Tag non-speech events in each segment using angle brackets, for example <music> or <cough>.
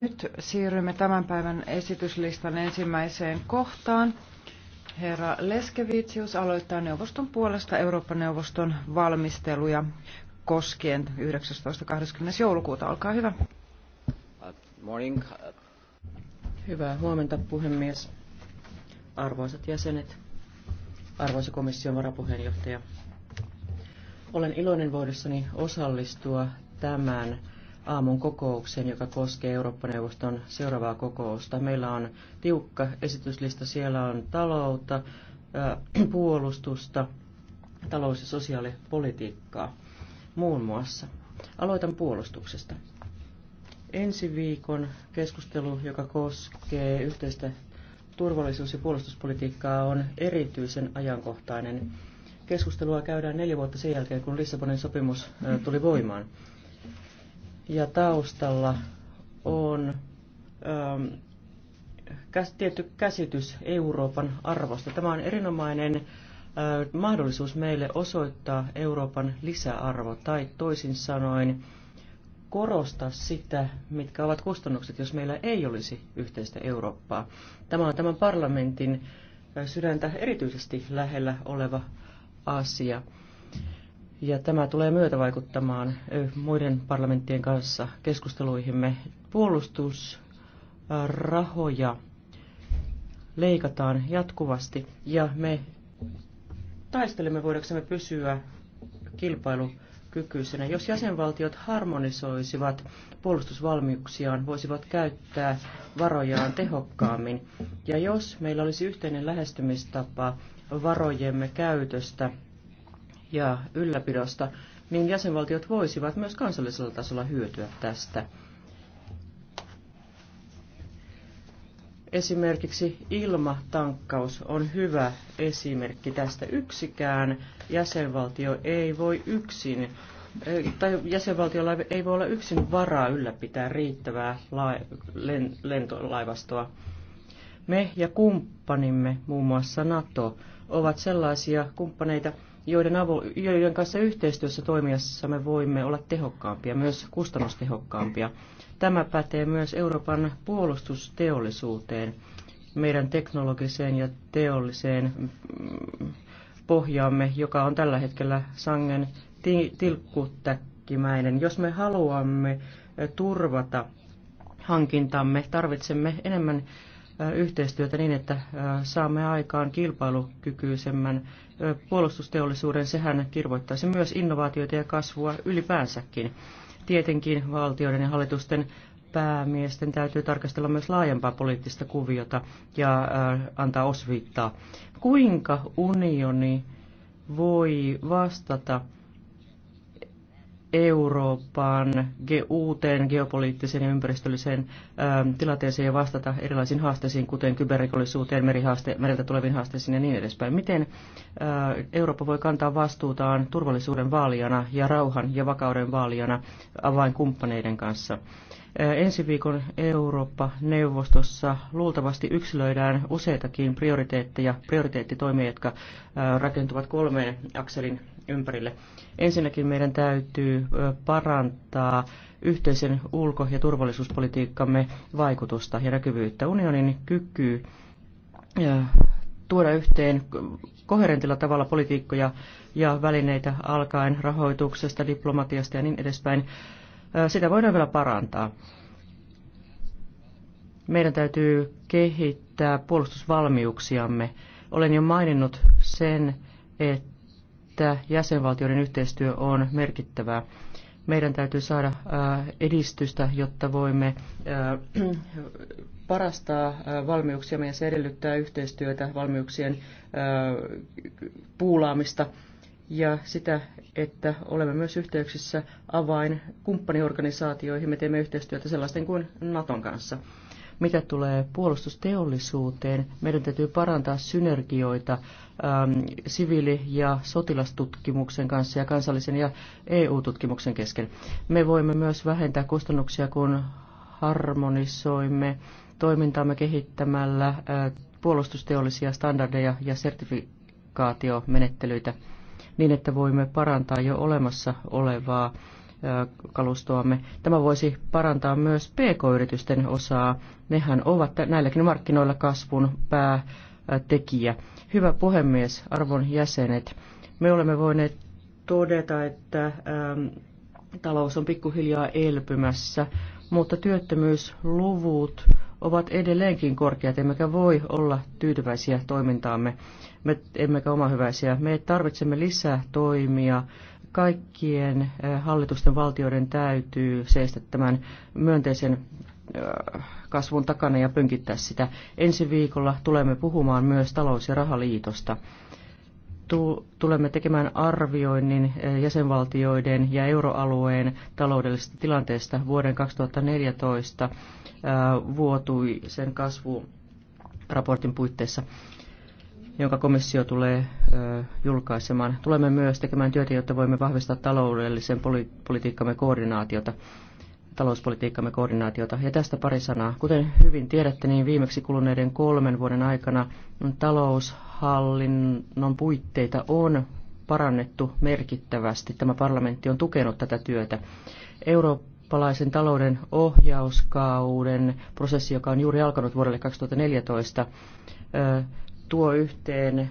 Nyt siirrymme tämän päivän esityslistan ensimmäiseen kohtaan. Herra Leskevitsius aloittaa neuvoston puolesta Eurooppa-neuvoston valmisteluja koskien 19.20. joulukuuta. Olkaa hyvä. Morning. Hyvää huomenta, puhemies. Arvoisat jäsenet, arvoisa komission varapuheenjohtaja. Olen iloinen voidessani osallistua tämän aamun kokouksen, joka koskee Eurooppa-neuvoston seuraavaa kokousta. Meillä on tiukka esityslista. Siellä on taloutta, puolustusta, talous- ja sosiaalipolitiikkaa muun muassa. Aloitan puolustuksesta. Ensi viikon keskustelu, joka koskee yhteistä turvallisuus- ja puolustuspolitiikkaa, on erityisen ajankohtainen. Keskustelua käydään neljä vuotta sen jälkeen, kun Lissabonin sopimus tuli voimaan ja taustalla on ähm, käs, tietty käsitys Euroopan arvosta. Tämä on erinomainen äh, mahdollisuus meille osoittaa Euroopan lisäarvo tai toisin sanoen korostaa sitä, mitkä ovat kustannukset, jos meillä ei olisi yhteistä Eurooppaa. Tämä on tämän parlamentin äh, sydäntä erityisesti lähellä oleva asia ja tämä tulee vaikuttamaan muiden parlamenttien kanssa keskusteluihimme. Puolustusrahoja leikataan jatkuvasti ja me taistelemme voidaksemme pysyä kilpailukykyisenä. Jos jäsenvaltiot harmonisoisivat puolustusvalmiuksiaan, voisivat käyttää varojaan tehokkaammin. Ja jos meillä olisi yhteinen lähestymistapa varojemme käytöstä ja ylläpidosta, niin jäsenvaltiot voisivat myös kansallisella tasolla hyötyä tästä. Esimerkiksi ilmatankkaus on hyvä esimerkki tästä. Yksikään jäsenvaltio ei voi yksin, eh, tai jäsenvaltiolla ei voi olla yksin varaa ylläpitää riittävää lentolaivastoa. Me ja kumppanimme, muun muassa NATO, ovat sellaisia kumppaneita, joiden, avu, joiden kanssa yhteistyössä toimijassa me voimme olla tehokkaampia, myös kustannustehokkaampia. Tämä pätee myös Euroopan puolustusteollisuuteen, meidän teknologiseen ja teolliseen mm, pohjaamme, joka on tällä hetkellä sangen tilkkutäkkimäinen. Jos me haluamme eh, turvata hankintamme, tarvitsemme enemmän yhteistyötä niin, että saamme aikaan kilpailukykyisemmän puolustusteollisuuden. Sehän kirvoittaisi myös innovaatioita ja kasvua ylipäänsäkin. Tietenkin valtioiden ja hallitusten päämiesten täytyy tarkastella myös laajempaa poliittista kuviota ja antaa osviittaa. Kuinka unioni voi vastata Euroopan uuteen geopoliittiseen ja ympäristölliseen ähm, tilanteeseen ja vastata erilaisiin haasteisiin, kuten kyberrikollisuuteen, merihaaste, mereltä tuleviin haasteisiin ja niin edespäin. Miten äh, Eurooppa voi kantaa vastuutaan turvallisuuden vaalijana ja rauhan ja vakauden vaalijana avainkumppaneiden kanssa? Äh, ensi viikon Eurooppa-neuvostossa luultavasti yksilöidään useitakin prioriteetteja, prioriteettitoimia, jotka äh, rakentuvat kolmeen akselin ympärille. Ensinnäkin meidän täytyy parantaa yhteisen ulko- ja turvallisuuspolitiikkamme vaikutusta ja näkyvyyttä. Unionin kyky tuoda yhteen koherentilla tavalla politiikkoja ja välineitä alkaen rahoituksesta, diplomatiasta ja niin edespäin, sitä voidaan vielä parantaa. Meidän täytyy kehittää puolustusvalmiuksiamme. Olen jo maininnut sen, että että jäsenvaltioiden yhteistyö on merkittävää. Meidän täytyy saada äh, edistystä, jotta voimme äh, parastaa äh, valmiuksia. Meidän se edellyttää yhteistyötä, valmiuksien puulaamista ja sitä, että olemme myös yhteyksissä avain kumppaniorganisaatioihin. Me teemme yhteistyötä sellaisten kuin Naton kanssa. Mitä tulee puolustusteollisuuteen, meidän täytyy parantaa synergioita Ähm, siviili- ja sotilastutkimuksen kanssa ja kansallisen ja EU-tutkimuksen kesken. Me voimme myös vähentää kustannuksia, kun harmonisoimme toimintaamme kehittämällä äh, puolustusteollisia standardeja ja sertifikaatiomenettelyitä niin, että voimme parantaa jo olemassa olevaa äh, kalustoamme. Tämä voisi parantaa myös pk-yritysten osaa. Nehän ovat näilläkin markkinoilla kasvun päätekijä. Hyvä puhemies, arvon jäsenet. Me olemme voineet todeta, että ähm, talous on pikkuhiljaa elpymässä, mutta työttömyysluvut ovat edelleenkin korkeat, emmekä voi olla tyytyväisiä toimintaamme, me, emmekä omahyväisiä. Me tarvitsemme lisää toimia. Kaikkien äh, hallitusten valtioiden täytyy seistä tämän myönteisen äh, kasvun takana ja pönkittää sitä. Ensi viikolla tulemme puhumaan myös talous- ja rahaliitosta. Tulemme tekemään arvioinnin eh, jäsenvaltioiden ja euroalueen taloudellisesta tilanteesta vuoden 2014 eh, vuotuisen kasvuraportin puitteissa jonka komissio tulee eh, julkaisemaan. Tulemme myös tekemään työtä, jotta voimme vahvistaa taloudellisen politiikkamme koordinaatiota talouspolitiikkamme koordinaatiota. Ja tästä pari sanaa. Kuten hyvin tiedätte, niin viimeksi kuluneiden kolmen vuoden aikana taloushallinnon puitteita on parannettu merkittävästi. Tämä parlamentti on tukenut tätä työtä. Eurooppalaisen talouden ohjauskauden prosessi, joka on juuri alkanut vuodelle 2014, tuo yhteen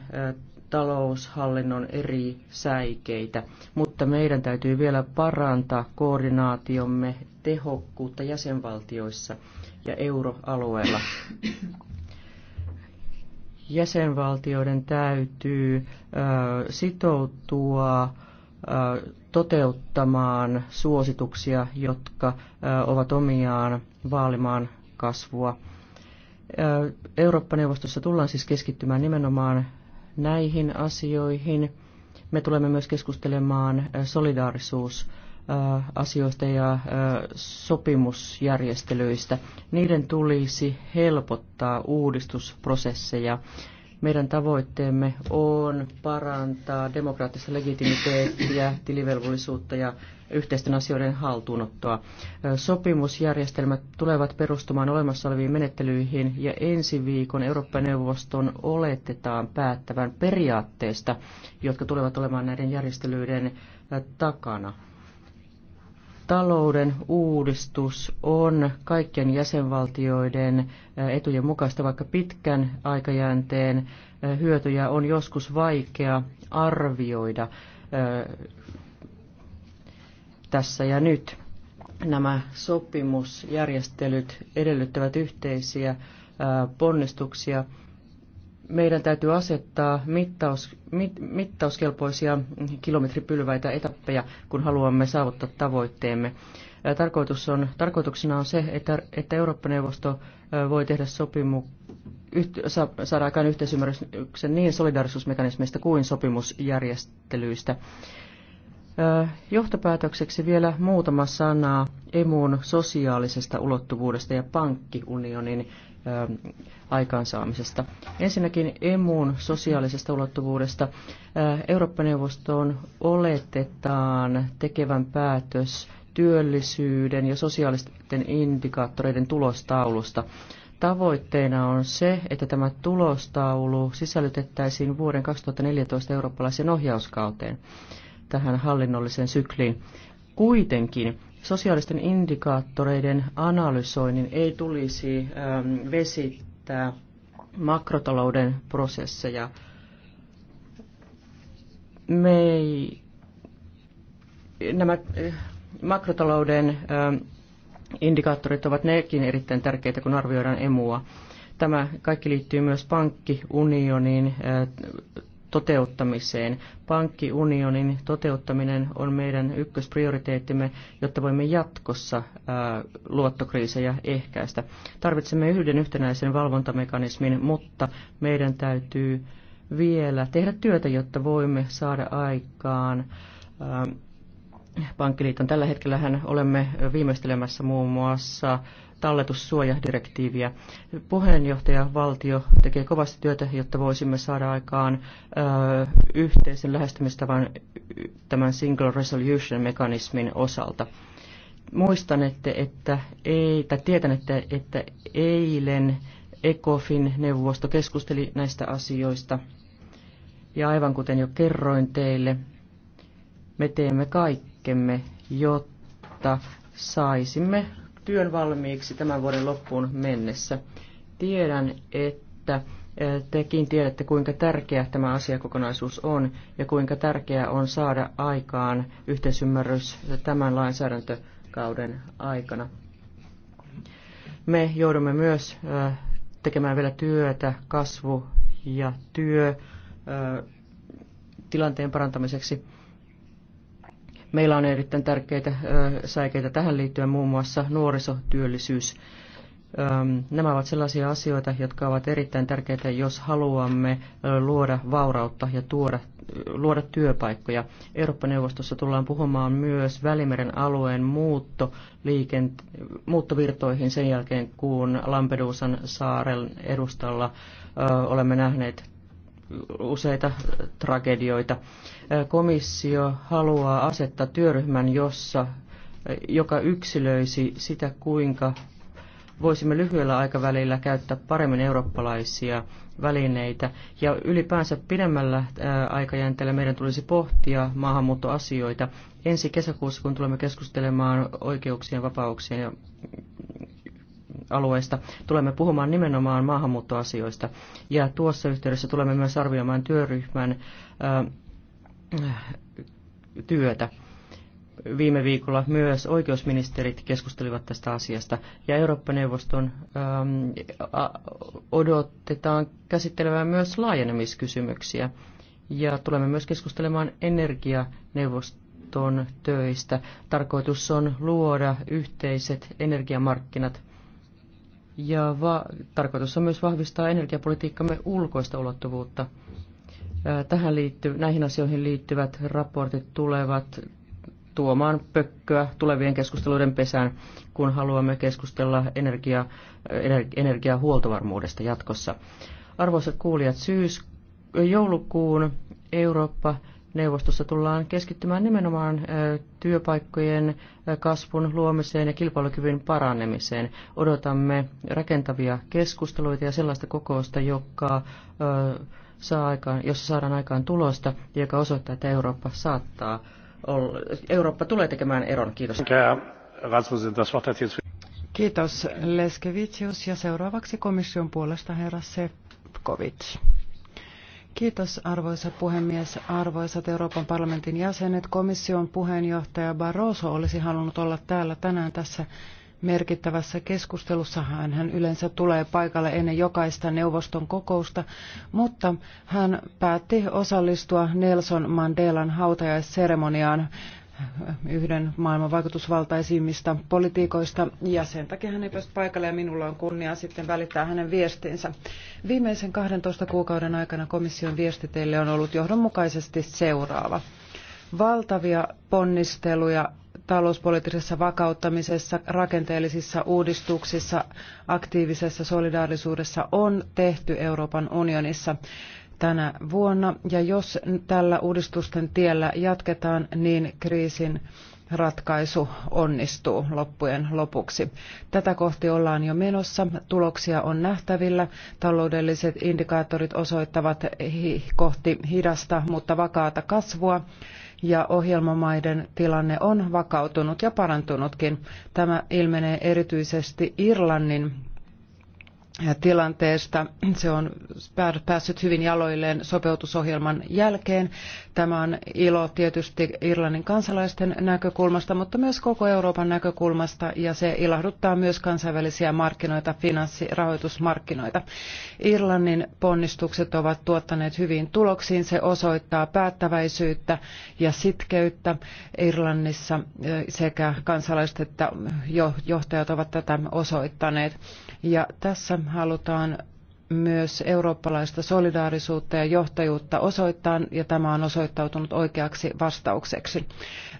taloushallinnon eri säikeitä, mutta meidän täytyy vielä parantaa koordinaatiomme tehokkuutta jäsenvaltioissa ja euroalueella. Jäsenvaltioiden täytyy sitoutua toteuttamaan suosituksia, jotka ovat omiaan vaalimaan kasvua. Eurooppa-neuvostossa tullaan siis keskittymään nimenomaan näihin asioihin. Me tulemme myös keskustelemaan äh, solidaarisuusasioista ja äh, sopimusjärjestelyistä. Niiden tulisi helpottaa uudistusprosesseja meidän tavoitteemme on parantaa demokraattista legitimiteettiä, tilivelvollisuutta ja yhteisten asioiden haltuunottoa. Sopimusjärjestelmät tulevat perustumaan olemassa oleviin menettelyihin ja ensi viikon Eurooppa-neuvoston oletetaan päättävän periaatteista, jotka tulevat olemaan näiden järjestelyiden takana talouden uudistus on kaikkien jäsenvaltioiden etujen mukaista, vaikka pitkän aikajänteen hyötyjä on joskus vaikea arvioida tässä ja nyt. Nämä sopimusjärjestelyt edellyttävät yhteisiä ponnistuksia meidän täytyy asettaa mittaus, mit, mittauskelpoisia kilometripylväitä etappeja, kun haluamme saavuttaa tavoitteemme. Tarkoitus on, tarkoituksena on se, että, että Eurooppa-neuvosto voi tehdä sopimu, yht, sa, saada aikaan yhteisymmärryksen niin solidarisuusmekanismeista kuin sopimusjärjestelyistä. Johtopäätökseksi vielä muutama sana emuun sosiaalisesta ulottuvuudesta ja pankkiunionin Ähm, aikaansaamisesta. Ensinnäkin emun sosiaalisesta ulottuvuudesta. Äh, Eurooppa-neuvostoon oletetaan tekevän päätös työllisyyden ja sosiaalisten indikaattoreiden tulostaulusta. Tavoitteena on se, että tämä tulostaulu sisällytettäisiin vuoden 2014 eurooppalaisen ohjauskauteen tähän hallinnolliseen sykliin. Kuitenkin sosiaalisten indikaattoreiden analysoinnin ei tulisi ähm, vesittää makrotalouden prosesseja. Me ei, nämä äh, makrotalouden ähm, indikaattorit ovat nekin erittäin tärkeitä, kun arvioidaan emua. Tämä kaikki liittyy myös pankkiunioniin, äh, toteuttamiseen. Pankkiunionin toteuttaminen on meidän ykkösprioriteettimme, jotta voimme jatkossa ää, luottokriisejä ehkäistä. Tarvitsemme yhden yhtenäisen valvontamekanismin, mutta meidän täytyy vielä tehdä työtä, jotta voimme saada aikaan ää, pankkiliiton. Tällä hetkellä olemme viimeistelemässä muun muassa talletussuojadirektiiviä. Puheenjohtajavaltio tekee kovasti työtä, jotta voisimme saada aikaan ö, yhteisen lähestymistavan tämän Single Resolution-mekanismin osalta. Muistan, että ei, tai että, että eilen ECOFIN-neuvosto keskusteli näistä asioista. Ja aivan kuten jo kerroin teille, me teemme kaikkemme, jotta saisimme työn valmiiksi tämän vuoden loppuun mennessä. Tiedän, että tekin tiedätte, kuinka tärkeä tämä asiakokonaisuus on ja kuinka tärkeää on saada aikaan yhteisymmärrys tämän lainsäädäntökauden aikana. Me joudumme myös tekemään vielä työtä, kasvu ja työ tilanteen parantamiseksi. Meillä on erittäin tärkeitä säikeitä tähän liittyen, muun muassa nuorisotyöllisyys. Nämä ovat sellaisia asioita, jotka ovat erittäin tärkeitä, jos haluamme luoda vaurautta ja tuoda, luoda työpaikkoja. Eurooppa-neuvostossa tullaan puhumaan myös Välimeren alueen muuttovirtoihin sen jälkeen, kun Lampedusan saaren edustalla olemme nähneet useita tragedioita. Komissio haluaa asettaa työryhmän, jossa, joka yksilöisi sitä, kuinka voisimme lyhyellä aikavälillä käyttää paremmin eurooppalaisia välineitä. Ja ylipäänsä pidemmällä aikajänteellä meidän tulisi pohtia maahanmuuttoasioita. Ensi kesäkuussa, kun tulemme keskustelemaan oikeuksien, vapauksien ja alueesta. Tulemme puhumaan nimenomaan maahanmuuttoasioista. Ja tuossa yhteydessä tulemme myös arvioimaan työryhmän äh, työtä. Viime viikolla myös oikeusministerit keskustelivat tästä asiasta ja Eurooppa-neuvoston ähm, odotetaan käsittelevän myös laajenemiskysymyksiä. Ja tulemme myös keskustelemaan energianeuvoston töistä. Tarkoitus on luoda yhteiset energiamarkkinat ja va- tarkoitus on myös vahvistaa energiapolitiikkamme ulkoista ulottuvuutta. Tähän liittyy, näihin asioihin liittyvät raportit tulevat tuomaan pökköä tulevien keskusteluiden pesään, kun haluamme keskustella energia, energiahuoltovarmuudesta jatkossa. Arvoisat kuulijat, syys, joulukuun Eurooppa neuvostossa tullaan keskittymään nimenomaan työpaikkojen kasvun luomiseen ja kilpailukyvyn paranemiseen. Odotamme rakentavia keskusteluita ja sellaista kokousta, joka saa aikaan, jossa saadaan aikaan tulosta joka osoittaa, että Eurooppa saattaa olla, Eurooppa tulee tekemään eron. Kiitos. Kiitos Leskevicius ja seuraavaksi komission puolesta herra Sefcovic. Kiitos arvoisa puhemies, arvoisat Euroopan parlamentin jäsenet. Komission puheenjohtaja Barroso olisi halunnut olla täällä tänään tässä merkittävässä keskustelussa. Hän yleensä tulee paikalle ennen jokaista neuvoston kokousta, mutta hän päätti osallistua Nelson Mandelan hautajaisseremoniaan yhden maailman vaikutusvaltaisimmista politiikoista ja sen takia hän ei päässyt paikalle ja minulla on kunnia sitten välittää hänen viestinsä. Viimeisen 12 kuukauden aikana komission viesti teille on ollut johdonmukaisesti seuraava. Valtavia ponnisteluja talouspoliittisessa vakauttamisessa, rakenteellisissa uudistuksissa, aktiivisessa solidaarisuudessa on tehty Euroopan unionissa tänä vuonna. Ja jos tällä uudistusten tiellä jatketaan, niin kriisin ratkaisu onnistuu loppujen lopuksi. Tätä kohti ollaan jo menossa, tuloksia on nähtävillä, taloudelliset indikaattorit osoittavat kohti hidasta, mutta vakaata kasvua ja ohjelmamaiden tilanne on vakautunut ja parantunutkin. Tämä ilmenee erityisesti Irlannin Äh, tilanteesta. Se on päässyt hyvin jaloilleen sopeutusohjelman jälkeen. Tämä on ilo tietysti Irlannin kansalaisten näkökulmasta, mutta myös koko Euroopan näkökulmasta ja se ilahduttaa myös kansainvälisiä markkinoita, finanssirahoitusmarkkinoita. Irlannin ponnistukset ovat tuottaneet hyvin tuloksiin. Se osoittaa päättäväisyyttä ja sitkeyttä. Irlannissa äh, sekä kansalaiset että johtajat ovat tätä osoittaneet. Ja tässä halutaan myös eurooppalaista solidaarisuutta ja johtajuutta osoittaa, ja tämä on osoittautunut oikeaksi vastaukseksi.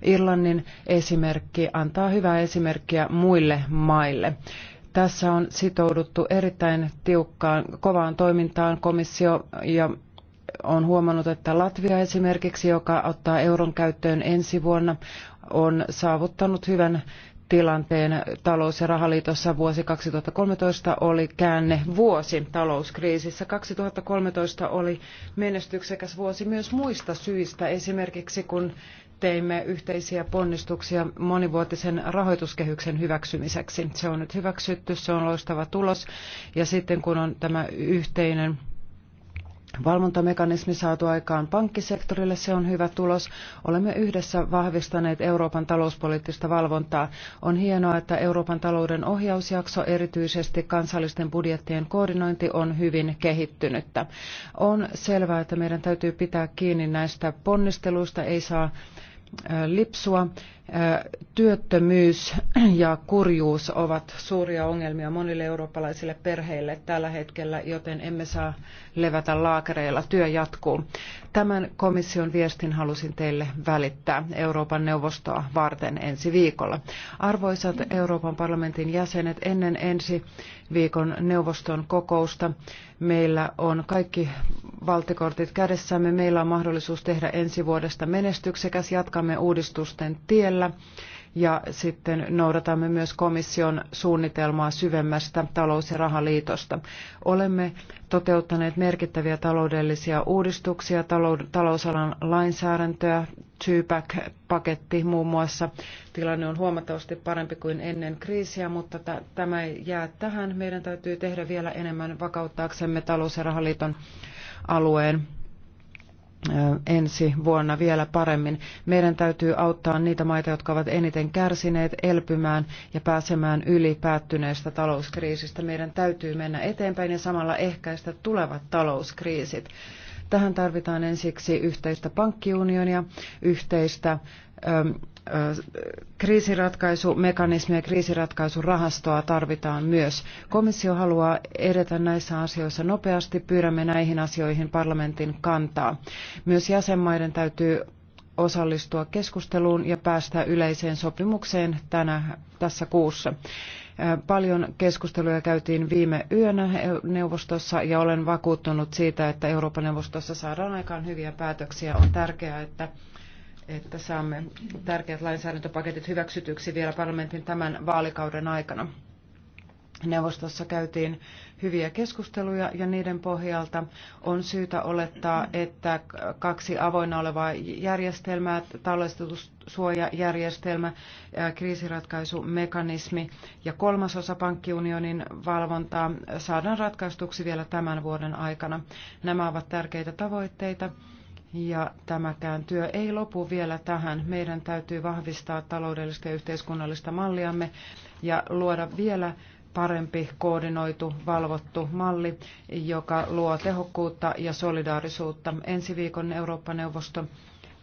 Irlannin esimerkki antaa hyvää esimerkkiä muille maille. Tässä on sitouduttu erittäin tiukkaan, kovaan toimintaan komissio ja on huomannut, että Latvia esimerkiksi, joka ottaa euron käyttöön ensi vuonna, on saavuttanut hyvän tilanteen talous- ja rahaliitossa vuosi 2013 oli käänne vuosi talouskriisissä. 2013 oli menestyksekäs vuosi myös muista syistä, esimerkiksi kun teimme yhteisiä ponnistuksia monivuotisen rahoituskehyksen hyväksymiseksi. Se on nyt hyväksytty, se on loistava tulos ja sitten kun on tämä yhteinen valvontamekanismi saatu aikaan pankkisektorille, se on hyvä tulos. Olemme yhdessä vahvistaneet Euroopan talouspoliittista valvontaa. On hienoa, että Euroopan talouden ohjausjakso, erityisesti kansallisten budjettien koordinointi, on hyvin kehittynyttä. On selvää, että meidän täytyy pitää kiinni näistä ponnisteluista, ei saa lipsua Työttömyys ja kurjuus ovat suuria ongelmia monille eurooppalaisille perheille tällä hetkellä, joten emme saa levätä laakereilla. Työ jatkuu. Tämän komission viestin halusin teille välittää Euroopan neuvostoa varten ensi viikolla. Arvoisat Euroopan parlamentin jäsenet, ennen ensi viikon neuvoston kokousta meillä on kaikki valtikortit kädessämme. Meillä on mahdollisuus tehdä ensi vuodesta menestyksekäs. Jatkamme uudistusten tiellä edellä. Ja sitten noudatamme myös komission suunnitelmaa syvemmästä talous- ja rahaliitosta. Olemme toteuttaneet merkittäviä taloudellisia uudistuksia, talousalan lainsäädäntöä, TYPAC-paketti muun muassa. Tilanne on huomattavasti parempi kuin ennen kriisiä, mutta tämä ei jää tähän. Meidän täytyy tehdä vielä enemmän vakauttaaksemme talous- ja rahaliiton alueen ensi vuonna vielä paremmin. Meidän täytyy auttaa niitä maita, jotka ovat eniten kärsineet elpymään ja pääsemään yli päättyneestä talouskriisistä. Meidän täytyy mennä eteenpäin ja samalla ehkäistä tulevat talouskriisit. Tähän tarvitaan ensiksi yhteistä pankkiunionia, yhteistä kriisiratkaisumekanismia ja kriisiratkaisurahastoa tarvitaan myös. Komissio haluaa edetä näissä asioissa nopeasti. Pyydämme näihin asioihin parlamentin kantaa. Myös jäsenmaiden täytyy osallistua keskusteluun ja päästä yleiseen sopimukseen tänä, tässä kuussa. Paljon keskusteluja käytiin viime yönä neuvostossa ja olen vakuuttunut siitä, että Euroopan neuvostossa saadaan aikaan hyviä päätöksiä. On tärkeää, että että saamme tärkeät lainsäädäntöpaketit hyväksytyksi vielä parlamentin tämän vaalikauden aikana. Neuvostossa käytiin hyviä keskusteluja ja niiden pohjalta on syytä olettaa, että kaksi avoinna olevaa järjestelmää, talletussuojajärjestelmä, kriisiratkaisumekanismi ja kolmasosa pankkiunionin valvontaa saadaan ratkaistuksi vielä tämän vuoden aikana. Nämä ovat tärkeitä tavoitteita ja tämäkään työ ei lopu vielä tähän. Meidän täytyy vahvistaa taloudellista ja yhteiskunnallista malliamme ja luoda vielä parempi koordinoitu, valvottu malli, joka luo tehokkuutta ja solidaarisuutta. Ensi viikon Eurooppa-neuvosto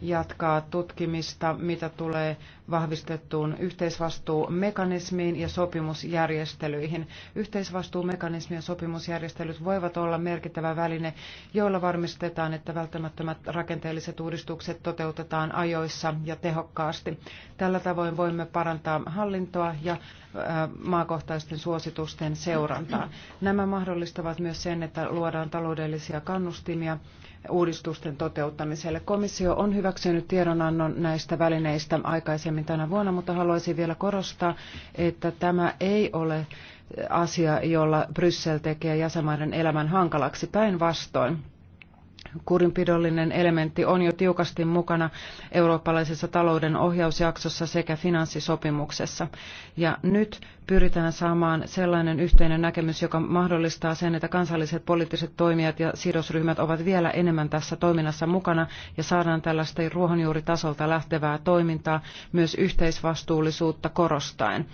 jatkaa tutkimista, mitä tulee vahvistettuun yhteisvastuumekanismiin ja sopimusjärjestelyihin. Yhteisvastuumekanismi ja sopimusjärjestelyt voivat olla merkittävä väline, joilla varmistetaan, että välttämättömät rakenteelliset uudistukset toteutetaan ajoissa ja tehokkaasti. Tällä tavoin voimme parantaa hallintoa ja maakohtaisten suositusten seurantaa. Nämä mahdollistavat myös sen, että luodaan taloudellisia kannustimia uudistusten toteuttamiselle. Komissio on hyväksynyt tiedonannon näistä välineistä aikaisemmin tänä vuonna, mutta haluaisin vielä korostaa, että tämä ei ole asia, jolla Bryssel tekee jäsenmaiden elämän hankalaksi päinvastoin kurinpidollinen elementti on jo tiukasti mukana eurooppalaisessa talouden ohjausjaksossa sekä finanssisopimuksessa. Ja nyt pyritään saamaan sellainen yhteinen näkemys, joka mahdollistaa sen, että kansalliset poliittiset toimijat ja sidosryhmät ovat vielä enemmän tässä toiminnassa mukana ja saadaan tällaista ruohonjuuritasolta lähtevää toimintaa myös yhteisvastuullisuutta korostaen.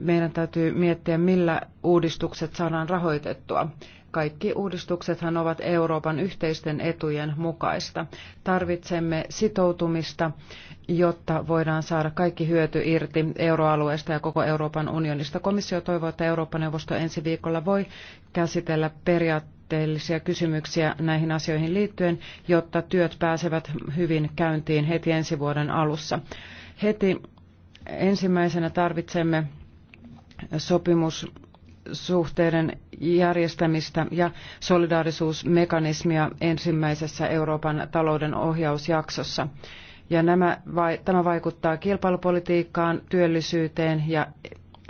Meidän täytyy miettiä, millä uudistukset saadaan rahoitettua. Kaikki uudistuksethan ovat Euroopan yhteisten etujen mukaista. Tarvitsemme sitoutumista, jotta voidaan saada kaikki hyöty irti euroalueesta ja koko Euroopan unionista. Komissio toivoo, että Eurooppa-neuvosto ensi viikolla voi käsitellä periaatteellisia kysymyksiä näihin asioihin liittyen, jotta työt pääsevät hyvin käyntiin heti ensi vuoden alussa. Heti ensimmäisenä tarvitsemme sopimus suhteiden järjestämistä ja solidaarisuusmekanismia ensimmäisessä Euroopan talouden ohjausjaksossa. Ja nämä, vai, tämä vaikuttaa kilpailupolitiikkaan, työllisyyteen ja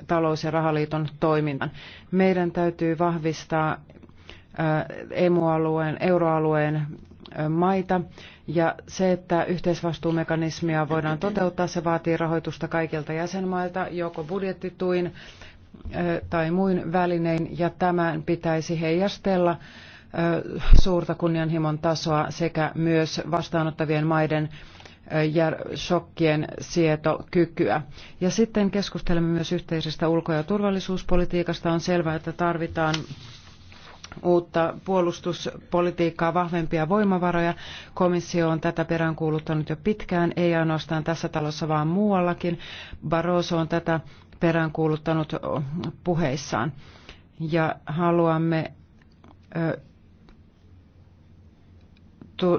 talous- ja rahaliiton toimintaan. Meidän täytyy vahvistaa äh, EMU-alueen, euroalueen äh, maita. Ja se, että yhteisvastuumekanismia voidaan toteuttaa, se vaatii rahoitusta kaikilta jäsenmailta, joko budjettituin tai muin välinein ja tämän pitäisi heijastella suurta kunnianhimon tasoa sekä myös vastaanottavien maiden ja shokkien sietokykyä. Ja sitten keskustelemme myös yhteisestä ulko- ja turvallisuuspolitiikasta. On selvää, että tarvitaan uutta puolustuspolitiikkaa, vahvempia voimavaroja. Komissio on tätä peräänkuuluttanut jo pitkään, ei ainoastaan tässä talossa, vaan muuallakin. Barroso on tätä peräänkuuluttanut puheissaan. Ja haluamme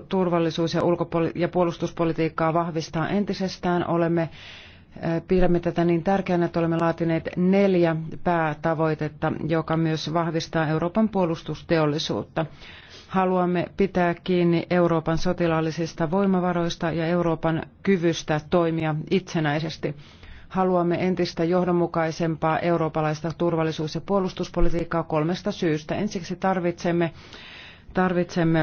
turvallisuus- ja, ulkopoli- ja puolustuspolitiikkaa vahvistaa entisestään. Olemme Pidämme tätä niin tärkeänä, että olemme laatineet neljä päätavoitetta, joka myös vahvistaa Euroopan puolustusteollisuutta. Haluamme pitää kiinni Euroopan sotilaallisista voimavaroista ja Euroopan kyvystä toimia itsenäisesti. Haluamme entistä johdonmukaisempaa eurooppalaista turvallisuus- ja puolustuspolitiikkaa kolmesta syystä. Ensiksi tarvitsemme, tarvitsemme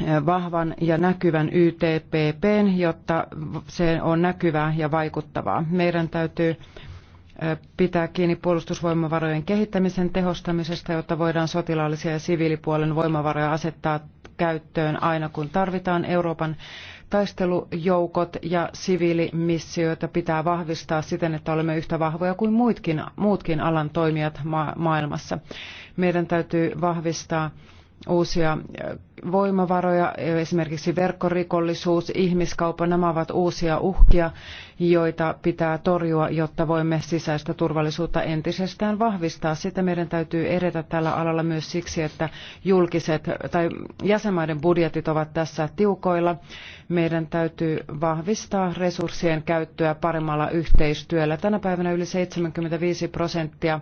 eh, vahvan ja näkyvän YTPP, jotta se on näkyvää ja vaikuttavaa. Meidän täytyy eh, pitää kiinni puolustusvoimavarojen kehittämisen tehostamisesta, jotta voidaan sotilaallisia ja siviilipuolen voimavaroja asettaa käyttöön aina kun tarvitaan Euroopan Taistelujoukot ja siviilimissioita pitää vahvistaa siten, että olemme yhtä vahvoja kuin muutkin, muutkin alan toimijat ma- maailmassa. Meidän täytyy vahvistaa uusia äh, voimavaroja, esimerkiksi verkkorikollisuus, ihmiskauppa, nämä ovat uusia uhkia, joita pitää torjua, jotta voimme sisäistä turvallisuutta entisestään vahvistaa. Sitä meidän täytyy edetä tällä alalla myös siksi, että julkiset tai jäsenmaiden budjetit ovat tässä tiukoilla. Meidän täytyy vahvistaa resurssien käyttöä paremmalla yhteistyöllä. Tänä päivänä yli 75 prosenttia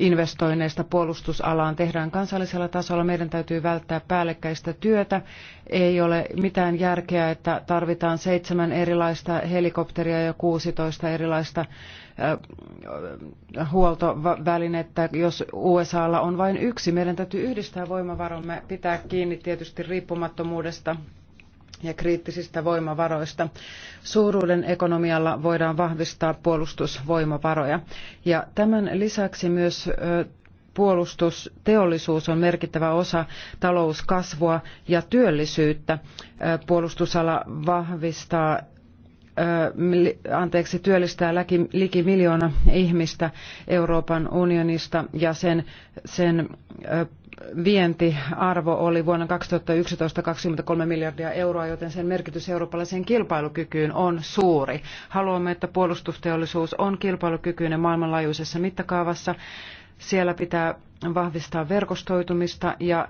investoinneista puolustusalaan tehdään kansallisella tasolla. Meidän täytyy välttää päällekkäistä työtä. Ei ole mitään järkeä, että tarvitaan seitsemän erilaista helikopteria ja 16 erilaista äh, huoltovälinettä, jos USAlla on vain yksi. Meidän täytyy yhdistää voimavaromme, pitää kiinni tietysti riippumattomuudesta ja kriittisistä voimavaroista. Suuruuden ekonomialla voidaan vahvistaa puolustusvoimavaroja. Ja tämän lisäksi myös puolustusteollisuus on merkittävä osa talouskasvua ja työllisyyttä. Puolustusala vahvistaa anteeksi, työllistää liki miljoona ihmistä Euroopan unionista ja sen, sen vientiarvo oli vuonna 2011 23 miljardia euroa, joten sen merkitys eurooppalaiseen kilpailukykyyn on suuri. Haluamme, että puolustusteollisuus on kilpailukykyinen maailmanlaajuisessa mittakaavassa. Siellä pitää vahvistaa verkostoitumista ja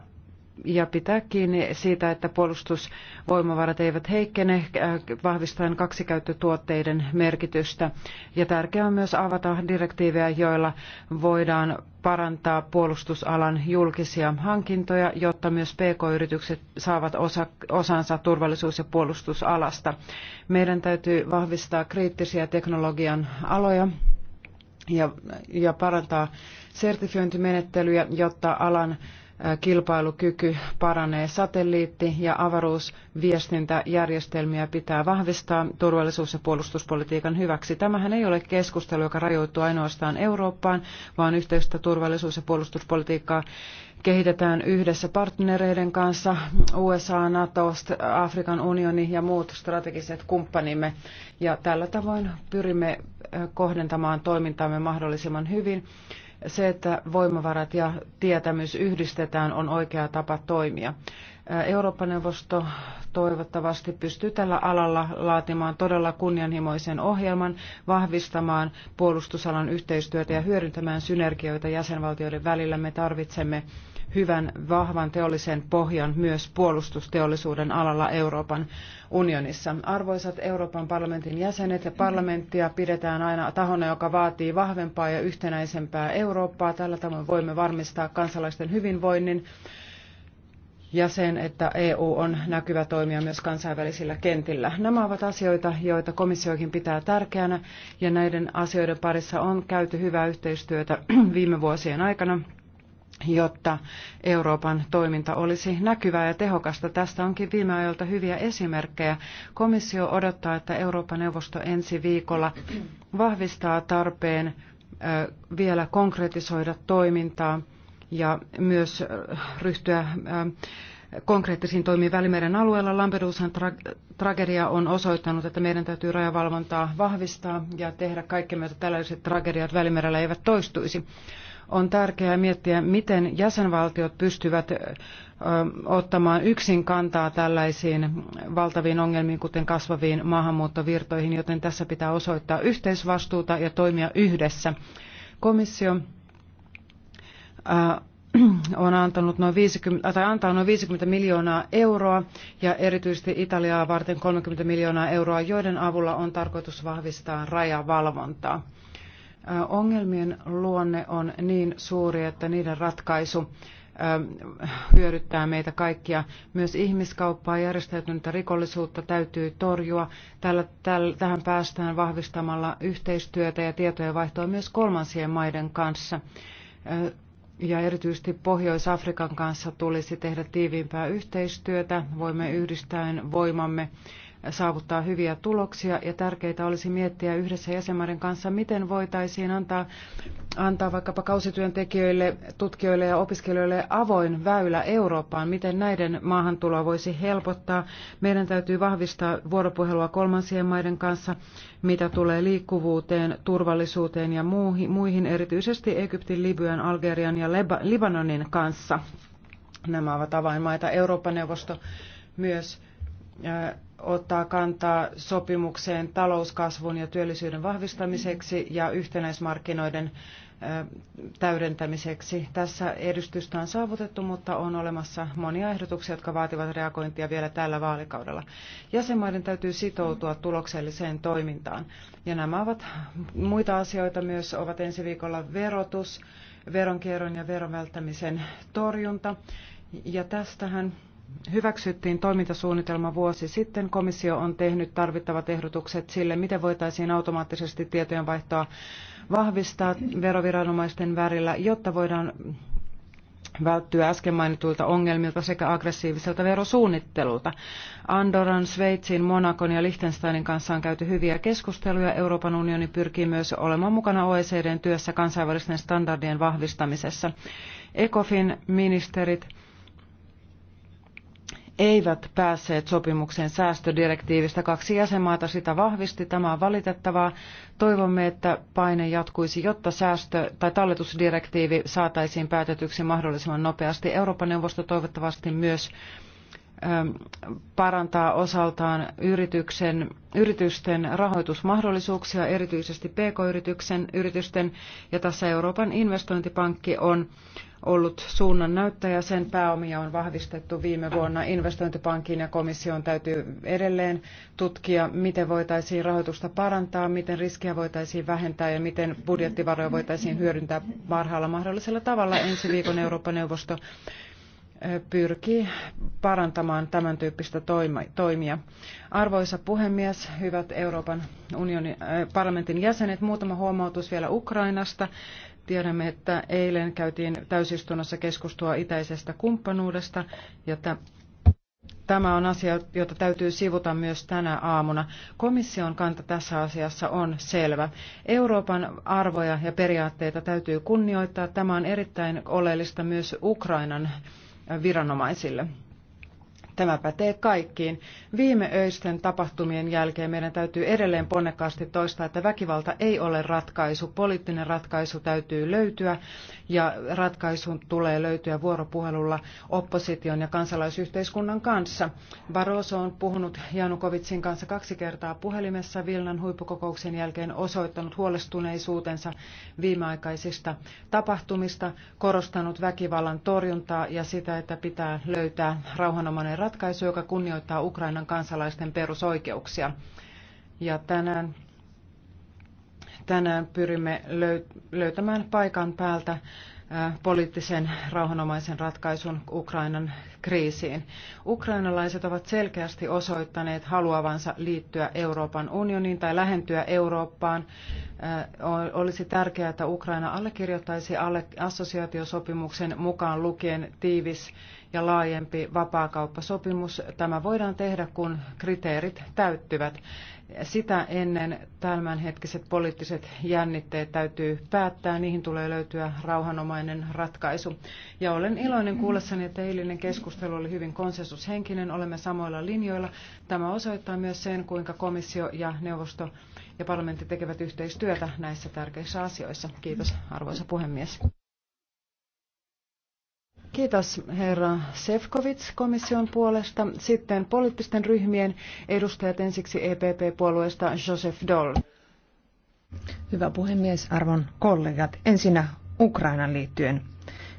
ja pitää kiinni siitä, että puolustusvoimavarat eivät heikkene, äh, vahvistaen kaksikäyttötuotteiden merkitystä. Ja tärkeää on myös avata direktiivejä, joilla voidaan parantaa puolustusalan julkisia hankintoja, jotta myös PK-yritykset saavat osa, osansa turvallisuus- ja puolustusalasta. Meidän täytyy vahvistaa kriittisiä teknologian aloja ja, ja parantaa sertifiointimenettelyjä, jotta alan kilpailukyky paranee. Satelliitti- ja avaruusviestintäjärjestelmiä pitää vahvistaa turvallisuus- ja puolustuspolitiikan hyväksi. Tämähän ei ole keskustelu, joka rajoittuu ainoastaan Eurooppaan, vaan yhteistä turvallisuus- ja puolustuspolitiikkaa kehitetään yhdessä partnereiden kanssa, USA, NATO, Afrikan unioni ja muut strategiset kumppanimme. Ja tällä tavoin pyrimme eh, kohdentamaan toimintaamme mahdollisimman hyvin se, että voimavarat ja tietämys yhdistetään, on oikea tapa toimia. Eurooppa-neuvosto toivottavasti pystyy tällä alalla laatimaan todella kunnianhimoisen ohjelman, vahvistamaan puolustusalan yhteistyötä ja hyödyntämään synergioita jäsenvaltioiden välillä. Me tarvitsemme hyvän, vahvan teollisen pohjan myös puolustusteollisuuden alalla Euroopan unionissa. Arvoisat Euroopan parlamentin jäsenet ja parlamenttia pidetään aina tahona, joka vaatii vahvempaa ja yhtenäisempää Eurooppaa. Tällä tavoin voimme varmistaa kansalaisten hyvinvoinnin ja sen, että EU on näkyvä toimija myös kansainvälisillä kentillä. Nämä ovat asioita, joita komissiokin pitää tärkeänä, ja näiden asioiden parissa on käyty hyvää yhteistyötä viime vuosien aikana jotta Euroopan toiminta olisi näkyvää ja tehokasta. Tästä onkin viime ajoilta hyviä esimerkkejä. Komissio odottaa, että Euroopan neuvosto ensi viikolla vahvistaa tarpeen vielä konkretisoida toimintaa ja myös ryhtyä konkreettisiin toimiin Välimeren alueella. Lampedusan tra- tragedia on osoittanut, että meidän täytyy rajavalvontaa vahvistaa ja tehdä kaikkemme, että tällaiset tragediat Välimerellä eivät toistuisi on tärkeää miettiä, miten jäsenvaltiot pystyvät ottamaan yksin kantaa tällaisiin valtaviin ongelmiin, kuten kasvaviin maahanmuuttovirtoihin, joten tässä pitää osoittaa yhteisvastuuta ja toimia yhdessä. Komissio on antanut noin 50, tai antaa noin 50 miljoonaa euroa ja erityisesti Italiaa varten 30 miljoonaa euroa, joiden avulla on tarkoitus vahvistaa rajavalvontaa ongelmien luonne on niin suuri, että niiden ratkaisu hyödyttää meitä kaikkia. Myös ihmiskauppaa ja järjestäytynyttä rikollisuutta täytyy torjua. Tällä, täl, tähän päästään vahvistamalla yhteistyötä ja tietojen vaihtoa myös kolmansien maiden kanssa. Ja erityisesti Pohjois-Afrikan kanssa tulisi tehdä tiiviimpää yhteistyötä. Voimme yhdistäen voimamme saavuttaa hyviä tuloksia ja tärkeää olisi miettiä yhdessä jäsenmaiden kanssa, miten voitaisiin antaa, antaa vaikkapa kausityöntekijöille, tutkijoille ja opiskelijoille avoin väylä Eurooppaan, miten näiden maahantuloa voisi helpottaa. Meidän täytyy vahvistaa vuoropuhelua kolmansien maiden kanssa, mitä tulee liikkuvuuteen, turvallisuuteen ja muihin, erityisesti Egyptin, Libyan, Algerian ja Libanonin kanssa. Nämä ovat avainmaita. Eurooppa-neuvosto myös äh, ottaa kantaa sopimukseen talouskasvun ja työllisyyden vahvistamiseksi ja yhtenäismarkkinoiden täydentämiseksi. Tässä edistystä on saavutettu, mutta on olemassa monia ehdotuksia, jotka vaativat reagointia vielä tällä vaalikaudella. Jäsenmaiden täytyy sitoutua tulokselliseen toimintaan. Ja nämä ovat muita asioita myös ovat ensi viikolla verotus, veronkierron ja veron välttämisen torjunta. Ja tästähän hyväksyttiin toimintasuunnitelma vuosi sitten, komissio on tehnyt tarvittavat ehdotukset sille, miten voitaisiin automaattisesti tietojenvaihtoa vahvistaa veroviranomaisten värillä, jotta voidaan välttyä äsken mainituilta ongelmilta sekä aggressiiviselta verosuunnittelulta. Andoran, Sveitsin, Monakon ja Liechtensteinin kanssa on käyty hyviä keskusteluja. Euroopan unioni pyrkii myös olemaan mukana OECDn työssä kansainvälisten standardien vahvistamisessa. ECOFIN ministerit eivät päässeet sopimukseen säästödirektiivistä. Kaksi jäsenmaata sitä vahvisti. Tämä on valitettavaa. Toivomme, että paine jatkuisi, jotta säästö- tai talletusdirektiivi saataisiin päätetyksi mahdollisimman nopeasti. Euroopan neuvosto toivottavasti myös ähm, parantaa osaltaan yrityksen, yritysten rahoitusmahdollisuuksia, erityisesti pk-yritysten. Yritysten, ja tässä Euroopan investointipankki on ollut suunnannäyttäjä. Sen pääomia on vahvistettu viime vuonna. Investointipankin ja komission täytyy edelleen tutkia, miten voitaisiin rahoitusta parantaa, miten riskiä voitaisiin vähentää ja miten budjettivaroja voitaisiin hyödyntää parhaalla mahdollisella tavalla. Ensi viikon Eurooppa-neuvosto pyrkii parantamaan tämän tyyppistä toimia. Arvoisa puhemies, hyvät Euroopan unionin parlamentin jäsenet, muutama huomautus vielä Ukrainasta. Tiedämme, että eilen käytiin täysistunnossa keskustelua itäisestä kumppanuudesta ja tämä on asia, jota täytyy sivuta myös tänä aamuna. Komission kanta tässä asiassa on selvä. Euroopan arvoja ja periaatteita täytyy kunnioittaa. Tämä on erittäin oleellista myös Ukrainan viranomaisille. Tämä pätee kaikkiin. Viime öisten tapahtumien jälkeen meidän täytyy edelleen ponnekkaasti toistaa, että väkivalta ei ole ratkaisu. Poliittinen ratkaisu täytyy löytyä ja ratkaisun tulee löytyä vuoropuhelulla opposition ja kansalaisyhteiskunnan kanssa. Barroso on puhunut Janukovitsin kanssa kaksi kertaa puhelimessa Vilnan huippukokouksen jälkeen osoittanut huolestuneisuutensa viimeaikaisista tapahtumista, korostanut väkivallan torjuntaa ja sitä, että pitää löytää rauhanomainen ratkaisu ratkaisu, joka kunnioittaa Ukrainan kansalaisten perusoikeuksia. Ja tänään, tänään pyrimme löytämään paikan päältä äh, poliittisen rauhanomaisen ratkaisun Ukrainan kriisiin. Ukrainalaiset ovat selkeästi osoittaneet haluavansa liittyä Euroopan unioniin tai lähentyä Eurooppaan. Äh, olisi tärkeää, että Ukraina allekirjoittaisi assosiaatiosopimuksen mukaan lukien tiivis ja laajempi vapaakauppasopimus. Tämä voidaan tehdä, kun kriteerit täyttyvät. Sitä ennen tämänhetkiset poliittiset jännitteet täytyy päättää. Niihin tulee löytyä rauhanomainen ratkaisu. Ja olen iloinen kuullessani, että eilinen keskustelu oli hyvin konsensushenkinen. Olemme samoilla linjoilla. Tämä osoittaa myös sen, kuinka komissio ja neuvosto ja parlamentti tekevät yhteistyötä näissä tärkeissä asioissa. Kiitos, arvoisa puhemies. Kiitos herra Sefkovits komission puolesta. Sitten poliittisten ryhmien edustajat ensiksi EPP-puolueesta Joseph Doll. Hyvä puhemies, arvon kollegat. Ensinnä Ukrainan liittyen.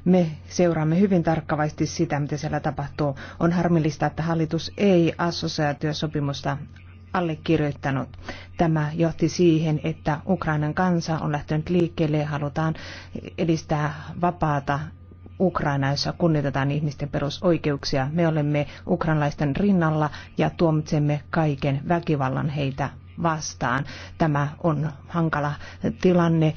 Me seuraamme hyvin tarkkavaisesti sitä, mitä siellä tapahtuu. On harmillista, että hallitus ei assosiaatiosopimusta allekirjoittanut. Tämä johti siihen, että Ukrainan kansa on lähtenyt liikkeelle ja halutaan edistää vapaata Ukraina, jossa kunnioitetaan ihmisten perusoikeuksia. Me olemme ukrainalaisten rinnalla ja tuomitsemme kaiken väkivallan heitä vastaan. Tämä on hankala tilanne,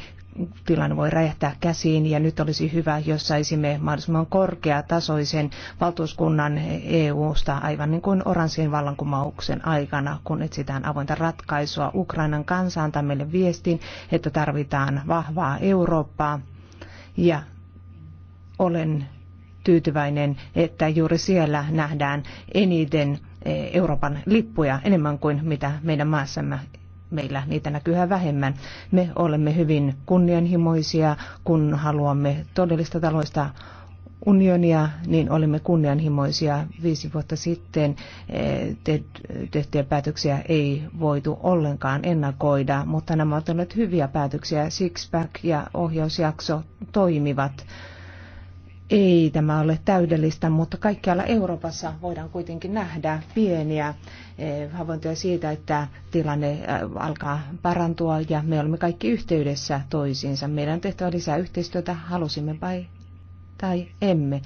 tilanne voi räjähtää käsiin ja nyt olisi hyvä, jos saisimme mahdollisimman korkeatasoisen valtuuskunnan EU-sta aivan niin kuin oranssien vallankumouksen aikana, kun etsitään avointa ratkaisua. Ukrainan kansa antaa meille viestin, että tarvitaan vahvaa Eurooppaa ja olen tyytyväinen, että juuri siellä nähdään eniten eh, Euroopan lippuja enemmän kuin mitä meidän maassamme meillä niitä näkyy vähemmän. Me olemme hyvin kunnianhimoisia, kun haluamme todellista taloista unionia, niin olimme kunnianhimoisia. Viisi vuotta sitten eh, tehtyjä päätöksiä ei voitu ollenkaan ennakoida, mutta nämä ovat olleet hyviä päätöksiä. Sixpack ja ohjausjakso toimivat ei tämä ole täydellistä, mutta kaikkialla Euroopassa voidaan kuitenkin nähdä pieniä eh, havaintoja siitä, että tilanne eh, alkaa parantua ja me olemme kaikki yhteydessä toisiinsa. Meidän tehtävä lisää yhteistyötä, halusimme vai tai emme.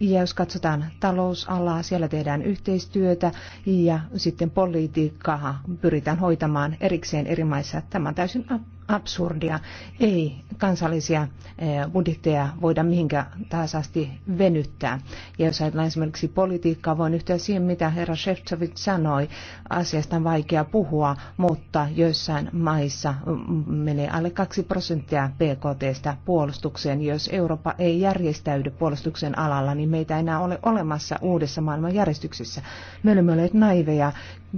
Ja jos katsotaan talousalaa, siellä tehdään yhteistyötä ja sitten politiikkaa pyritään hoitamaan erikseen eri maissa. Tämä on täysin absurdia. Ei kansallisia eh, budjetteja voida mihinkä taas asti venyttää. Ja jos ajatellaan esimerkiksi politiikkaa, voin yhtyä siihen, mitä herra Shevtsovit sanoi. Asiasta on vaikea puhua, mutta joissain maissa mm, mm, menee alle 2 prosenttia BKTstä puolustukseen. Jos Eurooppa ei järjestäydy puolustuksen alalla, niin meitä ei enää ole olemassa uudessa maailmanjärjestyksessä. Me olemme olleet naiveja,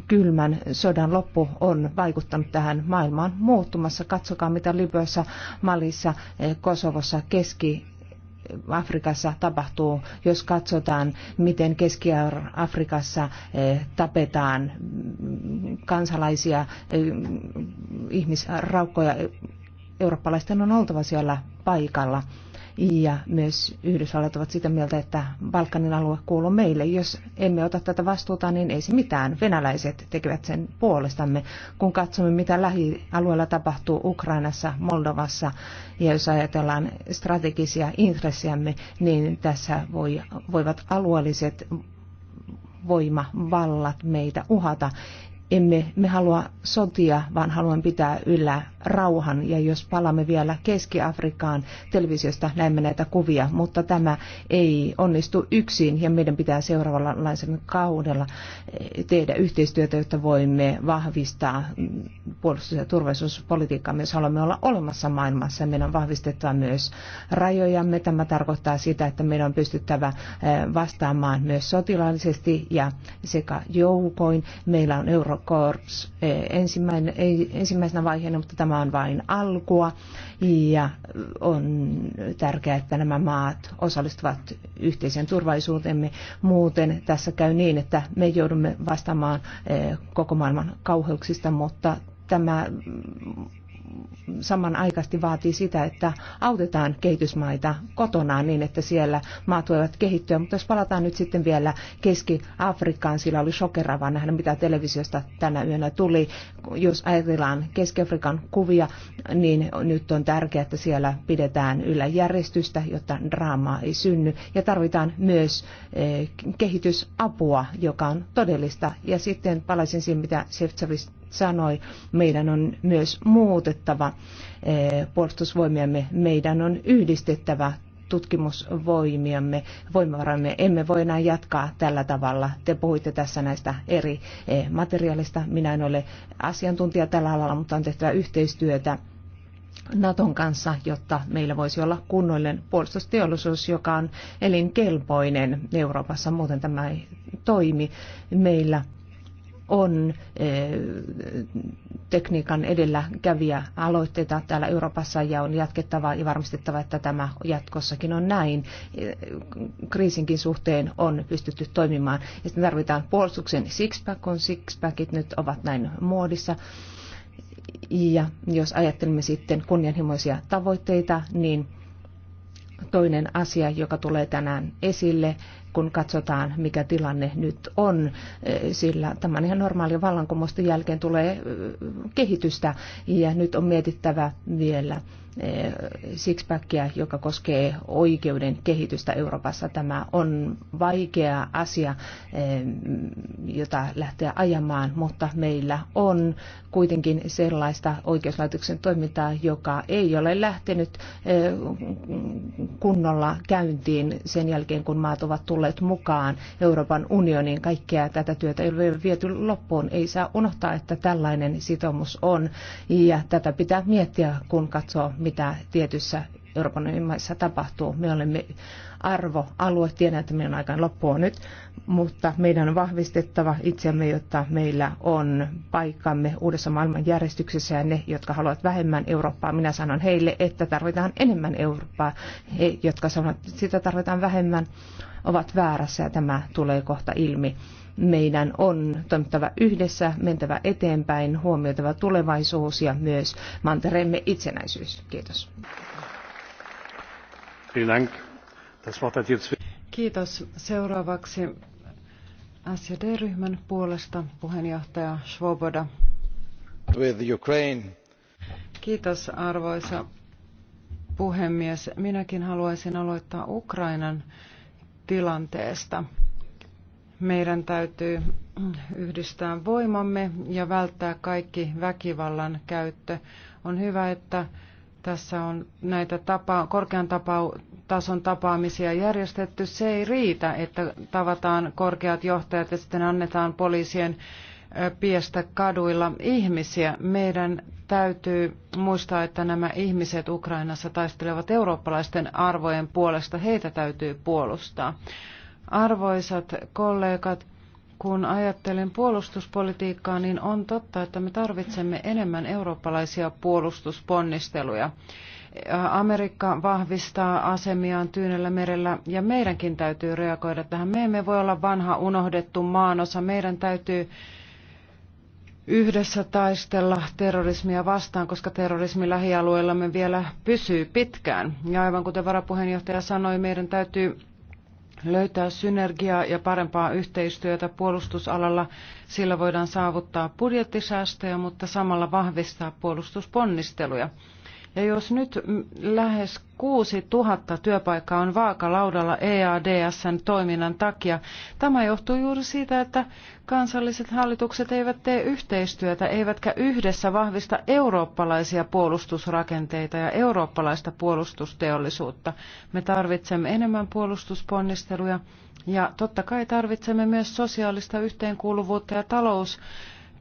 kylmän sodan loppu on vaikuttanut tähän maailmaan muuttumassa. Katsokaa, mitä Libyassa, Malissa, eh, Kosovossa, Keski Afrikassa tapahtuu, jos katsotaan, miten Keski-Afrikassa eh, tapetaan kansalaisia, eh, ihmisraukkoja, eurooppalaisten on oltava siellä paikalla ja myös Yhdysvallat ovat sitä mieltä, että Balkanin alue kuuluu meille. Jos emme ota tätä vastuuta, niin ei se mitään. Venäläiset tekevät sen puolestamme. Kun katsomme, mitä lähialueella tapahtuu Ukrainassa, Moldovassa ja jos ajatellaan strategisia intressiämme, niin tässä voi, voivat alueelliset voimavallat meitä uhata emme me halua sotia, vaan haluamme pitää yllä rauhan. Ja jos palaamme vielä Keski-Afrikaan, televisiosta näemme näitä kuvia, mutta tämä ei onnistu yksin ja meidän pitää seuraavalla lainsäädännön kaudella eh, tehdä yhteistyötä, jotta voimme vahvistaa mm, puolustus- ja turvallisuuspolitiikkaa. Jos haluamme olla olemassa maailmassa. Meidän on vahvistettava myös rajojamme. Tämä tarkoittaa sitä, että meidän on pystyttävä eh, vastaamaan myös sotilaallisesti ja sekä joukoin. Meillä on Euroopan Corps eh, ensimmäinen, ei, ensimmäisenä vaiheena, mutta tämä on vain alkua ja on tärkeää, että nämä maat osallistuvat yhteiseen turvallisuutemme. Muuten tässä käy niin, että me joudumme vastaamaan eh, koko maailman kauheuksista, mutta tämä samanaikaisesti vaatii sitä, että autetaan kehitysmaita kotonaan niin, että siellä maat voivat kehittyä. Mutta jos palataan nyt sitten vielä Keski-Afrikkaan, sillä oli shokeravaa nähdä, mitä televisiosta tänä yönä tuli. Jos ajatellaan Keski-Afrikan kuvia, niin nyt on tärkeää, että siellä pidetään yllä järjestystä, jotta draamaa ei synny. Ja tarvitaan myös eh, kehitysapua, joka on todellista. Ja sitten palaisin siihen, mitä Shevtsevis sanoi, meidän on myös muutettava eh, puolustusvoimiamme, meidän on yhdistettävä tutkimusvoimiamme, voimavaramme. Emme voi enää jatkaa tällä tavalla. Te puhuitte tässä näistä eri eh, materiaalista. Minä en ole asiantuntija tällä alalla, mutta on tehtävä yhteistyötä Naton kanssa, jotta meillä voisi olla kunnollinen puolustusteollisuus, joka on elinkelpoinen Euroopassa. Muuten tämä ei toimi. Meillä on eh, tekniikan käviä aloitteita täällä Euroopassa ja on jatkettava ja varmistettava, että tämä jatkossakin on näin. Eh, kriisinkin suhteen on pystytty toimimaan. Ja sitten tarvitaan puolustuksen sixpack, on sixpackit nyt ovat näin muodissa. Ja jos ajattelemme sitten kunnianhimoisia tavoitteita, niin toinen asia, joka tulee tänään esille, kun katsotaan, mikä tilanne nyt on, eh, sillä tämän ihan normaalin vallankumousten jälkeen tulee eh, kehitystä ja nyt on mietittävä vielä Eh, sixpackia, joka koskee oikeuden kehitystä Euroopassa. Tämä on vaikea asia, eh, jota lähteä ajamaan, mutta meillä on kuitenkin sellaista oikeuslaitoksen toimintaa, joka ei ole lähtenyt eh, kunnolla käyntiin sen jälkeen, kun maat ovat tulleet mukaan Euroopan unioniin. Kaikkea tätä työtä ei ole viety loppuun. Ei saa unohtaa, että tällainen sitoumus on ja tätä pitää miettiä, kun katsoo mitä tietyssä Euroopan unionissa maissa tapahtuu. Me olemme arvoalue, tiedän, että meidän aikaan loppu on nyt, mutta meidän on vahvistettava itseämme, jotta meillä on paikkamme uudessa maailmanjärjestyksessä ja ne, jotka haluavat vähemmän Eurooppaa, minä sanon heille, että tarvitaan enemmän Eurooppaa. He, jotka sanovat, että sitä tarvitaan vähemmän, ovat väärässä ja tämä tulee kohta ilmi meidän on toimittava yhdessä, mentävä eteenpäin, huomioitava tulevaisuus ja myös mantereemme itsenäisyys. Kiitos. Kiitos. Seuraavaksi SED-ryhmän puolesta puheenjohtaja Svoboda. With Ukraine. Kiitos arvoisa puhemies. Minäkin haluaisin aloittaa Ukrainan tilanteesta. Meidän täytyy yhdistää voimamme ja välttää kaikki väkivallan käyttö. On hyvä, että tässä on näitä tapa, korkean tapa, tason tapaamisia järjestetty. Se ei riitä, että tavataan korkeat johtajat ja sitten annetaan poliisien piestä kaduilla ihmisiä. Meidän täytyy muistaa, että nämä ihmiset Ukrainassa taistelevat eurooppalaisten arvojen puolesta. Heitä täytyy puolustaa. Arvoisat kollegat, kun ajattelen puolustuspolitiikkaa, niin on totta, että me tarvitsemme enemmän eurooppalaisia puolustusponnisteluja. Amerikka vahvistaa asemiaan Tyynellä merellä ja meidänkin täytyy reagoida tähän. Me emme voi olla vanha unohdettu maanosa. Meidän täytyy yhdessä taistella terrorismia vastaan, koska terrorismi lähialueellamme vielä pysyy pitkään. Ja aivan kuten varapuheenjohtaja sanoi, meidän täytyy löytää synergiaa ja parempaa yhteistyötä puolustusalalla. Sillä voidaan saavuttaa budjettisäästöjä, mutta samalla vahvistaa puolustusponnisteluja. Ja jos nyt lähes 6000 työpaikkaa on vaakalaudalla EADSn toiminnan takia, tämä johtuu juuri siitä, että kansalliset hallitukset eivät tee yhteistyötä, eivätkä yhdessä vahvista eurooppalaisia puolustusrakenteita ja eurooppalaista puolustusteollisuutta. Me tarvitsemme enemmän puolustusponnisteluja ja totta kai tarvitsemme myös sosiaalista yhteenkuuluvuutta ja talous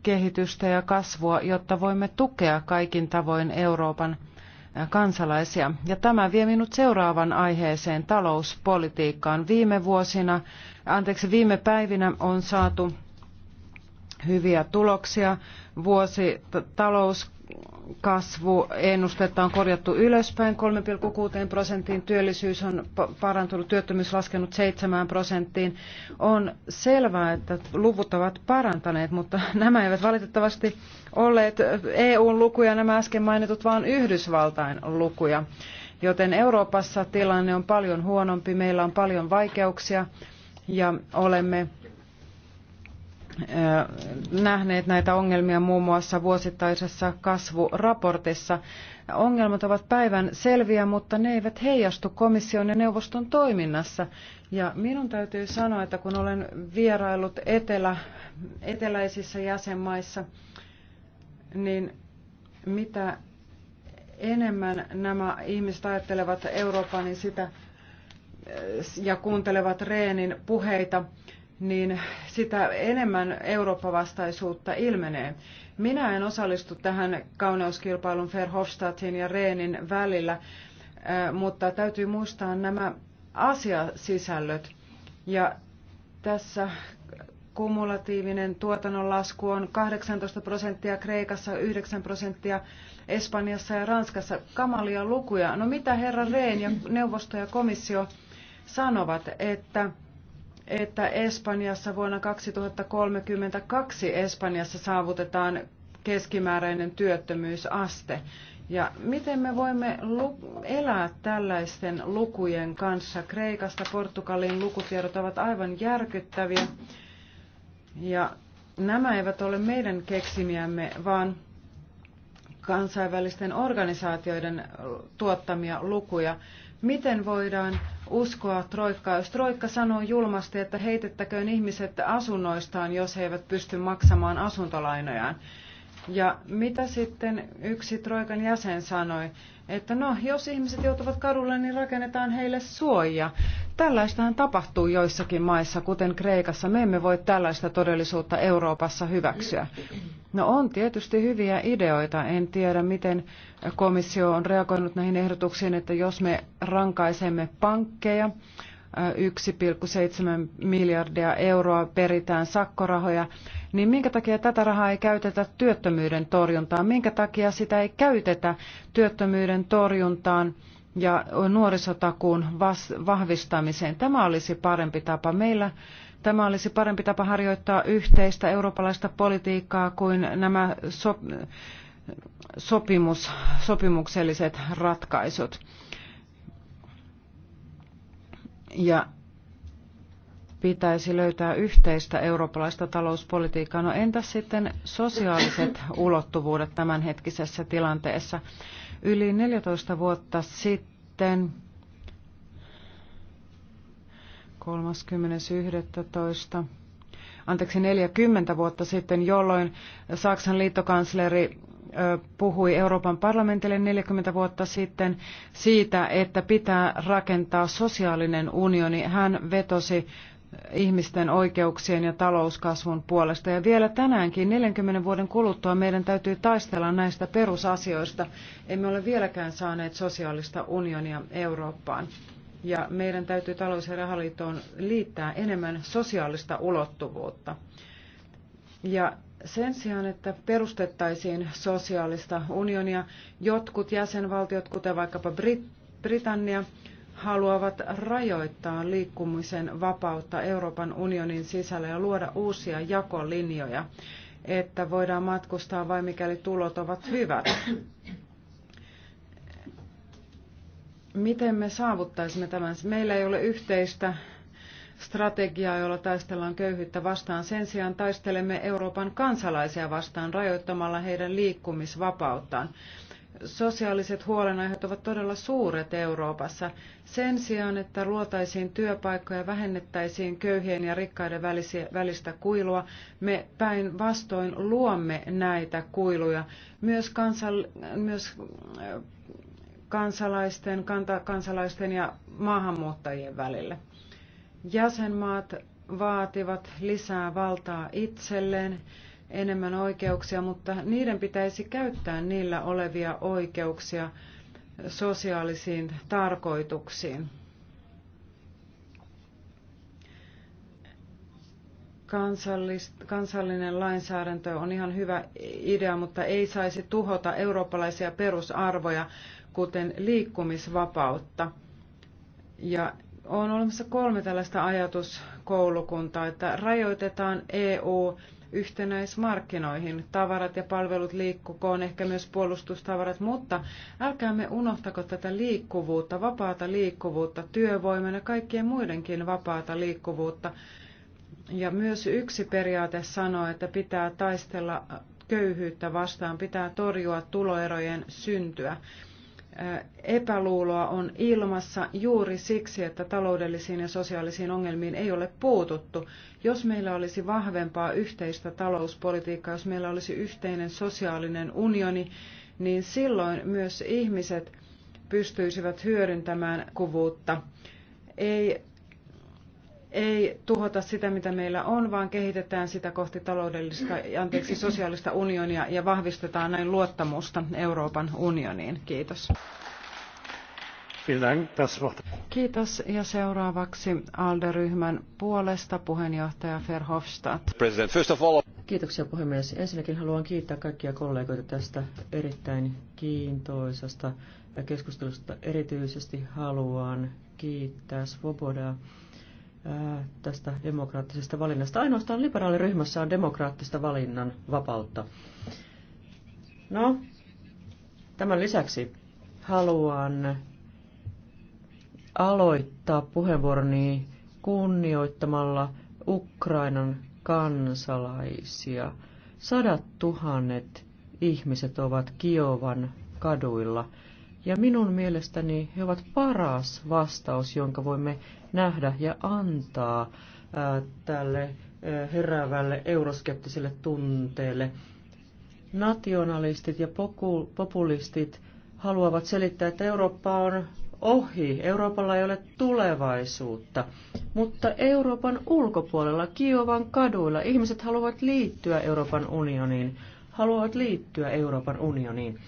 kehitystä ja kasvua, jotta voimme tukea kaikin tavoin Euroopan kansalaisia. Ja tämä vie minut seuraavan aiheeseen talouspolitiikkaan. Viime vuosina, anteeksi, viime päivinä on saatu hyviä tuloksia. Vuosi talous kasvuennustetta on korjattu ylöspäin 3,6 prosenttiin, työllisyys on parantunut, työttömyys laskenut 7 prosenttiin. On selvää, että luvut ovat parantaneet, mutta <laughs> nämä eivät valitettavasti olleet EUn lukuja, nämä äsken mainitut, vaan Yhdysvaltain lukuja. Joten Euroopassa tilanne on paljon huonompi, meillä on paljon vaikeuksia ja olemme nähneet näitä ongelmia muun muassa vuosittaisessa kasvuraportissa. Ongelmat ovat päivän selviä, mutta ne eivät heijastu komission ja neuvoston toiminnassa. Ja minun täytyy sanoa, että kun olen vieraillut etelä, eteläisissä jäsenmaissa, niin mitä enemmän nämä ihmiset ajattelevat Eurooppaa, niin sitä ja kuuntelevat Reenin puheita, niin sitä enemmän Eurooppa-vastaisuutta ilmenee. Minä en osallistu tähän kauneuskilpailun Verhofstadtin ja Reenin välillä, äh, mutta täytyy muistaa nämä asiasisällöt. Ja tässä kumulatiivinen tuotannon lasku on 18 prosenttia Kreikassa, 9 prosenttia Espanjassa ja Ranskassa. Kamalia lukuja. No mitä herra Reen ja neuvosto ja komissio sanovat, että että Espanjassa vuonna 2032 Espanjassa saavutetaan keskimääräinen työttömyysaste. Ja miten me voimme elää tällaisten lukujen kanssa? Kreikasta Portugalin lukutiedot ovat aivan järkyttäviä. Ja nämä eivät ole meidän keksimiämme, vaan kansainvälisten organisaatioiden tuottamia lukuja. Miten voidaan uskoa Troikkaa. Jos Troikka sanoo julmasti, että heitettäköön ihmiset asunnoistaan, jos he eivät pysty maksamaan asuntolainojaan. Ja mitä sitten yksi Troikan jäsen sanoi? että no, jos ihmiset joutuvat kadulle, niin rakennetaan heille suoja. Tällaistahan tapahtuu joissakin maissa, kuten Kreikassa. Me emme voi tällaista todellisuutta Euroopassa hyväksyä. No on tietysti hyviä ideoita. En tiedä, miten komissio on reagoinut näihin ehdotuksiin, että jos me rankaisemme pankkeja, 1,7 miljardia euroa peritään sakkorahoja, niin minkä takia tätä rahaa ei käytetä työttömyyden torjuntaan? Minkä takia sitä ei käytetä työttömyyden torjuntaan ja nuorisotakuun vahvistamiseen? Tämä olisi parempi tapa. Meillä tämä olisi parempi tapa harjoittaa yhteistä eurooppalaista politiikkaa kuin nämä so, sopimus, sopimukselliset ratkaisut ja pitäisi löytää yhteistä eurooppalaista talouspolitiikkaa. No entäs sitten sosiaaliset ulottuvuudet tämänhetkisessä tilanteessa? Yli 14 vuotta sitten 30.11. anteeksi 40 vuotta sitten, jolloin Saksan liittokansleri puhui Euroopan parlamentille 40 vuotta sitten siitä, että pitää rakentaa sosiaalinen unioni. Hän vetosi ihmisten oikeuksien ja talouskasvun puolesta. Ja vielä tänäänkin 40 vuoden kuluttua meidän täytyy taistella näistä perusasioista. Emme ole vieläkään saaneet sosiaalista unionia Eurooppaan. Ja meidän täytyy talous- ja rahaliittoon liittää enemmän sosiaalista ulottuvuutta. Ja sen sijaan, että perustettaisiin sosiaalista unionia, jotkut jäsenvaltiot, kuten vaikkapa Brit- Britannia, haluavat rajoittaa liikkumisen vapautta Euroopan unionin sisällä ja luoda uusia jakolinjoja, että voidaan matkustaa vain mikäli tulot ovat hyvät. Miten me saavuttaisimme tämän? Meillä ei ole yhteistä strategiaa, jolla taistellaan köyhyyttä vastaan. Sen sijaan taistelemme Euroopan kansalaisia vastaan rajoittamalla heidän liikkumisvapauttaan. Sosiaaliset huolenaiheet ovat todella suuret Euroopassa. Sen sijaan, että luotaisiin työpaikkoja, vähennettäisiin köyhien ja rikkaiden välistä kuilua, me päinvastoin luomme näitä kuiluja. Myös, kansal, myös äh, kansalaisten, kanta, kansalaisten ja maahanmuuttajien välille. Jäsenmaat vaativat lisää valtaa itselleen, enemmän oikeuksia, mutta niiden pitäisi käyttää niillä olevia oikeuksia sosiaalisiin tarkoituksiin. kansallinen lainsäädäntö on ihan hyvä idea, mutta ei saisi tuhota eurooppalaisia perusarvoja, kuten liikkumisvapautta. Ja on olemassa kolme tällaista ajatuskoulukuntaa, että rajoitetaan EU yhtenäismarkkinoihin. Tavarat ja palvelut liikkukoon, ehkä myös puolustustavarat, mutta älkäämme unohtako tätä liikkuvuutta, vapaata liikkuvuutta, työvoiman ja kaikkien muidenkin vapaata liikkuvuutta. Ja myös yksi periaate sanoo, että pitää taistella köyhyyttä vastaan, pitää torjua tuloerojen syntyä epäluuloa on ilmassa juuri siksi, että taloudellisiin ja sosiaalisiin ongelmiin ei ole puututtu. Jos meillä olisi vahvempaa yhteistä talouspolitiikkaa, jos meillä olisi yhteinen sosiaalinen unioni, niin silloin myös ihmiset pystyisivät hyödyntämään kuvuutta. Ei ei tuhota sitä, mitä meillä on, vaan kehitetään sitä kohti taloudellista, anteeksi, sosiaalista unionia ja vahvistetaan näin luottamusta Euroopan unioniin. Kiitos. Kiitos ja seuraavaksi ALDE-ryhmän puolesta puheenjohtaja Verhofstadt. Kiitoksia puhemies. Ensinnäkin haluan kiittää kaikkia kollegoita tästä erittäin kiintoisasta keskustelusta. Erityisesti haluan kiittää Svobodaa tästä demokraattisesta valinnasta. Ainoastaan liberaaliryhmässä on demokraattista valinnan vapautta. No, tämän lisäksi haluan aloittaa puheenvuoroni kunnioittamalla Ukrainan kansalaisia. Sadat tuhannet ihmiset ovat Kiovan kaduilla. Ja minun mielestäni he ovat paras vastaus, jonka voimme nähdä ja antaa ää, tälle ää, heräävälle euroskeptiselle tunteelle. Nationalistit ja populistit haluavat selittää, että Eurooppa on ohi, Euroopalla ei ole tulevaisuutta. Mutta Euroopan ulkopuolella, Kiovan kaduilla, ihmiset haluavat liittyä Euroopan unioniin, haluavat liittyä Euroopan unioniin.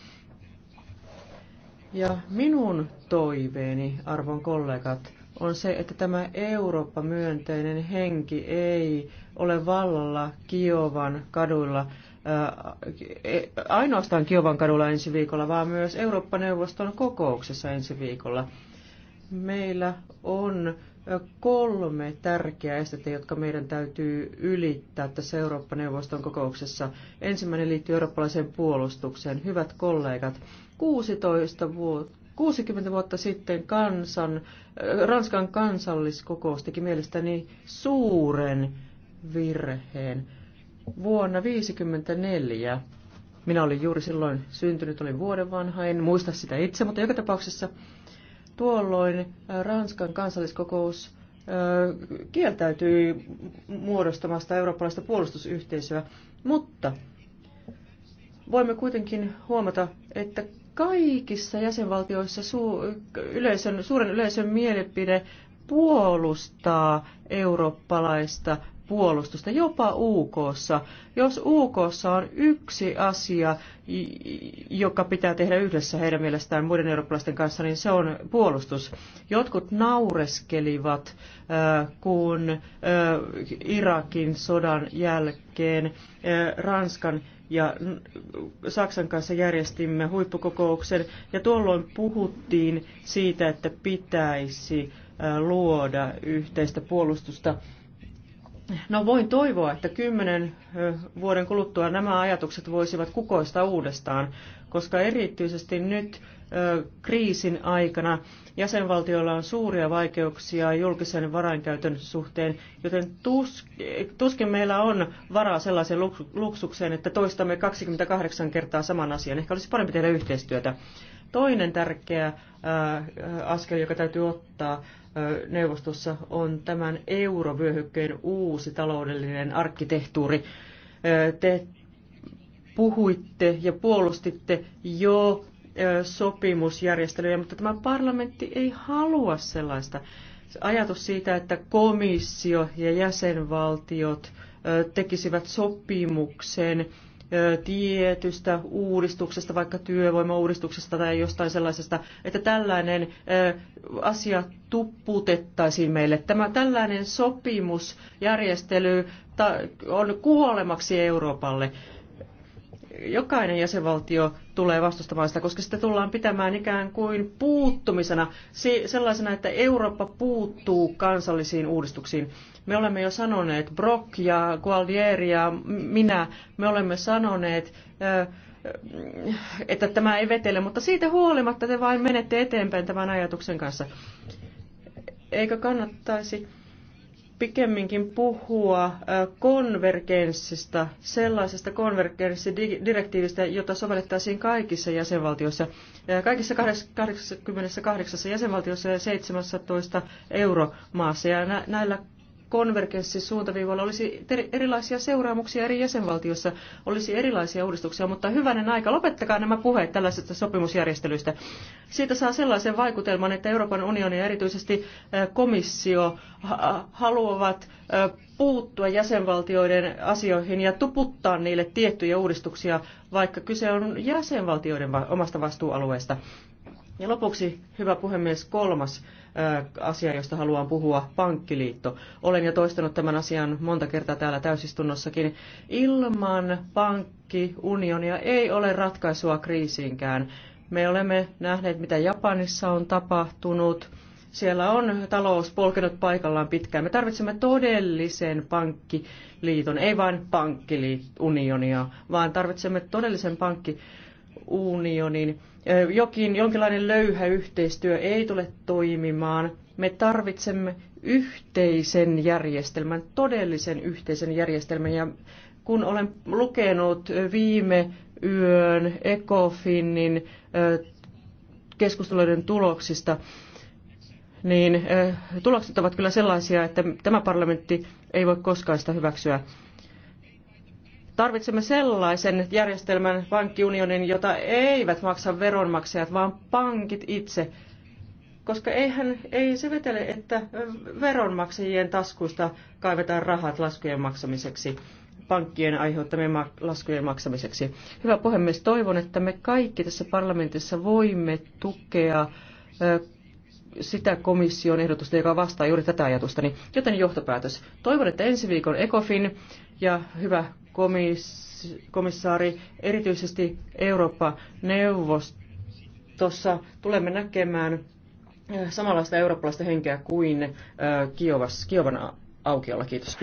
Ja minun toiveeni, arvon kollegat, on se, että tämä Eurooppa-myönteinen henki ei ole vallalla Kiovan kaduilla, äh, e, ainoastaan Kiovan kadulla ensi viikolla, vaan myös Eurooppa-neuvoston kokouksessa ensi viikolla. Meillä on äh, kolme tärkeää estettä, jotka meidän täytyy ylittää tässä Eurooppa-neuvoston kokouksessa. Ensimmäinen liittyy eurooppalaiseen puolustukseen. Hyvät kollegat, 16 vuotta, 60 vuotta sitten kansan, äh, Ranskan kansalliskokous teki mielestäni suuren virheen. Vuonna 1954, minä olin juuri silloin syntynyt, olin vuoden vanha, en muista sitä itse, mutta joka tapauksessa tuolloin äh, Ranskan kansalliskokous äh, kieltäytyi muodostamasta eurooppalaista puolustusyhteisöä, mutta voimme kuitenkin huomata, että Kaikissa jäsenvaltioissa su- yleisön, suuren yleisön mielipide puolustaa eurooppalaista puolustusta, jopa UKssa. Jos UKssa on yksi asia, joka pitää tehdä yhdessä heidän mielestään muiden eurooppalaisten kanssa, niin se on puolustus. Jotkut naureskelivat, kun Irakin sodan jälkeen Ranskan ja Saksan kanssa järjestimme huippukokouksen ja tuolloin puhuttiin siitä, että pitäisi luoda yhteistä puolustusta. No voin toivoa, että kymmenen vuoden kuluttua nämä ajatukset voisivat kukoista uudestaan, koska erityisesti nyt kriisin aikana jäsenvaltioilla on suuria vaikeuksia julkisen varainkäytön suhteen, joten tuskin meillä on varaa sellaiseen luksukseen, että toistamme 28 kertaa saman asian. Ehkä olisi parempi tehdä yhteistyötä. Toinen tärkeä askel, joka täytyy ottaa neuvostossa, on tämän eurovyöhykkeen uusi taloudellinen arkkitehtuuri. Te puhuitte ja puolustitte jo sopimusjärjestelyjä, mutta tämä parlamentti ei halua sellaista. Ajatus siitä, että komissio ja jäsenvaltiot tekisivät sopimuksen tietystä uudistuksesta, vaikka työvoimauudistuksesta tai jostain sellaisesta, että tällainen asia tupputettaisiin meille. Tämä tällainen sopimusjärjestely on kuolemaksi Euroopalle jokainen jäsenvaltio tulee vastustamaan sitä, koska sitä tullaan pitämään ikään kuin puuttumisena, sellaisena, että Eurooppa puuttuu kansallisiin uudistuksiin. Me olemme jo sanoneet, Brock ja Gualdieri ja minä, me olemme sanoneet, että tämä ei vetele, mutta siitä huolimatta te vain menette eteenpäin tämän ajatuksen kanssa. Eikö kannattaisi pikemminkin puhua konvergenssista, sellaisesta konvergenssidirektiivistä, jota sovellettaisiin kaikissa jäsenvaltioissa, kaikissa 88 jäsenvaltiossa ja 17 euromaassa. Ja näillä konvergenssisuuntaviivoilla olisi erilaisia seuraamuksia eri jäsenvaltiossa, olisi erilaisia uudistuksia, mutta hyvänen aika, lopettakaa nämä puheet tällaisista sopimusjärjestelyistä. Siitä saa sellaisen vaikutelman, että Euroopan unioni ja erityisesti komissio haluavat puuttua jäsenvaltioiden asioihin ja tuputtaa niille tiettyjä uudistuksia, vaikka kyse on jäsenvaltioiden omasta vastuualueesta. Ja lopuksi, hyvä puhemies, kolmas asia, josta haluan puhua, pankkiliitto. Olen jo toistanut tämän asian monta kertaa täällä täysistunnossakin. Ilman pankkiunionia ei ole ratkaisua kriisiinkään. Me olemme nähneet, mitä Japanissa on tapahtunut. Siellä on talous polkenut paikallaan pitkään. Me tarvitsemme todellisen pankkiliiton, ei vain pankkiunionia, vaan tarvitsemme todellisen pankkiunionin jokin jonkinlainen löyhä yhteistyö ei tule toimimaan. Me tarvitsemme yhteisen järjestelmän, todellisen yhteisen järjestelmän. Ja kun olen lukenut viime yön ECOFINin keskusteluiden tuloksista, niin tulokset ovat kyllä sellaisia, että tämä parlamentti ei voi koskaan sitä hyväksyä. Tarvitsemme sellaisen järjestelmän pankkiunionin, jota eivät maksa veronmaksajat, vaan pankit itse. Koska eihän, ei se vetele, että veronmaksajien taskuista kaivetaan rahat laskujen maksamiseksi, pankkien aiheuttamien laskujen maksamiseksi. Hyvä puhemies, toivon, että me kaikki tässä parlamentissa voimme tukea sitä komission ehdotusta, joka vastaa juuri tätä ajatustani. Joten johtopäätös. Toivon, että ensi viikon ECOFIN ja hyvä komis, komissaari, erityisesti Eurooppa-neuvostossa tulemme näkemään äh, samanlaista eurooppalaista henkeä kuin äh, Kiovas, Kiovan aukiolla. Kiitos.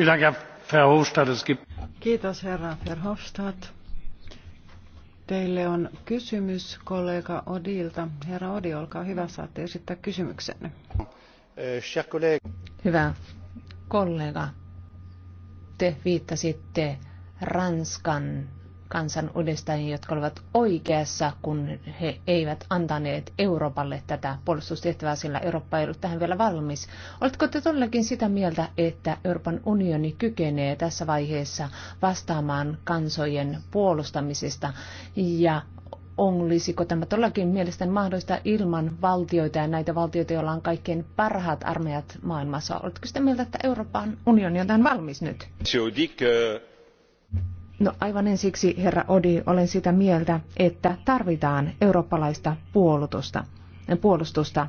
Kiitos herra Verhofstadt. Teille on kysymys kollega Odilta. Herra Odi, olkaa hyvä, saatte esittää kysymyksenne. Äh, hyvä kollega, te viittasitte Ranskan kansan uudestaan, jotka olivat oikeassa, kun he eivät antaneet Euroopalle tätä puolustustehtävää, sillä Eurooppa ei ollut tähän vielä valmis. Oletko te todellakin sitä mieltä, että Euroopan unioni kykenee tässä vaiheessa vastaamaan kansojen puolustamisesta ja olisiko tämä todellakin mielestäni mahdollista ilman valtioita ja näitä valtioita, joilla on kaikkein parhaat armeijat maailmassa? Oletko sitä mieltä, että Euroopan unioni on tähän valmis nyt? Se on No aivan ensiksi, herra Odi, olen sitä mieltä, että tarvitaan eurooppalaista puolustusta, puolustusta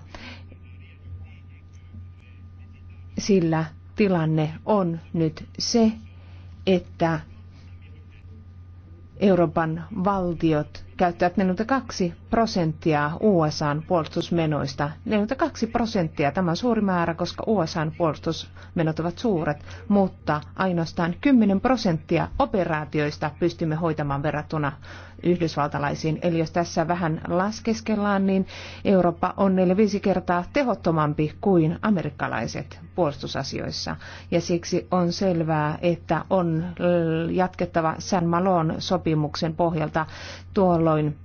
sillä tilanne on nyt se, että Euroopan valtiot käyttävät 42 prosenttia USAn puolustusmenoista. 42 prosenttia, tämä on suuri määrä, koska USAn puolustusmenot ovat suuret, mutta ainoastaan 10 prosenttia operaatioista pystymme hoitamaan verrattuna yhdysvaltalaisiin. Eli jos tässä vähän laskeskellaan, niin Eurooppa on 4-5 kertaa tehottomampi kuin amerikkalaiset puolustusasioissa. Ja siksi on selvää, että on jatkettava San Malon sopimuksen pohjalta tuolloin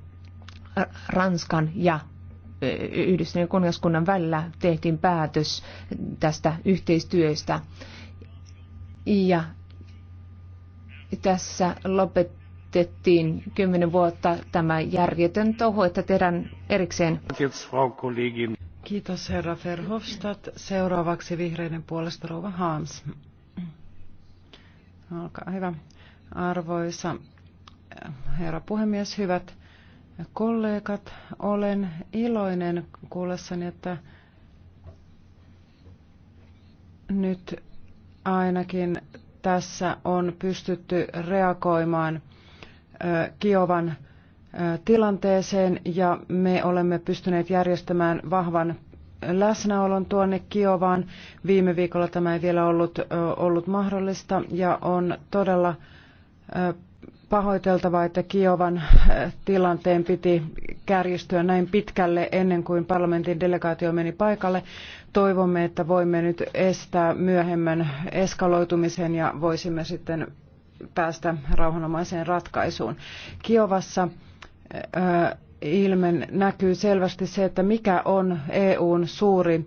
Ranskan ja Yhdistyneen kuningaskunnan välillä tehtiin päätös tästä yhteistyöstä. Ja tässä lopettiin yritettiin kymmenen vuotta tämä järjetön toho, että tehdään erikseen. Kiitos herra Verhofstadt. Seuraavaksi vihreiden puolesta rouva Haams. Olkaa hyvä. Arvoisa herra puhemies, hyvät kollegat, olen iloinen kuullessani, että nyt ainakin tässä on pystytty reagoimaan Kiovan tilanteeseen ja me olemme pystyneet järjestämään vahvan läsnäolon tuonne Kiovaan. Viime viikolla tämä ei vielä ollut, ollut mahdollista ja on todella pahoiteltavaa, että Kiovan tilanteen piti kärjistyä näin pitkälle ennen kuin parlamentin delegaatio meni paikalle. Toivomme, että voimme nyt estää myöhemmän eskaloitumisen ja voisimme sitten päästä rauhanomaiseen ratkaisuun. Kiovassa ilmen näkyy selvästi se, että mikä on EUn suuri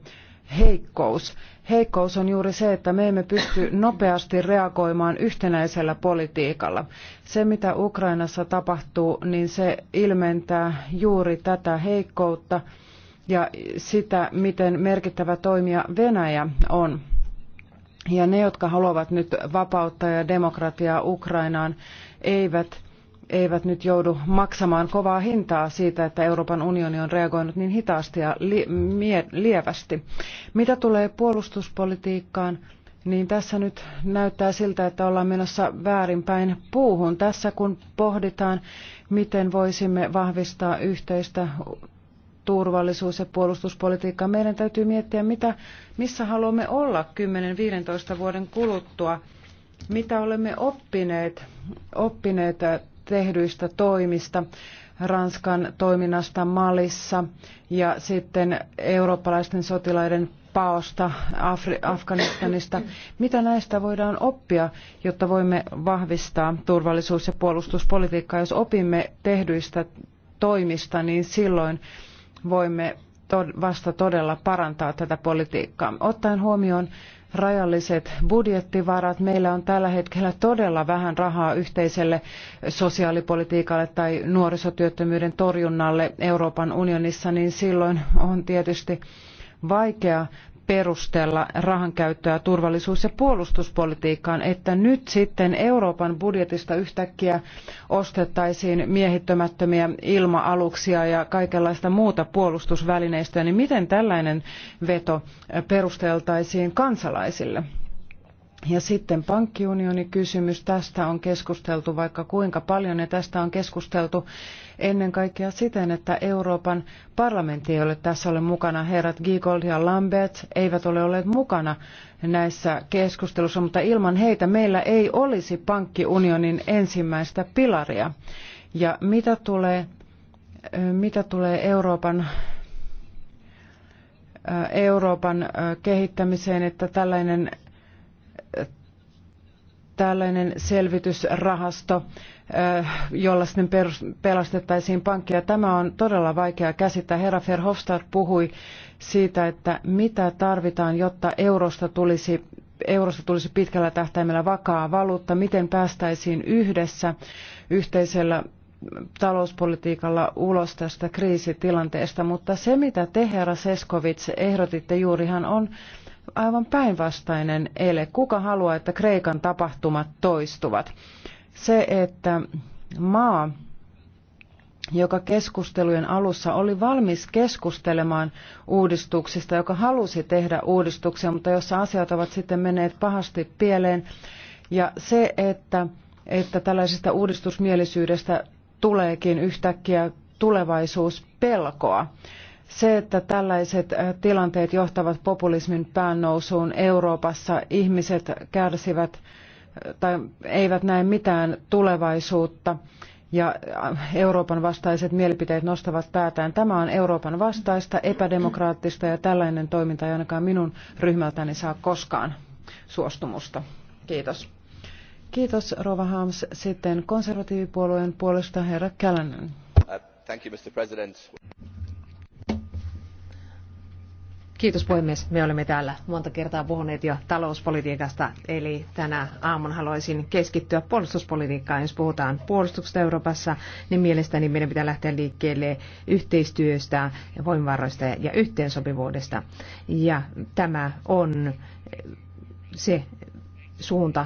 heikkous. Heikkous on juuri se, että me emme pysty nopeasti reagoimaan yhtenäisellä politiikalla. Se, mitä Ukrainassa tapahtuu, niin se ilmentää juuri tätä heikkoutta ja sitä, miten merkittävä toimija Venäjä on ja ne, jotka haluavat nyt vapautta ja demokratiaa Ukrainaan, eivät, eivät nyt joudu maksamaan kovaa hintaa siitä, että Euroopan unioni on reagoinut niin hitaasti ja li, mie, lievästi. Mitä tulee puolustuspolitiikkaan, niin tässä nyt näyttää siltä, että ollaan menossa väärinpäin puuhun. Tässä kun pohditaan, miten voisimme vahvistaa yhteistä turvallisuus- ja puolustuspolitiikkaa. Meidän täytyy miettiä, mitä, missä haluamme olla 10-15 vuoden kuluttua, mitä olemme oppineet, oppineet tehdyistä toimista. Ranskan toiminnasta Malissa ja sitten eurooppalaisten sotilaiden paosta Afri- Afganistanista. Mitä näistä voidaan oppia, jotta voimme vahvistaa turvallisuus- ja puolustuspolitiikkaa? Jos opimme tehdyistä toimista, niin silloin voimme vasta todella parantaa tätä politiikkaa. Ottaen huomioon rajalliset budjettivarat. Meillä on tällä hetkellä todella vähän rahaa yhteiselle sosiaalipolitiikalle tai nuorisotyöttömyyden torjunnalle Euroopan unionissa, niin silloin on tietysti vaikea perustella rahankäyttöä turvallisuus- ja puolustuspolitiikkaan, että nyt sitten Euroopan budjetista yhtäkkiä ostettaisiin miehittämättömiä ilma-aluksia ja kaikenlaista muuta puolustusvälineistöä, niin miten tällainen veto perusteltaisiin kansalaisille? Ja sitten pankkiunionikysymys, tästä on keskusteltu vaikka kuinka paljon ja tästä on keskusteltu ennen kaikkea siten, että Euroopan parlamentti ei ole tässä ole mukana. Herrat Giegold ja Lambert eivät ole olleet mukana näissä keskustelussa, mutta ilman heitä meillä ei olisi pankkiunionin ensimmäistä pilaria. Ja mitä tulee, mitä tulee Euroopan Euroopan kehittämiseen, että tällainen tällainen selvitysrahasto, äh, jolla sitten pelastettaisiin pankkia. Tämä on todella vaikea käsittää. Herra Verhofstadt puhui siitä, että mitä tarvitaan, jotta eurosta tulisi, eurosta tulisi pitkällä tähtäimellä vakaa valuutta, miten päästäisiin yhdessä yhteisellä talouspolitiikalla ulos tästä kriisitilanteesta, mutta se mitä te, herra Seskovits, ehdotitte juurihan on aivan päinvastainen ele. Kuka haluaa, että Kreikan tapahtumat toistuvat? Se, että maa, joka keskustelujen alussa oli valmis keskustelemaan uudistuksista, joka halusi tehdä uudistuksia, mutta jossa asiat ovat sitten menneet pahasti pieleen. Ja se, että, että tällaisesta uudistusmielisyydestä tuleekin yhtäkkiä tulevaisuuspelkoa. Se, että tällaiset äh, tilanteet johtavat populismin päännousuun Euroopassa, ihmiset kärsivät äh, tai eivät näe mitään tulevaisuutta ja äh, Euroopan vastaiset mielipiteet nostavat päätään. Tämä on Euroopan vastaista, epädemokraattista ja tällainen toiminta ei ainakaan minun ryhmältäni saa koskaan suostumusta. Kiitos. Kiitos Rova Hams. Sitten konservatiivipuolueen puolesta herra Kälänen. Uh, thank you, Mr. President. Kiitos puhemies. Me olemme täällä monta kertaa puhuneet jo talouspolitiikasta, eli tänä aamun haluaisin keskittyä puolustuspolitiikkaan. Jos puhutaan puolustuksesta Euroopassa, niin mielestäni meidän pitää lähteä liikkeelle yhteistyöstä, voimavaroista ja yhteensopivuudesta. Ja tämä on se suunta,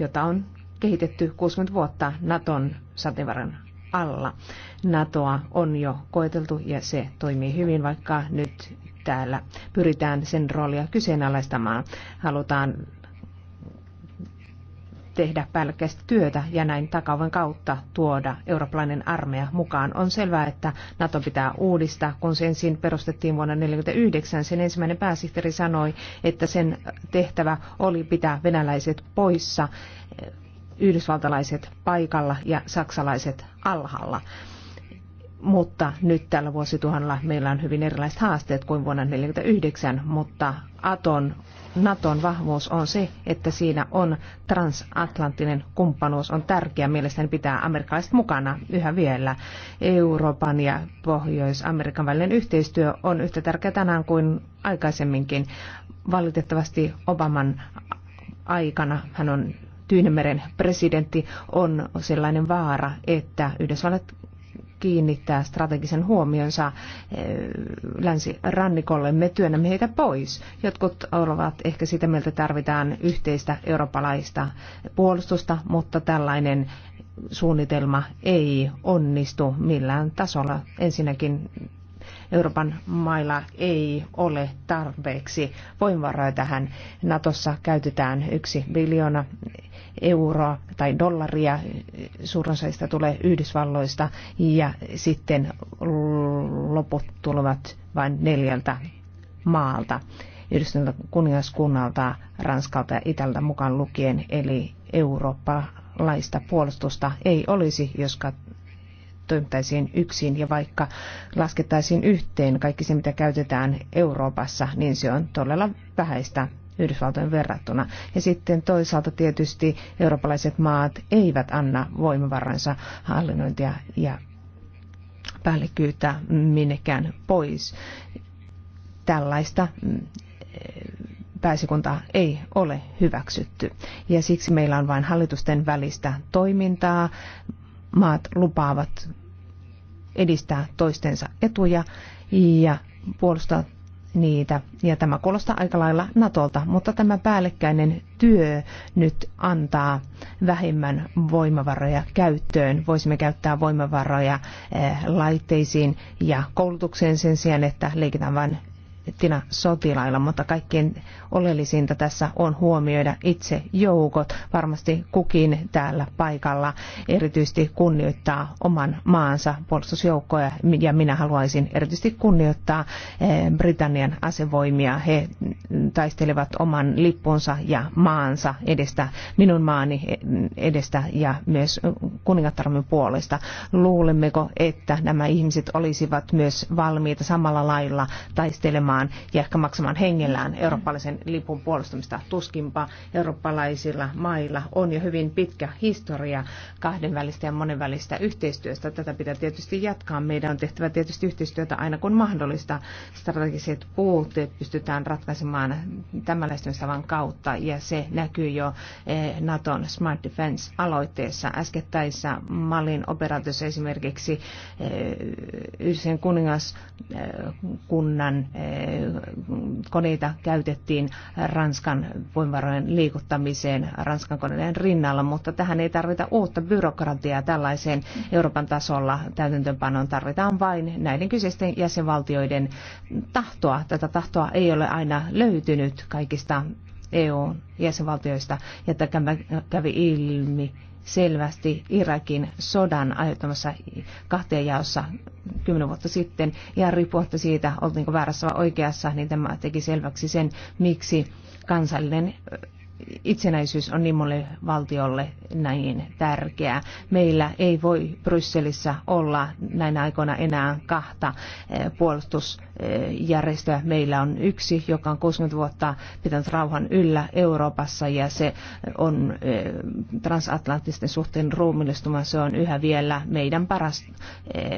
jota on kehitetty 60 vuotta Naton sateenvarjon alla. NATOa on jo koeteltu ja se toimii hyvin, vaikka nyt täällä pyritään sen roolia kyseenalaistamaan. Halutaan tehdä päällekkäistä työtä ja näin takaven kautta tuoda eurooppalainen armeija mukaan. On selvää, että NATO pitää uudistaa. Kun se ensin perustettiin vuonna 1949, sen ensimmäinen pääsihteeri sanoi, että sen tehtävä oli pitää venäläiset poissa, yhdysvaltalaiset paikalla ja saksalaiset alhaalla mutta nyt tällä vuosituhannella meillä on hyvin erilaiset haasteet kuin vuonna 1949, mutta Aton, Naton vahvuus on se, että siinä on transatlanttinen kumppanuus on tärkeä. Mielestäni pitää amerikkalaiset mukana yhä vielä. Euroopan ja Pohjois-Amerikan välinen yhteistyö on yhtä tärkeä tänään kuin aikaisemminkin. Valitettavasti Obaman aikana hän on Tyynemeren presidentti on sellainen vaara, että Yhdysvallat kiinnittää strategisen huomionsa eh, länsirannikolle. Me työnnämme heitä pois. Jotkut ovat ehkä sitä mieltä, että tarvitaan yhteistä eurooppalaista puolustusta, mutta tällainen suunnitelma ei onnistu millään tasolla. Ensinnäkin Euroopan mailla ei ole tarpeeksi voimavaroja tähän. Natossa käytetään yksi biljoona euroa tai dollaria, suurin osa tulee Yhdysvalloista ja sitten loput tulevat vain neljältä maalta. Yhdistyneeltä kuningaskunnalta, Ranskalta ja Itältä mukaan lukien, eli Eurooppa laista puolustusta ei olisi, jos toimittaisiin yksin ja vaikka laskettaisiin yhteen kaikki se, mitä käytetään Euroopassa, niin se on todella vähäistä Yhdysvaltojen verrattuna. Ja sitten toisaalta tietysti eurooppalaiset maat eivät anna voimavaransa hallinnointia ja päällikkyyttä minnekään pois. Tällaista mm, pääsikunta ei ole hyväksytty. Ja siksi meillä on vain hallitusten välistä toimintaa, maat lupaavat edistää toistensa etuja ja puolustaa niitä. Ja tämä kuulostaa aika lailla Natolta, mutta tämä päällekkäinen työ nyt antaa vähemmän voimavaroja käyttöön. Voisimme käyttää voimavaroja eh, laitteisiin ja koulutukseen sen sijaan, että leikitään vain tina sotilailla, mutta kaikkein oleellisinta tässä on huomioida itse joukot. Varmasti kukin täällä paikalla erityisesti kunnioittaa oman maansa puolustusjoukkoja ja minä haluaisin erityisesti kunnioittaa eh, Britannian asevoimia. He taistelevat oman lippunsa ja maansa edestä, minun maani edestä ja myös kuningattarmen puolesta. Luulemmeko, että nämä ihmiset olisivat myös valmiita samalla lailla taistelemaan maksamaan ja ehkä maksamaan hengellään eurooppalaisen lipun puolustamista. Tuskinpa eurooppalaisilla mailla on jo hyvin pitkä historia kahdenvälistä ja monenvälistä yhteistyöstä. Tätä pitää tietysti jatkaa. Meidän on tehtävä tietysti yhteistyötä aina kun mahdollista. Strategiset puutteet pystytään ratkaisemaan tämän lähestymistavan kautta ja se näkyy jo eh, Naton Smart Defense-aloitteessa. Äskettäissä Malin operaatiossa esimerkiksi eh, Yhdisen kuningaskunnan eh, koneita käytettiin Ranskan voimavarojen liikuttamiseen Ranskan koneiden rinnalla, mutta tähän ei tarvita uutta byrokratiaa tällaiseen Euroopan tasolla täytäntöönpanoon. Tarvitaan vain näiden kyseisten jäsenvaltioiden tahtoa. Tätä tahtoa ei ole aina löytynyt kaikista EU-jäsenvaltioista, ja tämä kävi ilmi selvästi Irakin sodan aiheuttamassa kahtia jaossa kymmenen vuotta sitten, ja riippumatta siitä, oltiinko väärässä vai oikeassa, niin tämä teki selväksi sen, miksi kansallinen itsenäisyys on niin monelle valtiolle näin tärkeää. Meillä ei voi Brysselissä olla näinä aikoina enää kahta eh, puolustusjärjestöä. Meillä on yksi, joka on 60 vuotta pitänyt rauhan yllä Euroopassa ja se on eh, transatlanttisten suhteen ruumillistuma. Se on yhä vielä meidän paras eh,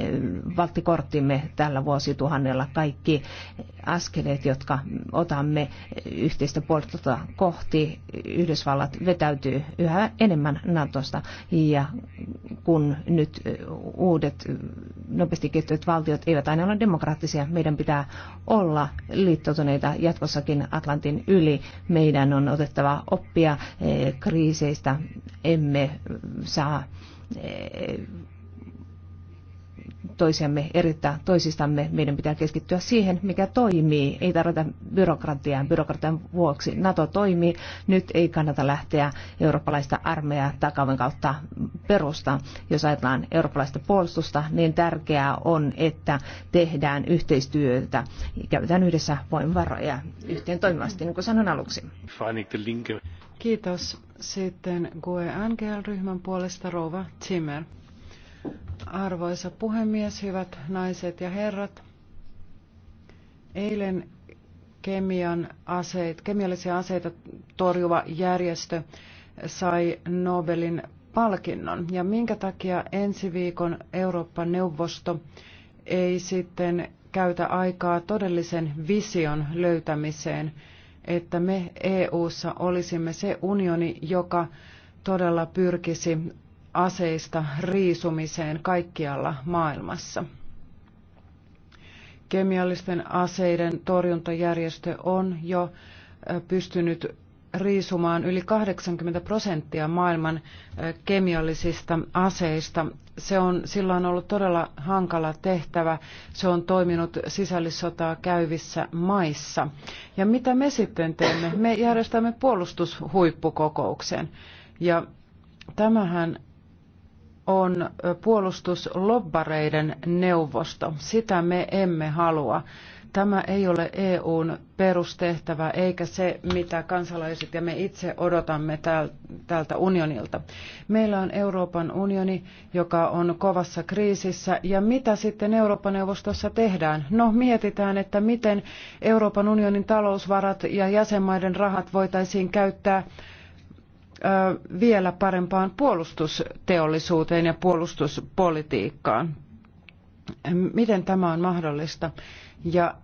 valttikorttimme tällä vuosituhannella. Kaikki askeleet, jotka otamme yhteistä puolustusta kohti, Yhdysvallat vetäytyy yhä enemmän Natosta ja kun nyt uudet nopeasti kehittyvät valtiot eivät aina ole demokraattisia, meidän pitää olla liittoutuneita jatkossakin Atlantin yli. Meidän on otettava oppia eh, kriiseistä, emme saa eh, toisiamme erittää toisistamme. Meidän pitää keskittyä siihen, mikä toimii. Ei tarvita byrokratiaa byrokratian vuoksi. NATO toimii. Nyt ei kannata lähteä eurooppalaista armeijaa takaven kautta perusta. Jos ajatellaan eurooppalaista puolustusta, niin tärkeää on, että tehdään yhteistyötä. Käytetään yhdessä voimavaroja yhteen toimivasti, niin kuin sanon aluksi. Kiitos. Sitten GUE NGL-ryhmän puolesta Rova Zimmer. Arvoisa puhemies, hyvät naiset ja herrat. Eilen kemian aseet, kemiallisia aseita torjuva järjestö sai Nobelin palkinnon. Ja minkä takia ensi viikon Euroopan neuvosto ei sitten käytä aikaa todellisen vision löytämiseen, että me EU:ssa olisimme se unioni, joka todella pyrkisi aseista riisumiseen kaikkialla maailmassa. Kemiallisten aseiden torjuntajärjestö on jo pystynyt riisumaan yli 80 prosenttia maailman kemiallisista aseista. Se on silloin ollut todella hankala tehtävä. Se on toiminut sisällissotaa käyvissä maissa. Ja mitä me sitten teemme? Me järjestämme puolustushuippukokouksen. Ja tämähän on puolustuslobbareiden neuvosto. Sitä me emme halua. Tämä ei ole EUn perustehtävä eikä se, mitä kansalaiset ja me itse odotamme tältä unionilta. Meillä on Euroopan unioni, joka on kovassa kriisissä ja mitä sitten Euroopan neuvostossa tehdään? No mietitään, että miten Euroopan unionin talousvarat ja jäsenmaiden rahat voitaisiin käyttää vielä parempaan puolustusteollisuuteen ja puolustuspolitiikkaan. Miten tämä on mahdollista? Ja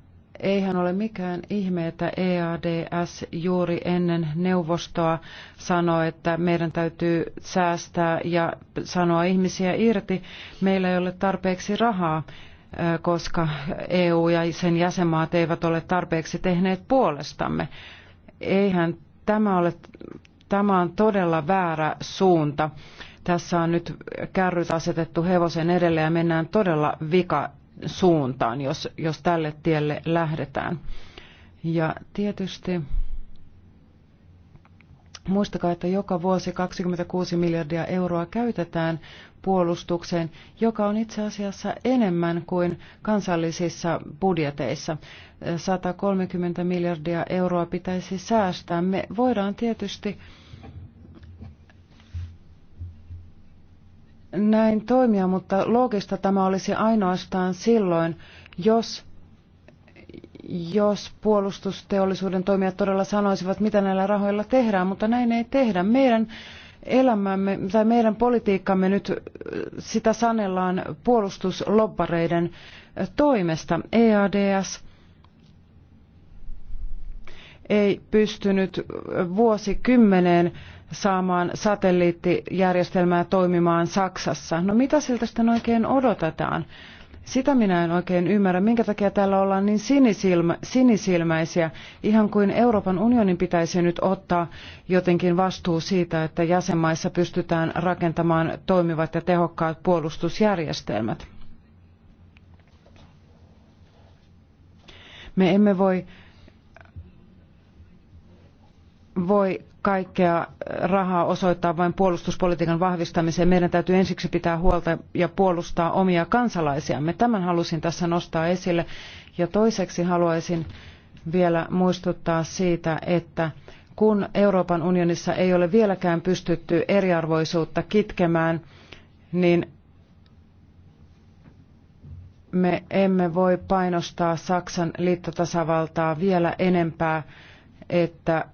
eihän ole mikään ihme, että EADS juuri ennen neuvostoa sanoi, että meidän täytyy säästää ja sanoa ihmisiä irti. Meillä ei ole tarpeeksi rahaa, koska EU ja sen jäsenmaat eivät ole tarpeeksi tehneet puolestamme. Eihän tämä ole Tämä on todella väärä suunta. Tässä on nyt kärryt asetettu hevosen edelle ja mennään todella vika suuntaan, jos, jos tälle tielle lähdetään. Ja tietysti Muistakaa, että joka vuosi 26 miljardia euroa käytetään puolustukseen, joka on itse asiassa enemmän kuin kansallisissa budjeteissa. 130 miljardia euroa pitäisi säästää. Me voidaan tietysti näin toimia, mutta loogista tämä olisi ainoastaan silloin, jos, jos puolustusteollisuuden toimijat todella sanoisivat, mitä näillä rahoilla tehdään, mutta näin ei tehdä. Meidän elämämme tai meidän politiikkamme nyt sitä sanellaan puolustuslobbareiden toimesta. EADS ei pystynyt vuosikymmeneen saamaan satelliittijärjestelmää toimimaan Saksassa. No mitä siltä sitten oikein odotetaan? Sitä minä en oikein ymmärrä, minkä takia täällä ollaan niin sinisilmä, sinisilmäisiä, ihan kuin Euroopan unionin pitäisi nyt ottaa jotenkin vastuu siitä, että jäsenmaissa pystytään rakentamaan toimivat ja tehokkaat puolustusjärjestelmät. Me emme voi voi kaikkea rahaa osoittaa vain puolustuspolitiikan vahvistamiseen. Meidän täytyy ensiksi pitää huolta ja puolustaa omia kansalaisiamme. Tämän halusin tässä nostaa esille. Ja toiseksi haluaisin vielä muistuttaa siitä, että kun Euroopan unionissa ei ole vieläkään pystytty eriarvoisuutta kitkemään, niin me emme voi painostaa Saksan liittotasavaltaa vielä enempää, että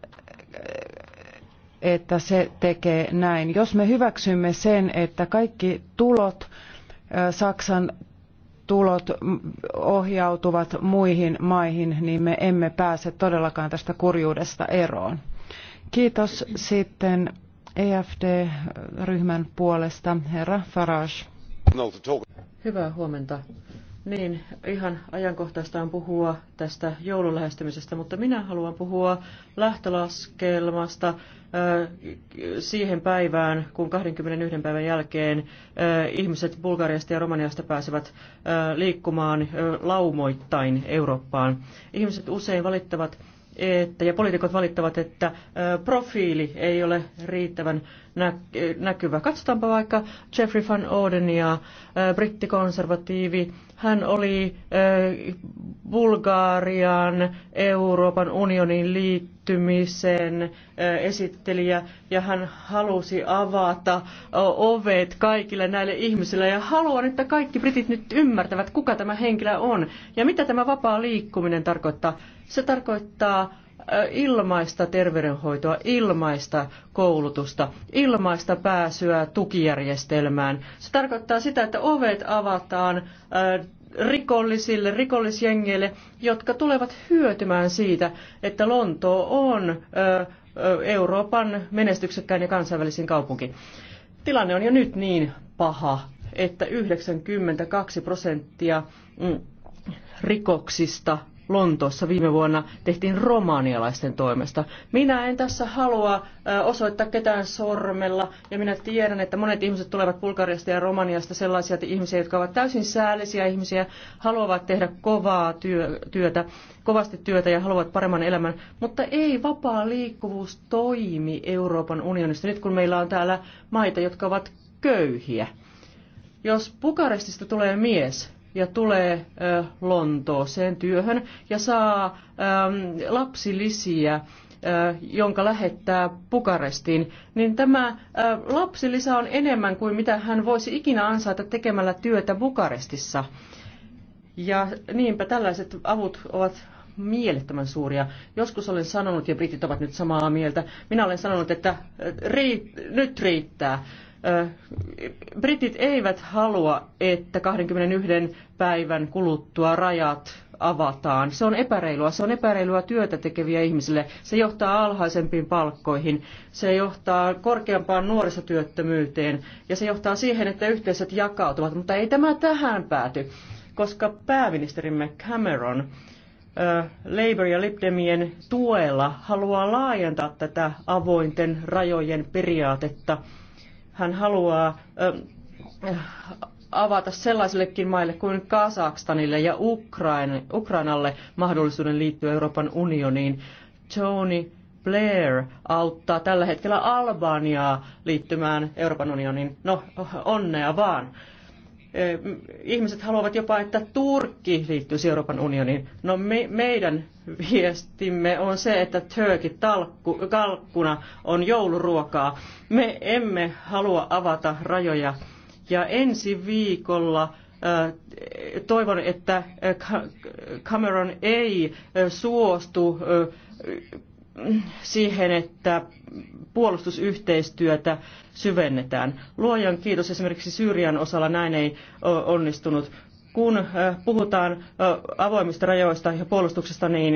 että se tekee näin. Jos me hyväksymme sen, että kaikki tulot, Saksan tulot ohjautuvat muihin maihin, niin me emme pääse todellakaan tästä kurjuudesta eroon. Kiitos sitten EFD-ryhmän puolesta, herra Farage. Hyvää huomenta. Niin, ihan ajankohtaista on puhua tästä joululähestymisestä, mutta minä haluan puhua lähtölaskelmasta äh, siihen päivään, kun 21 päivän jälkeen äh, ihmiset Bulgariasta ja Romaniasta pääsevät äh, liikkumaan laumoittain Eurooppaan. Ihmiset usein valittavat että, ja poliitikot valittavat, että profiili ei ole riittävän näkyvä. Katsotaanpa vaikka Jeffrey Van Ordenia, brittikonservatiivi, hän oli Bulgarian Euroopan unionin liittymisen esittelijä ja hän halusi avata ovet kaikille näille ihmisille ja haluan, että kaikki britit nyt ymmärtävät, kuka tämä henkilö on ja mitä tämä vapaa liikkuminen tarkoittaa. Se tarkoittaa ilmaista terveydenhoitoa, ilmaista koulutusta, ilmaista pääsyä tukijärjestelmään. Se tarkoittaa sitä, että ovet avataan rikollisille, rikollisjengeille, jotka tulevat hyötymään siitä, että Lonto on Euroopan menestyksekkäin ja kansainvälisin kaupunki. Tilanne on jo nyt niin paha, että 92 prosenttia mm, rikoksista Lontoossa viime vuonna tehtiin romanialaisten toimesta. Minä en tässä halua osoittaa ketään sormella, ja minä tiedän, että monet ihmiset tulevat Bulgariasta ja Romaniasta sellaisia ihmisiä, jotka ovat täysin säällisiä ihmisiä, haluavat tehdä kovaa työtä, kovasti työtä ja haluavat paremman elämän, mutta ei vapaa liikkuvuus toimi Euroopan unionista, nyt kun meillä on täällä maita, jotka ovat köyhiä. Jos Bukarestista tulee mies, ja tulee Lontooseen työhön ja saa lapsilisiä jonka lähettää Bukarestiin, niin tämä lapsilisa on enemmän kuin mitä hän voisi ikinä ansaita tekemällä työtä Bukarestissa. Ja niinpä tällaiset avut ovat mielettömän suuria. Joskus olen sanonut, ja britit ovat nyt samaa mieltä, minä olen sanonut, että riit, nyt riittää. Britit eivät halua, että 21 päivän kuluttua rajat avataan. Se on epäreilua. Se on epäreilua työtä tekeviä ihmisille. Se johtaa alhaisempiin palkkoihin. Se johtaa korkeampaan nuorisotyöttömyyteen. Ja se johtaa siihen, että yhteisöt jakautuvat. Mutta ei tämä tähän pääty, koska pääministerimme Cameron Labour ja Libdemien tuella haluaa laajentaa tätä avointen rajojen periaatetta – hän haluaa avata sellaisillekin maille kuin Kazakstanille ja Ukrainalle mahdollisuuden liittyä Euroopan unioniin. Tony Blair auttaa tällä hetkellä Albaniaa liittymään Euroopan unioniin. No, onnea vaan ihmiset haluavat jopa, että Turkki liittyisi Euroopan unioniin. No me, meidän viestimme on se, että Turkki kalkkuna on jouluruokaa. Me emme halua avata rajoja. Ja ensi viikolla toivon, että Cameron ei suostu siihen, että puolustusyhteistyötä syvennetään. Luojan kiitos esimerkiksi Syyrian osalla näin ei onnistunut. Kun puhutaan avoimista rajoista ja puolustuksesta, niin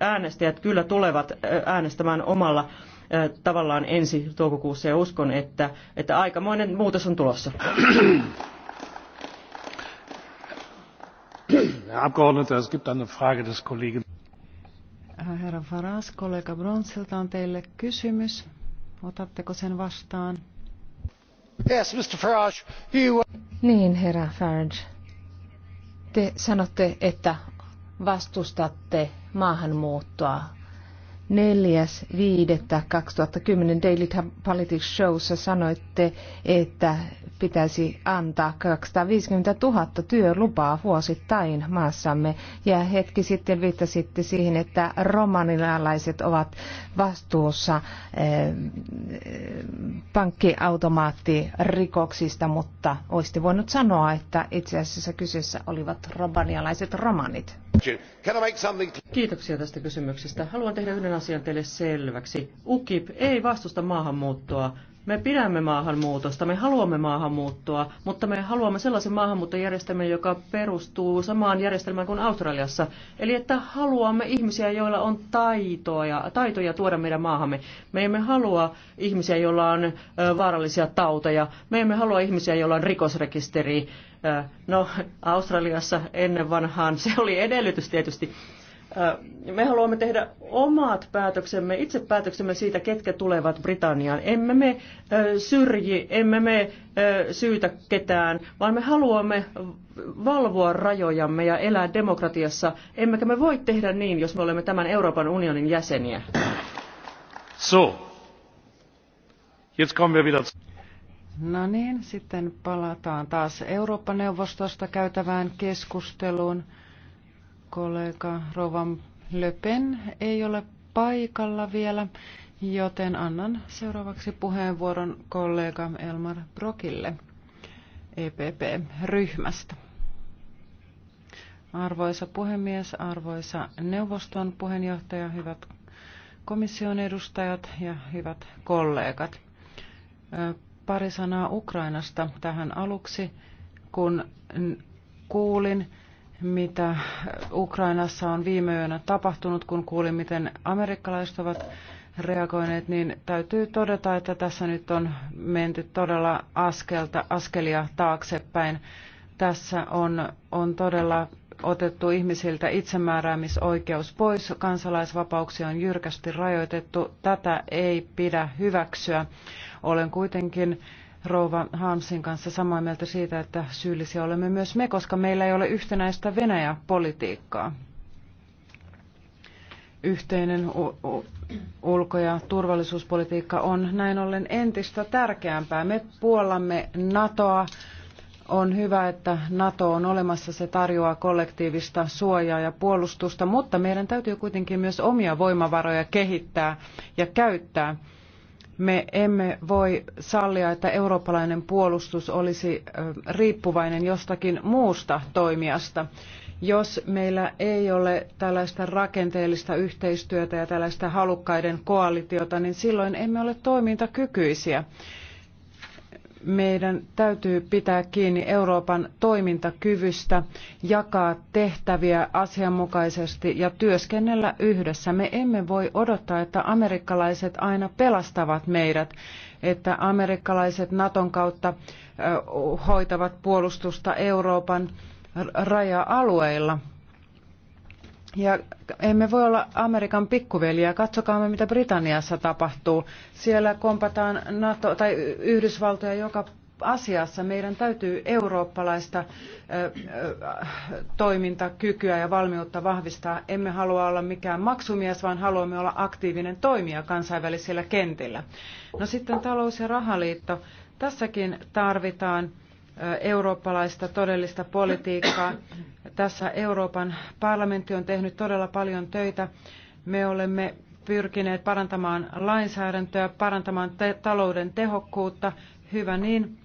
äänestäjät kyllä tulevat äänestämään omalla tavallaan ensi toukokuussa ja uskon, että, että aikamoinen muutos on tulossa. Herr Abgeordneter, es gibt eine Frage des Kollegen. Äh, herra Faras, kollega Bronsilta on teille kysymys. Otatteko sen vastaan? Yes, Mr. Farage, you... Uh, niin, herra Farage. Te sanotte, että vastustatte maahanmuuttoa 4.5.2010 Daily Politics Showssa sanoitte, että pitäisi antaa 250 000 työlupaa vuosittain maassamme. Ja hetki sitten viittasitte siihen, että romanilaiset ovat vastuussa eh, pankkiautomaattirikoksista, mutta olisitte voinut sanoa, että itse asiassa kyseessä olivat romanialaiset romanit. Kiitoksia tästä kysymyksestä. Haluan tehdä yhden asian teille selväksi. UKIP ei vastusta maahanmuuttoa. Me pidämme maahanmuutosta, me haluamme maahanmuuttoa, mutta me haluamme sellaisen maahanmuuttojärjestelmän, joka perustuu samaan järjestelmään kuin Australiassa. Eli että haluamme ihmisiä, joilla on taitoja, taitoja tuoda meidän maahamme. Me emme halua ihmisiä, joilla on vaarallisia tauteja. Me emme halua ihmisiä, joilla on rikosrekisteri No, Australiassa ennen vanhaan se oli edellytys tietysti. Me haluamme tehdä omat päätöksemme, itse päätöksemme siitä, ketkä tulevat Britanniaan. Emme me syrji, emme me syytä ketään, vaan me haluamme valvoa rajojamme ja elää demokratiassa. Emmekä me voi tehdä niin, jos me olemme tämän Euroopan unionin jäseniä. So. Jetzt kommen wir wieder zu No niin, sitten palataan taas Eurooppa-neuvostosta käytävään keskusteluun. Kollega Rovan Löpen ei ole paikalla vielä, joten annan seuraavaksi puheenvuoron kollega Elmar Brokille EPP-ryhmästä. Arvoisa puhemies, arvoisa neuvoston puheenjohtaja, hyvät komission edustajat ja hyvät kollegat. Pari sanaa Ukrainasta tähän aluksi, kun kuulin, mitä Ukrainassa on viime yönä tapahtunut, kun kuulin, miten amerikkalaiset ovat reagoineet, niin täytyy todeta, että tässä nyt on menty todella askelta, askelia taaksepäin. Tässä on, on todella otettu ihmisiltä itsemääräämisoikeus pois, kansalaisvapauksia on jyrkästi rajoitettu, tätä ei pidä hyväksyä. Olen kuitenkin rouva Hansin kanssa samaa mieltä siitä, että syyllisiä olemme myös me, koska meillä ei ole yhtenäistä Venäjä-politiikkaa. Yhteinen ulko- ja turvallisuuspolitiikka on näin ollen entistä tärkeämpää. Me puollamme NATOa. On hyvä, että NATO on olemassa, se tarjoaa kollektiivista suojaa ja puolustusta, mutta meidän täytyy kuitenkin myös omia voimavaroja kehittää ja käyttää me emme voi sallia, että eurooppalainen puolustus olisi riippuvainen jostakin muusta toimijasta. Jos meillä ei ole tällaista rakenteellista yhteistyötä ja tällaista halukkaiden koalitiota, niin silloin emme ole toimintakykyisiä meidän täytyy pitää kiinni Euroopan toimintakyvystä, jakaa tehtäviä asianmukaisesti ja työskennellä yhdessä. Me emme voi odottaa, että amerikkalaiset aina pelastavat meidät, että amerikkalaiset Naton kautta hoitavat puolustusta Euroopan raja-alueilla. Ja emme voi olla Amerikan pikkuveliä. Katsokaamme, mitä Britanniassa tapahtuu. Siellä kompataan NATO, tai Yhdysvaltoja joka asiassa. Meidän täytyy eurooppalaista toimintakykyä ja valmiutta vahvistaa. Emme halua olla mikään maksumies, vaan haluamme olla aktiivinen toimija kansainvälisillä kentillä. No sitten talous- ja rahaliitto. Tässäkin tarvitaan eurooppalaista todellista politiikkaa. Tässä Euroopan parlamentti on tehnyt todella paljon töitä. Me olemme pyrkineet parantamaan lainsäädäntöä, parantamaan te- talouden tehokkuutta. Hyvä niin.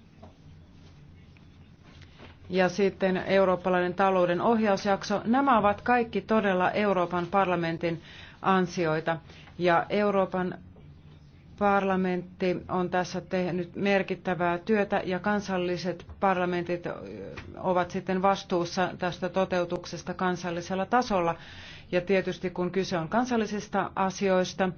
Ja sitten eurooppalainen talouden ohjausjakso. Nämä ovat kaikki todella Euroopan parlamentin ansioita. Ja Euroopan parlamentti on tässä tehnyt merkittävää työtä ja kansalliset parlamentit ovat sitten vastuussa tästä toteutuksesta kansallisella tasolla. Ja tietysti kun kyse on kansallisista asioista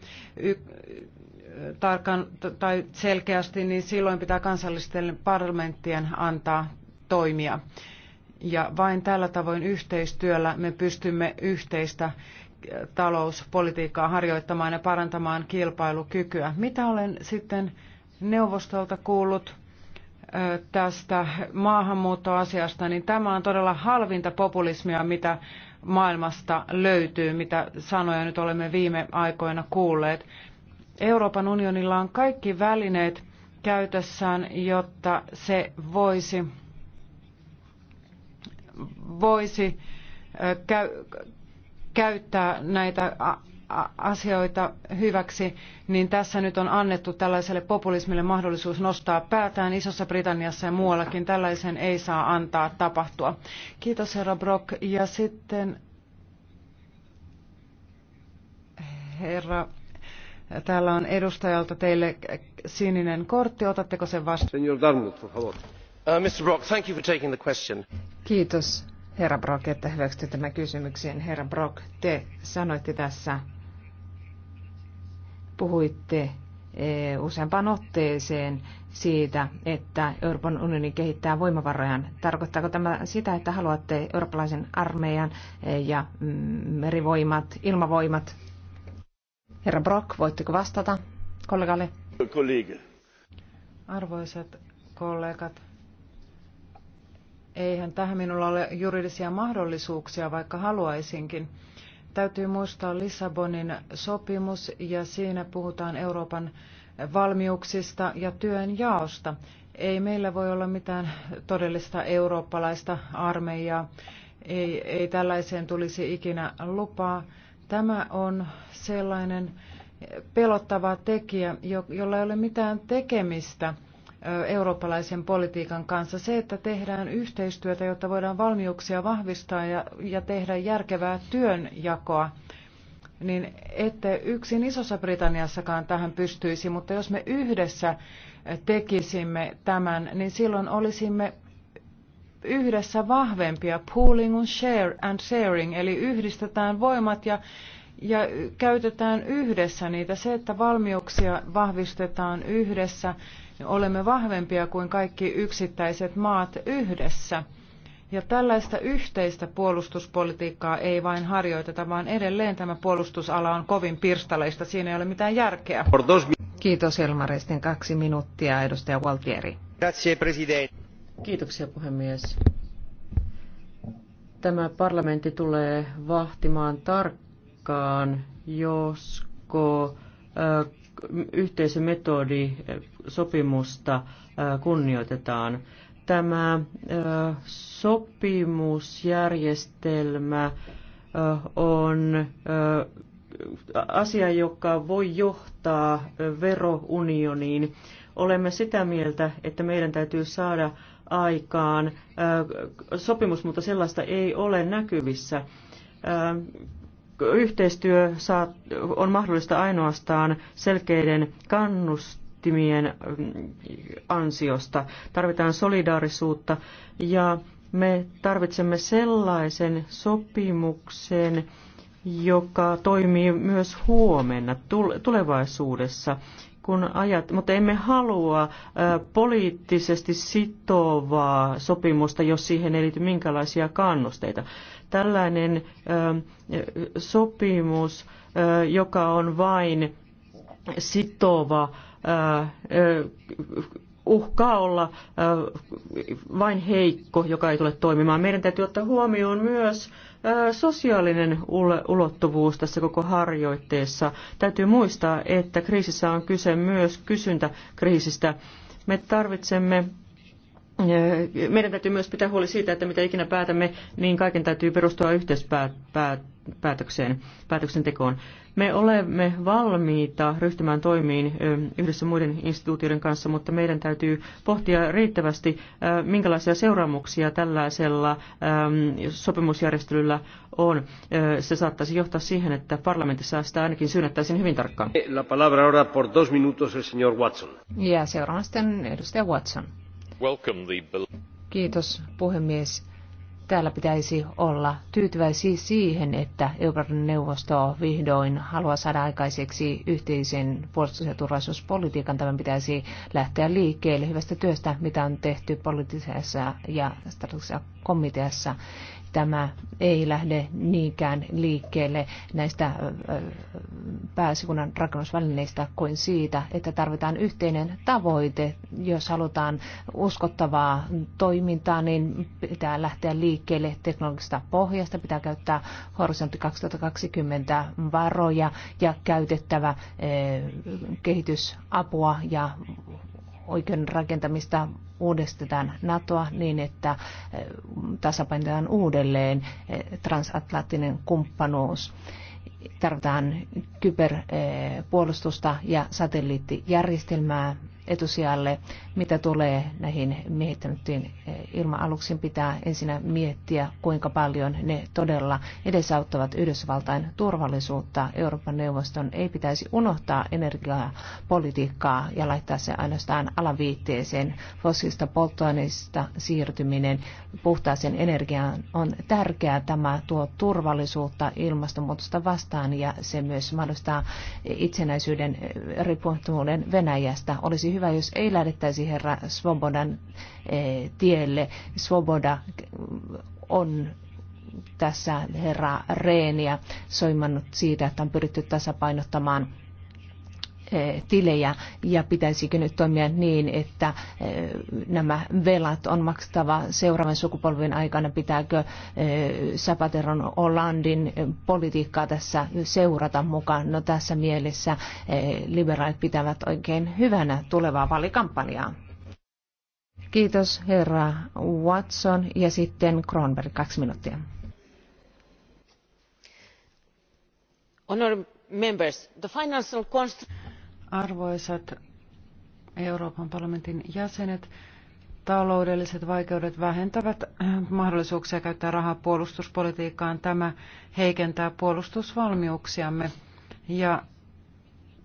tarkan, tai selkeästi, niin silloin pitää kansallisten parlamenttien antaa toimia. Ja vain tällä tavoin yhteistyöllä me pystymme yhteistä talouspolitiikkaa harjoittamaan ja parantamaan kilpailukykyä. Mitä olen sitten neuvostolta kuullut tästä maahanmuuttoasiasta, niin tämä on todella halvinta populismia, mitä maailmasta löytyy, mitä sanoja nyt olemme viime aikoina kuulleet. Euroopan unionilla on kaikki välineet käytössään, jotta se voisi, voisi käy, käyttää näitä asioita hyväksi, niin tässä nyt on annettu tällaiselle populismille mahdollisuus nostaa päätään Isossa Britanniassa ja muuallakin. Tällaisen ei saa antaa tapahtua. Kiitos herra Brock. Ja sitten herra, täällä on edustajalta teille sininen kortti. Otatteko sen vastaan? Mr. Uh, Brock, thank you for taking the question. Kiitos herra Brock, että hyväksytte tämän kysymyksen. Herra Brock, te sanoitte tässä, puhuitte eh, useampaan otteeseen siitä, että Euroopan unioni kehittää voimavarojaan. Tarkoittaako tämä sitä, että haluatte eurooppalaisen armeijan eh, ja mm, merivoimat, ilmavoimat? Herra Brock, voitteko vastata kollegalle? Kollega. Arvoisat kollegat, Eihän tähän minulla ole juridisia mahdollisuuksia, vaikka haluaisinkin. Täytyy muistaa Lissabonin sopimus ja siinä puhutaan Euroopan valmiuksista ja työn jaosta. Ei meillä voi olla mitään todellista eurooppalaista armeijaa. Ei, ei tällaiseen tulisi ikinä lupaa. Tämä on sellainen pelottava tekijä, jolla ei ole mitään tekemistä eurooppalaisen politiikan kanssa. Se, että tehdään yhteistyötä, jotta voidaan valmiuksia vahvistaa ja, ja tehdä järkevää työnjakoa, niin ette yksin Isossa Britanniassakaan tähän pystyisi, mutta jos me yhdessä tekisimme tämän, niin silloin olisimme yhdessä vahvempia. Pooling on share and sharing, eli yhdistetään voimat ja ja käytetään yhdessä niitä. Se, että valmiuksia vahvistetaan yhdessä olemme vahvempia kuin kaikki yksittäiset maat yhdessä. Ja tällaista yhteistä puolustuspolitiikkaa ei vain harjoiteta, vaan edelleen tämä puolustusala on kovin pirstaleista. Siinä ei ole mitään järkeä. Kiitos Elmaristin kaksi minuuttia, edustaja Waltieri. Kiitoksia puhemies. Tämä parlamentti tulee vahtimaan tarkkaan, josko yhteisömetodisopimusta kunnioitetaan. Tämä sopimusjärjestelmä on asia, joka voi johtaa verounioniin. Olemme sitä mieltä, että meidän täytyy saada aikaan sopimus, mutta sellaista ei ole näkyvissä Yhteistyö saa, on mahdollista ainoastaan selkeiden kannustimien mm, ansiosta. Tarvitaan solidaarisuutta ja me tarvitsemme sellaisen sopimuksen, joka toimii myös huomenna tulevaisuudessa kun ajat, mutta emme halua poliittisesti sitovaa sopimusta, jos siihen ei liity minkälaisia kannusteita. Tällainen sopimus, joka on vain sitova uhkaa olla vain heikko, joka ei tule toimimaan. Meidän täytyy ottaa huomioon myös sosiaalinen ulottuvuus tässä koko harjoitteessa. Täytyy muistaa, että kriisissä on kyse myös kysyntäkriisistä. Me tarvitsemme meidän täytyy myös pitää huoli siitä, että mitä ikinä päätämme, niin kaiken täytyy perustua yhteispäätökseen, päätöksentekoon. Me olemme valmiita ryhtymään toimiin yhdessä muiden instituutioiden kanssa, mutta meidän täytyy pohtia riittävästi, minkälaisia seuraamuksia tällaisella sopimusjärjestelyllä on. Se saattaisi johtaa siihen, että parlamentissa sitä ainakin syynnettäisiin hyvin tarkkaan. La palabra ahora por dos minutos el señor Watson. Ja seuraavaksi edustaja Watson. Kiitos puhemies. Täällä pitäisi olla tyytyväisiä siihen, että Euroopan neuvosto vihdoin haluaa saada aikaiseksi yhteisen puolustus- ja turvallisuuspolitiikan. Tämän pitäisi lähteä liikkeelle hyvästä työstä, mitä on tehty poliittisessa ja strategisessa komiteassa tämä ei lähde niinkään liikkeelle näistä pääsikunnan rakennusvälineistä kuin siitä, että tarvitaan yhteinen tavoite. Jos halutaan uskottavaa toimintaa, niin pitää lähteä liikkeelle teknologisesta pohjasta, pitää käyttää horisontti 2020 varoja ja käytettävä kehitysapua ja oikeuden rakentamista uudistetaan NATOa niin, että eh, tasapainotetaan uudelleen eh, transatlanttinen kumppanuus. Tarvitaan kyberpuolustusta ja satelliittijärjestelmää etusijalle. Mitä tulee näihin miehittämättyihin eh, ilma-aluksiin, pitää ensinnä miettiä, kuinka paljon ne todella edesauttavat Yhdysvaltain turvallisuutta. Euroopan neuvoston ei pitäisi unohtaa energiapolitiikkaa ja laittaa se ainoastaan alaviitteeseen. Fossiilista polttoaineista siirtyminen puhtaaseen energiaan on tärkeää. Tämä tuo turvallisuutta ilmastonmuutosta vastaan ja se myös mahdollistaa itsenäisyyden eh, riippumattomuuden Venäjästä. Olisi hyvä hyvä, jos ei lähdettäisi herra Svobodan eh, tielle. Svoboda on tässä herra Reeniä soimannut siitä, että on pyritty tasapainottamaan Eh, tilejä ja pitäisikö nyt toimia niin, että eh, nämä velat on maksettava seuraavan sukupolven aikana, pitääkö eh, Zapateron Hollandin politiikkaa tässä seurata mukaan. No tässä mielessä liberaalit pitävät oikein hyvänä tulevaa vaalikampanjaa. Kiitos herra Watson ja sitten Kronberg, kaksi minuuttia. Honourable members, the financial constraints Arvoisat Euroopan parlamentin jäsenet, taloudelliset vaikeudet vähentävät äh, mahdollisuuksia käyttää rahaa puolustuspolitiikkaan. Tämä heikentää puolustusvalmiuksiamme ja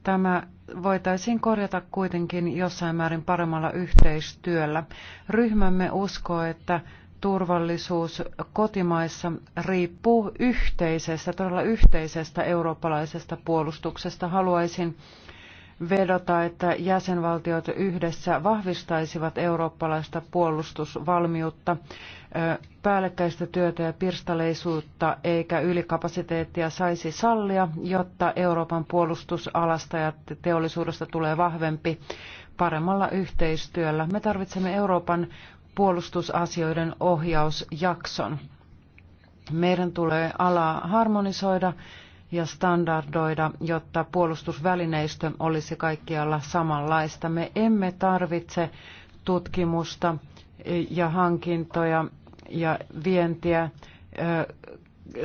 tämä voitaisiin korjata kuitenkin jossain määrin paremmalla yhteistyöllä. Ryhmämme uskoo, että turvallisuus kotimaissa riippuu yhteisestä, todella yhteisestä eurooppalaisesta puolustuksesta. Haluaisin vedota, että jäsenvaltiot yhdessä vahvistaisivat eurooppalaista puolustusvalmiutta, päällekkäistä työtä ja pirstaleisuutta eikä ylikapasiteettia saisi sallia, jotta Euroopan puolustusalasta ja teollisuudesta tulee vahvempi paremmalla yhteistyöllä. Me tarvitsemme Euroopan puolustusasioiden ohjausjakson. Meidän tulee alaa harmonisoida ja standardoida, jotta puolustusvälineistö olisi kaikkialla samanlaista. Me emme tarvitse tutkimusta eh, ja hankintoja ja vientiä eh,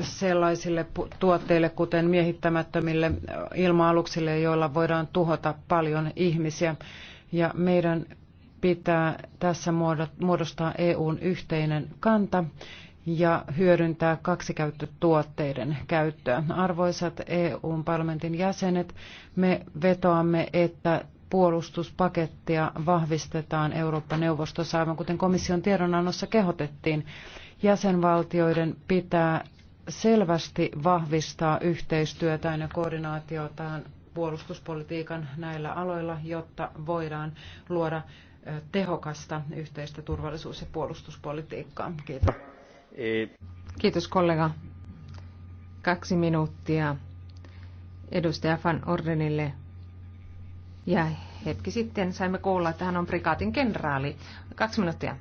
sellaisille tuotteille, kuten miehittämättömille eh, ilma-aluksille, joilla voidaan tuhota paljon ihmisiä. Ja meidän pitää tässä muodostaa EUn yhteinen kanta ja hyödyntää kaksikäyttötuotteiden käyttöä. Arvoisat EU-parlamentin jäsenet, me vetoamme, että puolustuspakettia vahvistetaan Eurooppa-neuvostossa, aivan kuten komission tiedonannossa kehotettiin. Jäsenvaltioiden pitää selvästi vahvistaa yhteistyötä ja koordinaatiotaan puolustuspolitiikan näillä aloilla, jotta voidaan luoda tehokasta yhteistä turvallisuus- ja puolustuspolitiikkaa. Kiitos. Kiitos kollega. Kaksi minuuttia edustaja Van Ordenille. Ja hetki sitten saimme kuulla, että hän on prikaatin kenraali. Kaksi minuuttia.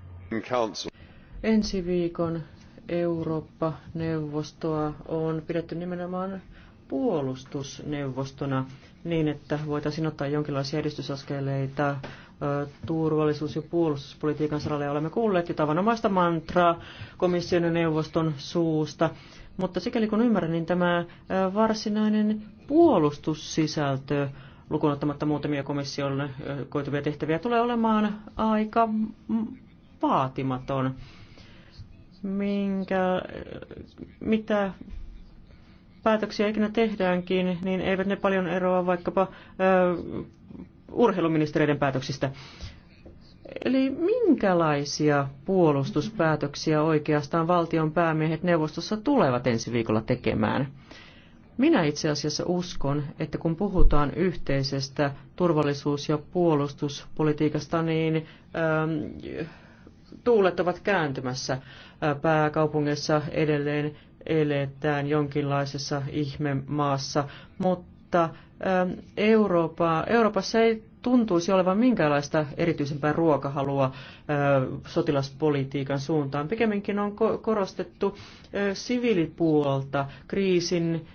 Ensi viikon Eurooppa-neuvostoa on pidetty nimenomaan puolustusneuvostona niin, että voitaisiin ottaa jonkinlaisia edistysaskeleita turvallisuus- ja puolustuspolitiikan saralla ja olemme kuulleet jo tavanomaista mantraa komission ja neuvoston suusta. Mutta sikäli kun ymmärrän, niin tämä varsinainen puolustussisältö lukunottamatta muutamia komission koituvia tehtäviä tulee olemaan aika vaatimaton. Minkä, mitä päätöksiä ikinä tehdäänkin, niin eivät ne paljon eroa vaikkapa ö, urheiluministeriöiden päätöksistä. Eli minkälaisia puolustuspäätöksiä oikeastaan valtion päämiehet neuvostossa tulevat ensi viikolla tekemään? Minä itse asiassa uskon, että kun puhutaan yhteisestä turvallisuus- ja puolustuspolitiikasta, niin ähm, tuulet ovat kääntymässä. Äh, Pääkaupungissa edelleen eletään jonkinlaisessa ihmemaassa, mutta mutta ähm, Eurooppa, Euroopassa ei tuntuisi olevan minkäänlaista erityisempää ruokahalua äh, sotilaspolitiikan suuntaan. Pikemminkin on korostettu äh, siviilipuolta, kriisin äh,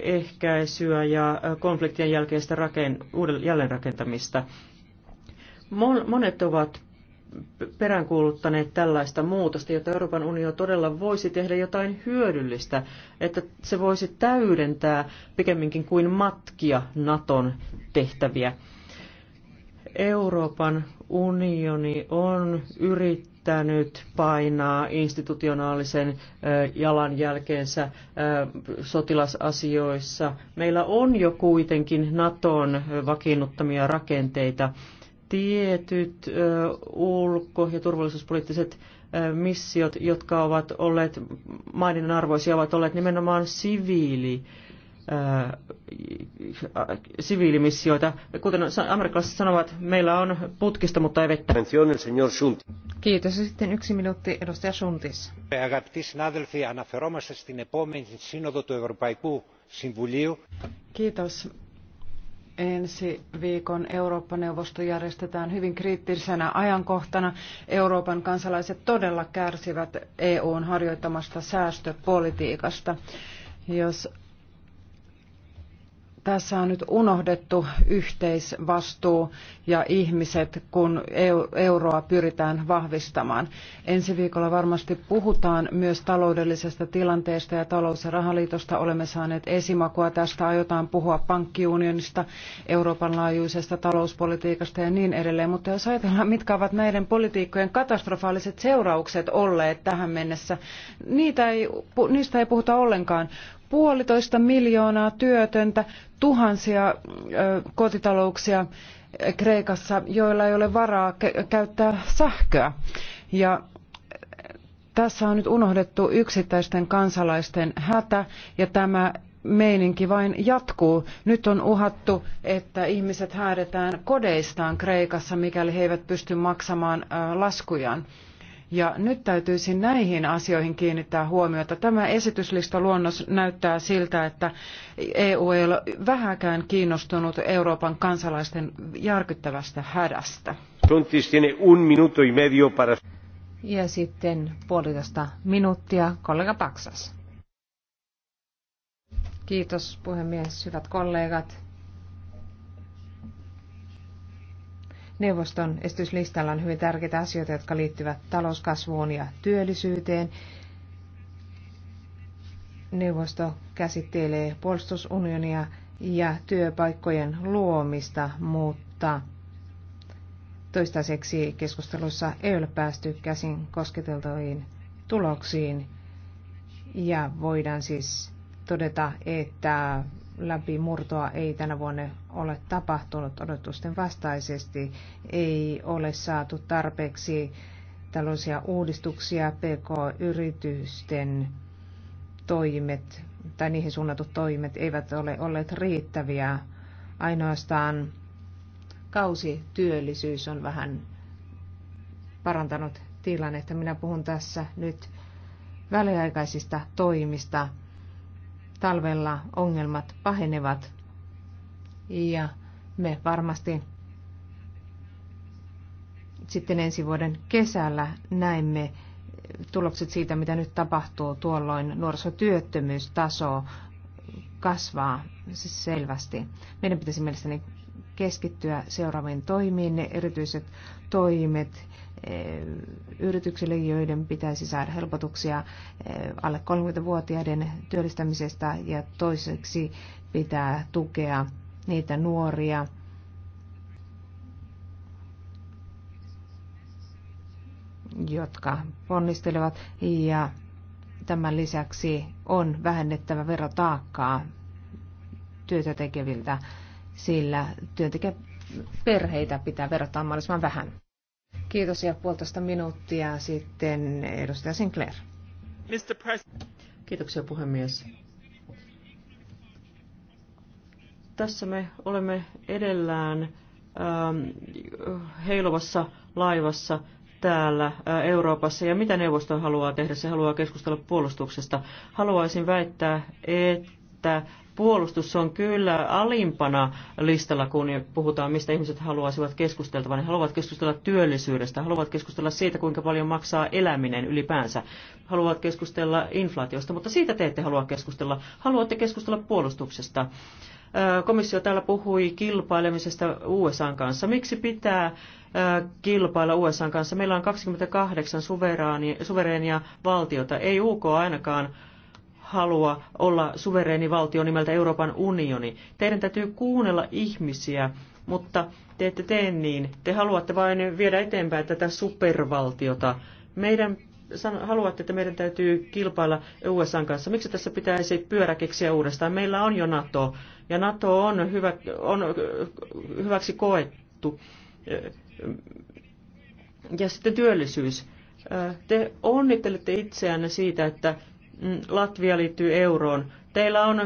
ehkäisyä ja konfliktien jälkeistä raken, jälleenrakentamista. Monet ovat peräänkuuluttaneet tällaista muutosta, jotta Euroopan unio todella voisi tehdä jotain hyödyllistä, että se voisi täydentää pikemminkin kuin matkia Naton tehtäviä. Euroopan unioni on yrittänyt painaa institutionaalisen jalanjälkeensä sotilasasioissa. Meillä on jo kuitenkin Naton vakiinnuttamia rakenteita tietyt ulko- ja turvallisuuspoliittiset missiot, jotka ovat olleet maininnan arvoisia, ovat olleet nimenomaan siviili siviilimissioita. Kuten amerikkalaiset sanovat, meillä on putkista, mutta ei vettä. Kiitos. Sitten yksi minuutti, edustaja Suntis. Kiitos. Ensi viikon Eurooppa-neuvosto järjestetään hyvin kriittisenä ajankohtana. Euroopan kansalaiset todella kärsivät EUn harjoittamasta säästöpolitiikasta. Jos tässä on nyt unohdettu yhteisvastuu ja ihmiset, kun euroa pyritään vahvistamaan. Ensi viikolla varmasti puhutaan myös taloudellisesta tilanteesta ja talous- ja rahaliitosta. Olemme saaneet esimakua tästä. Aiotaan puhua pankkiunionista, Euroopan laajuisesta talouspolitiikasta ja niin edelleen. Mutta jos ajatellaan, mitkä ovat näiden politiikkojen katastrofaaliset seuraukset olleet tähän mennessä, niitä ei, niistä ei puhuta ollenkaan puolitoista miljoonaa työtöntä, tuhansia kotitalouksia Kreikassa, joilla ei ole varaa käyttää sähköä. Ja tässä on nyt unohdettu yksittäisten kansalaisten hätä ja tämä meininki vain jatkuu. Nyt on uhattu, että ihmiset häädetään kodeistaan Kreikassa, mikäli he eivät pysty maksamaan laskujaan. Ja nyt täytyisi näihin asioihin kiinnittää huomiota. Tämä esityslistaluonnos näyttää siltä, että EU ei ole vähäkään kiinnostunut Euroopan kansalaisten järkyttävästä hädästä. Ja sitten puolitoista minuuttia kollega Paksas. Kiitos puhemies, hyvät kollegat. Neuvoston esityslistalla on hyvin tärkeitä asioita, jotka liittyvät talouskasvuun ja työllisyyteen. Neuvosto käsittelee puolustusunionia ja työpaikkojen luomista, mutta toistaiseksi keskustelussa ei ole päästy käsin kosketeltaviin tuloksiin. Ja voidaan siis todeta, että läpimurtoa ei tänä vuonna ole tapahtunut odotusten vastaisesti. Ei ole saatu tarpeeksi tällaisia uudistuksia PK-yritysten toimet tai niihin suunnatut toimet eivät ole olleet riittäviä. Ainoastaan kausityöllisyys on vähän parantanut tilannetta. Minä puhun tässä nyt väliaikaisista toimista, talvella ongelmat pahenevat ja me varmasti sitten ensi vuoden kesällä näemme tulokset siitä, mitä nyt tapahtuu. Tuolloin nuorisotyöttömyystaso kasvaa siis selvästi. Meidän pitäisi mielestäni keskittyä seuraaviin toimiin, ne erityiset toimet, Eh, yrityksille, joiden pitäisi saada helpotuksia eh, alle 30-vuotiaiden työllistämisestä ja toiseksi pitää tukea niitä nuoria, jotka ponnistelevat ja tämän lisäksi on vähennettävä verotaakkaa työtä tekeviltä, sillä työntekijäperheitä pitää verottaa mahdollisimman vähän. Kiitos ja puolitoista minuuttia sitten edustaja Sinclair. Kiitoksia puhemies. Tässä me olemme edellään ähm, heiluvassa laivassa täällä äh, Euroopassa ja mitä neuvosto haluaa tehdä? Se haluaa keskustella puolustuksesta. Haluaisin väittää, että että puolustus on kyllä alimpana listalla, kun puhutaan, mistä ihmiset haluaisivat keskustella. he niin haluavat keskustella työllisyydestä, haluavat keskustella siitä, kuinka paljon maksaa eläminen ylipäänsä, haluavat keskustella inflaatiosta, mutta siitä te ette halua keskustella. Haluatte keskustella puolustuksesta. Komissio täällä puhui kilpailemisesta USA kanssa. Miksi pitää kilpailla USA kanssa? Meillä on 28 suvereenia valtiota. Ei UK ainakaan halua olla suvereeni valtio nimeltä Euroopan unioni. Teidän täytyy kuunnella ihmisiä, mutta te ette tee niin. Te haluatte vain viedä eteenpäin tätä supervaltiota. Meidän haluatte, että meidän täytyy kilpailla USA kanssa. Miksi tässä pitäisi keksiä uudestaan? Meillä on jo NATO, ja NATO on, hyvä, on hyväksi koettu. Ja sitten työllisyys. Te onnittelette itseänne siitä, että Mm, Latvia liittyy euroon. Teillä on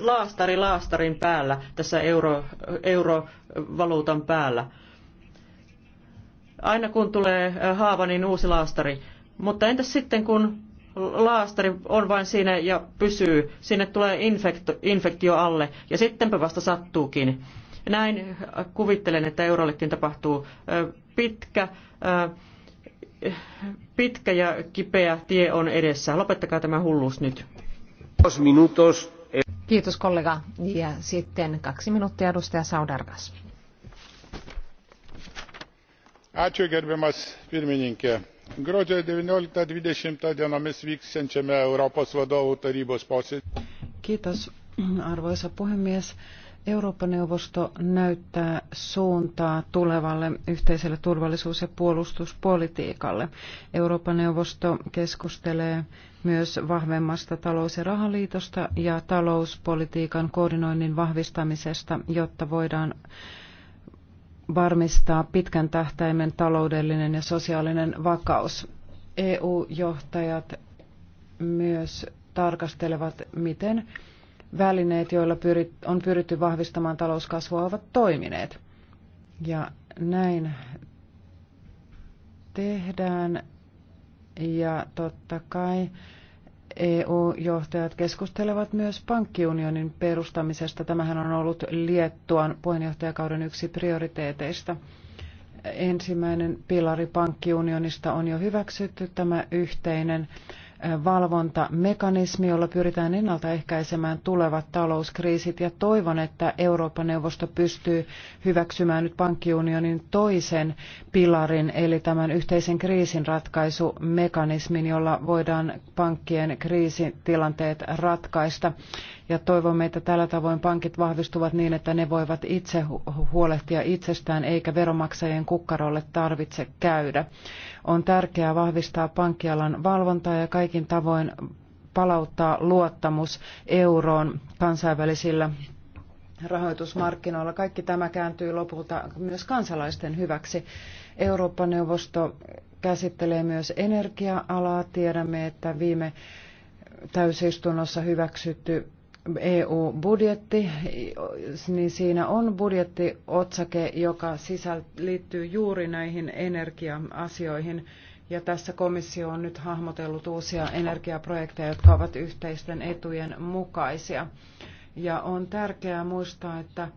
laastari laastarin päällä, tässä euro, eurovaluutan päällä. Aina kun tulee haava, niin uusi laastari. Mutta entäs sitten, kun laastari on vain siinä ja pysyy, sinne tulee infektio, infektio alle ja sittenpä vasta sattuukin. Näin kuvittelen, että eurollekin tapahtuu pitkä pitkä ja kipeä tie on edessä. Lopettakaa tämä hulluus nyt. Kiitos kollega. Ja sitten kaksi minuuttia edustaja Saudargas. Ačiū gerbiamas pirmininkė. Gruodžio 19-20 dienomis vyksiančiame Europos vadovų tarybos posėdėje. Kiitos arvoisa puhemies. Eurooppa-neuvosto näyttää suuntaa tulevalle yhteiselle turvallisuus- ja puolustuspolitiikalle. Eurooppa-neuvosto keskustelee myös vahvemmasta talous- ja rahaliitosta ja talouspolitiikan koordinoinnin vahvistamisesta, jotta voidaan varmistaa pitkän tähtäimen taloudellinen ja sosiaalinen vakaus. EU-johtajat myös tarkastelevat, miten välineet, joilla on pyritty vahvistamaan talouskasvua, ovat toimineet. Ja näin tehdään. Ja totta kai EU-johtajat keskustelevat myös pankkiunionin perustamisesta. Tämähän on ollut Liettuan puheenjohtajakauden yksi prioriteeteista. Ensimmäinen pilari pankkiunionista on jo hyväksytty, tämä yhteinen valvontamekanismi, jolla pyritään ennaltaehkäisemään tulevat talouskriisit ja toivon, että Euroopan neuvosto pystyy hyväksymään nyt pankkiunionin toisen pilarin, eli tämän yhteisen ratkaisumekanismin, jolla voidaan pankkien kriisitilanteet ratkaista ja toivomme, että tällä tavoin pankit vahvistuvat niin, että ne voivat itse huolehtia itsestään eikä veromaksajien kukkarolle tarvitse käydä. On tärkeää vahvistaa pankkialan valvontaa ja kaikin tavoin palauttaa luottamus euroon kansainvälisillä rahoitusmarkkinoilla. Kaikki tämä kääntyy lopulta myös kansalaisten hyväksi. Eurooppa-neuvosto käsittelee myös energia-alaa. Tiedämme, että viime täysistunnossa hyväksytty EU-budjetti, niin siinä on budjettiotsake, joka sisäl- liittyy juuri näihin energia-asioihin. Ja tässä komissio on nyt hahmotellut uusia energiaprojekteja, jotka ovat yhteisten etujen mukaisia. Ja on tärkeää muistaa, että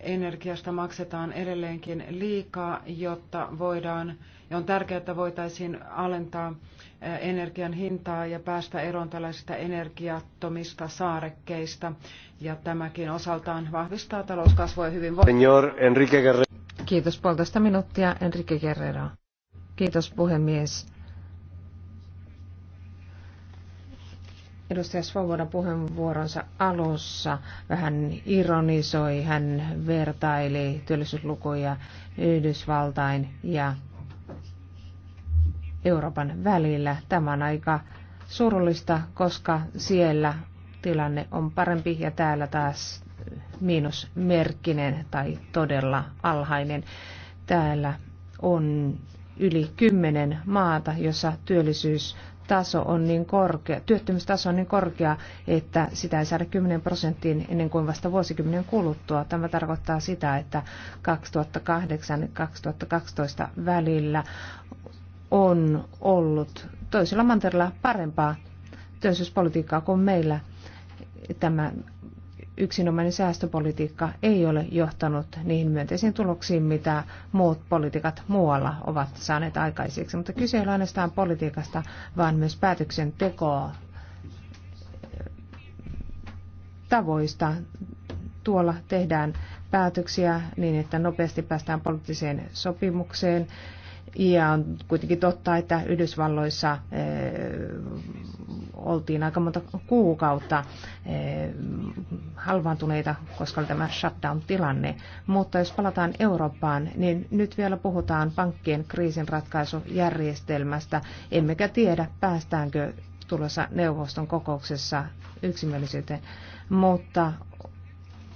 energiasta maksetaan edelleenkin liikaa, jotta voidaan, ja on tärkeää, että voitaisiin alentaa Eh, energian hintaa ja päästä eroon tällaisista energiattomista saarekkeista. Ja tämäkin osaltaan vahvistaa talouskasvua hyvin. Kiitos puolitoista minuuttia, Enrique Guerrero. Kiitos puhemies. Edustaja Svoboda puheenvuoronsa alussa vähän ironisoi, hän vertaili työllisyyslukuja Yhdysvaltain ja Euroopan välillä. Tämä on aika surullista, koska siellä tilanne on parempi ja täällä taas miinusmerkkinen tai todella alhainen. Täällä on yli kymmenen maata, jossa työllisyys taso on niin korkea, työttömyystaso on niin korkea, että sitä ei saada 10 prosenttiin ennen kuin vasta vuosikymmenen kuluttua. Tämä tarkoittaa sitä, että 2008-2012 välillä on ollut toisella mantereella parempaa työllisyyspolitiikkaa kuin meillä. Tämä yksinomainen säästöpolitiikka ei ole johtanut niihin myönteisiin tuloksiin, mitä muut politiikat muualla ovat saaneet aikaiseksi. Mutta kyse ei ole ainoastaan politiikasta, vaan myös päätöksentekoa tavoista. Tuolla tehdään päätöksiä niin, että nopeasti päästään poliittiseen sopimukseen ja on kuitenkin totta, että Yhdysvalloissa eh, oltiin aika monta kuukautta eh, halvaantuneita, koska oli tämä shutdown-tilanne. Mutta jos palataan Eurooppaan, niin nyt vielä puhutaan pankkien kriisinratkaisujärjestelmästä, emmekä tiedä päästäänkö tulossa neuvoston kokouksessa yksimielisyyteen, mutta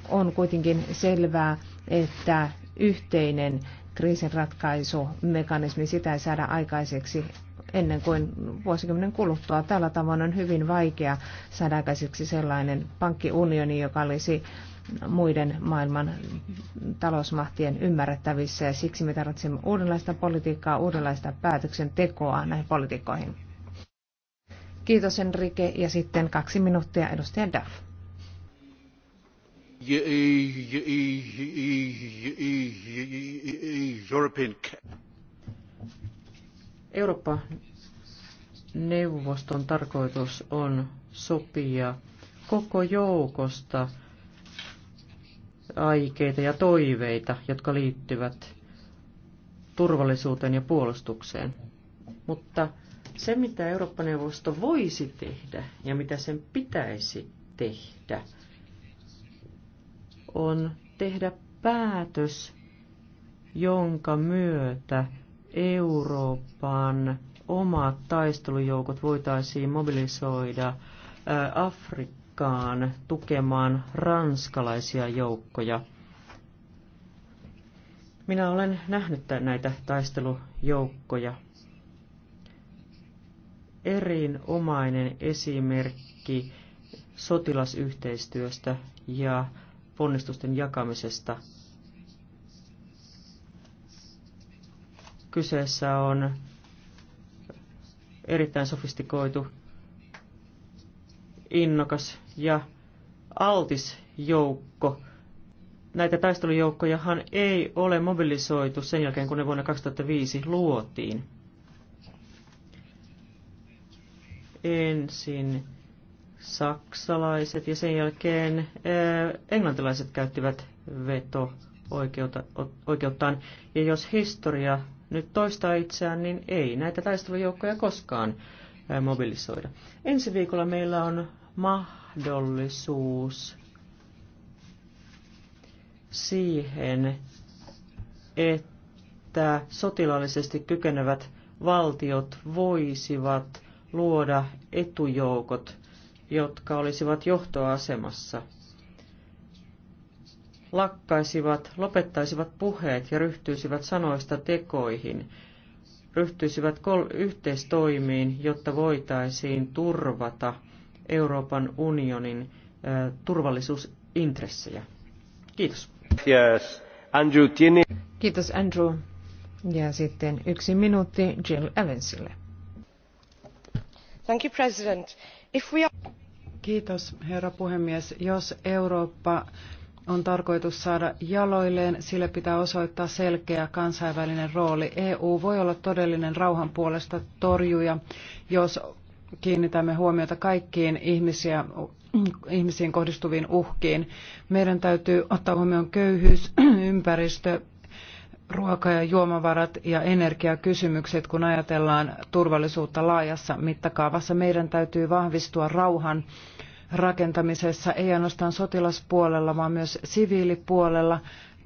on kuitenkin selvää, että yhteinen kriisinratkaisumekanismi, sitä ei saada aikaiseksi ennen kuin vuosikymmenen kuluttua. Tällä tavoin on hyvin vaikea saada aikaiseksi sellainen pankkiunioni, joka olisi muiden maailman talousmahtien ymmärrettävissä ja siksi me tarvitsemme uudenlaista politiikkaa, uudenlaista päätöksentekoa näihin politiikkoihin. Kiitos Enrique ja sitten kaksi minuuttia edustaja Duff. Eurooppa-neuvoston tarkoitus on sopia koko joukosta aikeita ja toiveita, jotka liittyvät turvallisuuteen ja puolustukseen. Mutta se, mitä Eurooppa-neuvosto voisi tehdä ja mitä sen pitäisi tehdä, on tehdä päätös, jonka myötä Euroopan omat taistelujoukot voitaisiin mobilisoida Afrikkaan tukemaan ranskalaisia joukkoja. Minä olen nähnyt näitä taistelujoukkoja. Erinomainen esimerkki sotilasyhteistyöstä ja ponnistusten jakamisesta. Kyseessä on erittäin sofistikoitu, innokas ja altis joukko. Näitä taistelujoukkojahan ei ole mobilisoitu sen jälkeen, kun ne vuonna 2005 luotiin. Ensin saksalaiset ja sen jälkeen eh, englantilaiset käyttivät veto-oikeuttaan. Ja jos historia nyt toistaa itseään, niin ei näitä taistelujoukkoja koskaan eh, mobilisoida. Ensi viikolla meillä on mahdollisuus siihen, että sotilaallisesti kykenevät valtiot voisivat luoda etujoukot – jotka olisivat johtoasemassa, lakkaisivat, lopettaisivat puheet ja ryhtyisivät sanoista tekoihin, ryhtyisivät kol- yhteistoimiin, jotta voitaisiin turvata Euroopan unionin ö, turvallisuusintressejä. Kiitos. Yes. Andrew Tini. Kiitos Andrew. Ja sitten yksi minuutti Jill Evansille. Thank you, President. If we are... Kiitos, herra puhemies. Jos Eurooppa on tarkoitus saada jaloilleen, sille pitää osoittaa selkeä kansainvälinen rooli. EU voi olla todellinen rauhan puolesta torjuja, jos kiinnitämme huomiota kaikkiin ihmisiä, ihmisiin kohdistuviin uhkiin. Meidän täytyy ottaa huomioon köyhyys, <clears throat> ympäristö, ruoka- ja juomavarat ja energiakysymykset, kun ajatellaan turvallisuutta laajassa mittakaavassa. Meidän täytyy vahvistua rauhan rakentamisessa, ei ainoastaan sotilaspuolella, vaan myös siviilipuolella.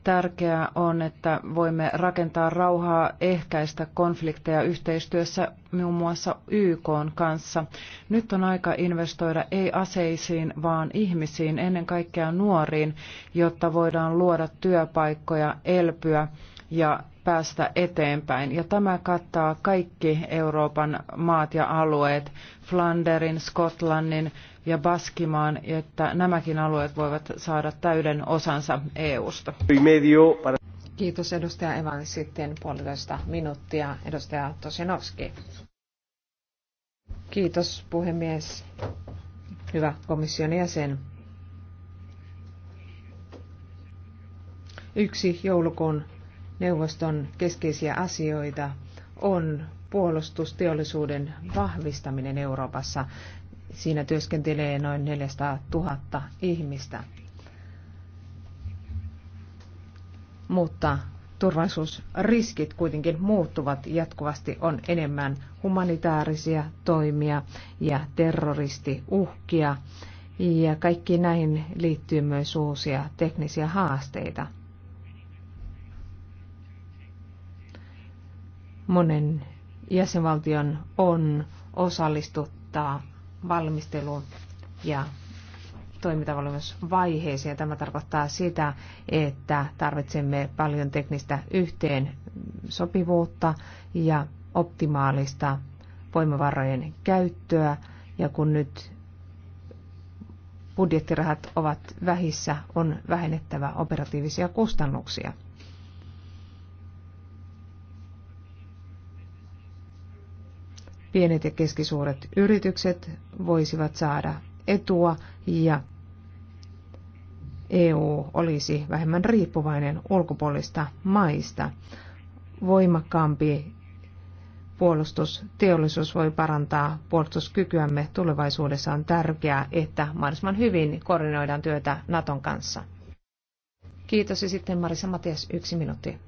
Tärkeää on, että voimme rakentaa rauhaa, ehkäistä konflikteja yhteistyössä muun muassa YK kanssa. Nyt on aika investoida ei aseisiin, vaan ihmisiin, ennen kaikkea nuoriin, jotta voidaan luoda työpaikkoja, elpyä ja päästä eteenpäin. Ja tämä kattaa kaikki Euroopan maat ja alueet, Flanderin, Skotlannin ja Baskimaan, että nämäkin alueet voivat saada täyden osansa EU-sta. Kiitos edustaja Evan. Sitten puolitoista minuuttia edustaja Tosinovski. Kiitos puhemies. Hyvä komission jäsen. Yksi joulukuun neuvoston keskeisiä asioita on puolustusteollisuuden vahvistaminen Euroopassa. Siinä työskentelee noin 400 000 ihmistä. Mutta turvallisuusriskit kuitenkin muuttuvat jatkuvasti. On enemmän humanitaarisia toimia ja terroristiuhkia. Ja kaikki näihin liittyy myös uusia teknisiä haasteita. monen jäsenvaltion on osallistuttaa valmisteluun ja toimintavalmiusvaiheeseen. Ja tämä tarkoittaa sitä, että tarvitsemme paljon teknistä yhteen sopivuutta ja optimaalista voimavarojen käyttöä. Ja kun nyt budjettirahat ovat vähissä, on vähennettävä operatiivisia kustannuksia. pienet ja keskisuuret yritykset voisivat saada etua ja EU olisi vähemmän riippuvainen ulkopuolista maista. Voimakkaampi puolustusteollisuus voi parantaa puolustuskykyämme tulevaisuudessa. On tärkeää, että mahdollisimman hyvin koordinoidaan työtä Naton kanssa. Kiitos ja sitten Marisa Matias, yksi minuutti.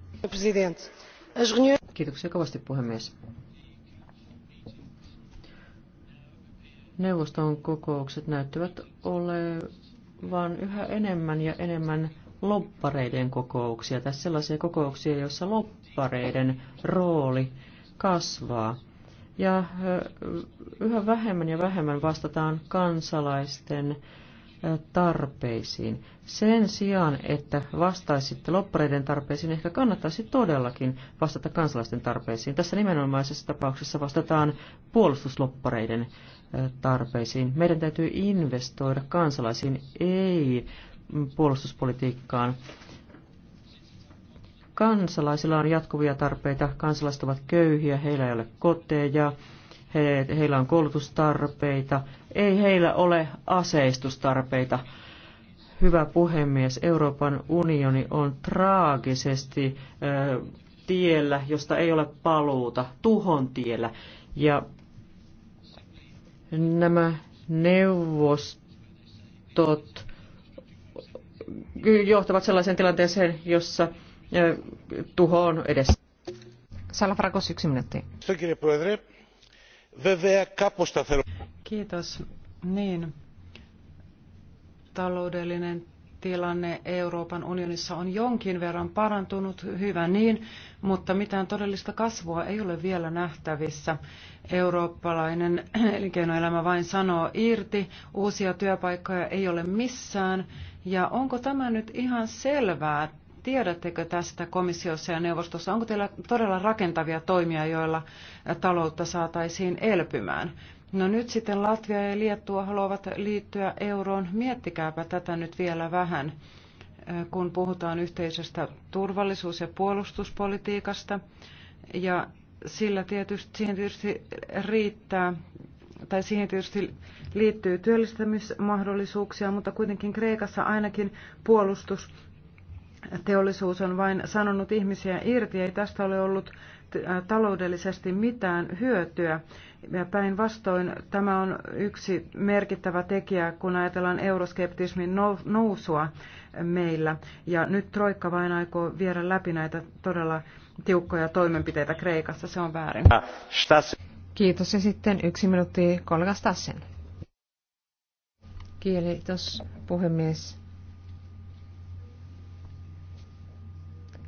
Kiitoksia kovasti puhemies. neuvoston kokoukset näyttävät olevan yhä enemmän ja enemmän loppareiden kokouksia, Tässä sellaisia kokouksia, joissa loppareiden rooli kasvaa. Ja yhä vähemmän ja vähemmän vastataan kansalaisten tarpeisiin. Sen sijaan, että vastaisitte loppareiden tarpeisiin, ehkä kannattaisi todellakin vastata kansalaisten tarpeisiin. Tässä nimenomaisessa tapauksessa vastataan puolustusloppareiden tarpeisiin. Meidän täytyy investoida kansalaisiin, ei puolustuspolitiikkaan. Kansalaisilla on jatkuvia tarpeita, kansalaiset ovat köyhiä, heillä ei ole koteja, he, heillä on koulutustarpeita, ei heillä ole aseistustarpeita. Hyvä puhemies, Euroopan unioni on traagisesti ö, tiellä, josta ei ole paluuta, tuhon tiellä. Ja nämä neuvostot johtavat sellaiseen tilanteeseen, jossa tuho on edessä. Salafrakos, yksi minuutti. Kiitos. Niin. Taloudellinen tilanne Euroopan unionissa on jonkin verran parantunut, hyvä niin, mutta mitään todellista kasvua ei ole vielä nähtävissä. Eurooppalainen <clears throat> elinkeinoelämä vain sanoo irti, uusia työpaikkoja ei ole missään. Ja onko tämä nyt ihan selvää? Tiedättekö tästä komissiossa ja neuvostossa? Onko teillä todella rakentavia toimia, joilla taloutta saataisiin elpymään? No nyt sitten Latvia ja Liettua haluavat liittyä euroon. Miettikääpä tätä nyt vielä vähän, äh, kun puhutaan yhteisestä turvallisuus- ja puolustuspolitiikasta. Ja sillä tietysti, siihen tietysti riittää, tai siihen tietysti liittyy työllistämismahdollisuuksia, mutta kuitenkin Kreikassa ainakin puolustus teollisuus on vain sanonut ihmisiä irti, ei tästä ole ollut äh, taloudellisesti mitään hyötyä. Päinvastoin tämä on yksi merkittävä tekijä, kun ajatellaan euroskeptismin nousua meillä. Ja nyt Troikka vain aikoo viedä läpi näitä todella tiukkoja toimenpiteitä Kreikassa. Se on väärin. Kiitos. Ja sitten yksi minuutti kollega Stassen. Kiitos puhemies.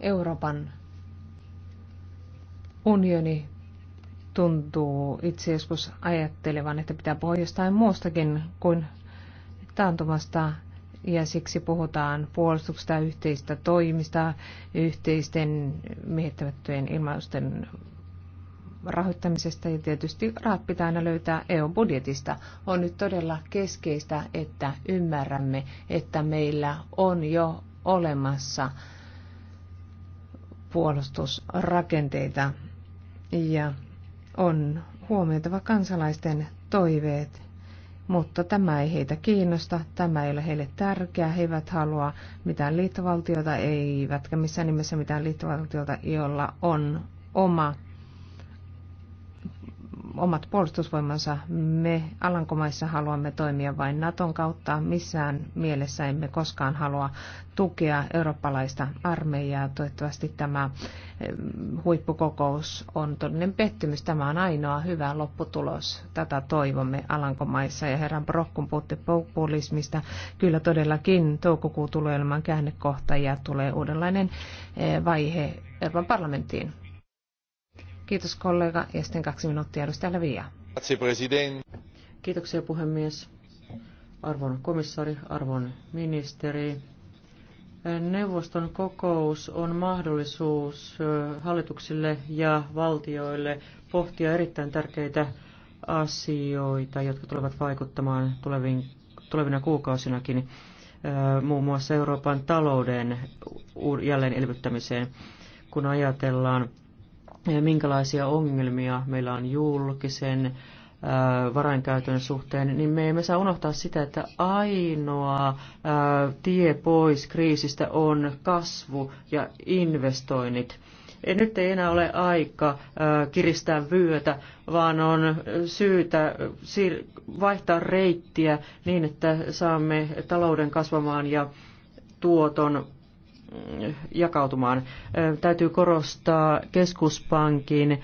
Euroopan unioni tuntuu itse joskus ajattelevan, että pitää puhua jostain muustakin kuin taantumasta ja siksi puhutaan puolustuksesta, yhteistä toimista, yhteisten miehittämättöjen ilmausten rahoittamisesta ja tietysti rahat pitää aina löytää EU-budjetista. On nyt todella keskeistä, että ymmärrämme, että meillä on jo olemassa puolustusrakenteita ja on huomioitava kansalaisten toiveet, mutta tämä ei heitä kiinnosta, tämä ei ole heille tärkeää, he eivät halua mitään liittovaltiota, eivätkä missään nimessä mitään liittovaltiota, jolla on oma omat puolustusvoimansa. Me Alankomaissa haluamme toimia vain Naton kautta. Missään mielessä emme koskaan halua tukea eurooppalaista armeijaa. Toivottavasti tämä eh, huippukokous on todellinen pettymys. Tämä on ainoa hyvä lopputulos. Tätä toivomme Alankomaissa. Ja herran Brokkun puhutte populismista. Kyllä todellakin toukokuu tulee olemaan käännekohta ja tulee uudenlainen eh, vaihe Euroopan parlamenttiin. Kiitos kollega ja sitten kaksi minuuttia edustaja Levia. Kiitoksia puhemies. Arvon komissari, arvon ministeri. Neuvoston kokous on mahdollisuus hallituksille ja valtioille pohtia erittäin tärkeitä asioita, jotka tulevat vaikuttamaan tuleviin, tulevina kuukausinakin muun muassa Euroopan talouden jälleen elvyttämiseen, kun ajatellaan minkälaisia ongelmia meillä on julkisen varainkäytön suhteen, niin me emme saa unohtaa sitä, että ainoa tie pois kriisistä on kasvu ja investoinnit. Nyt ei enää ole aika kiristää vyötä, vaan on syytä vaihtaa reittiä niin, että saamme talouden kasvamaan ja tuoton jakautumaan. Täytyy korostaa keskuspankin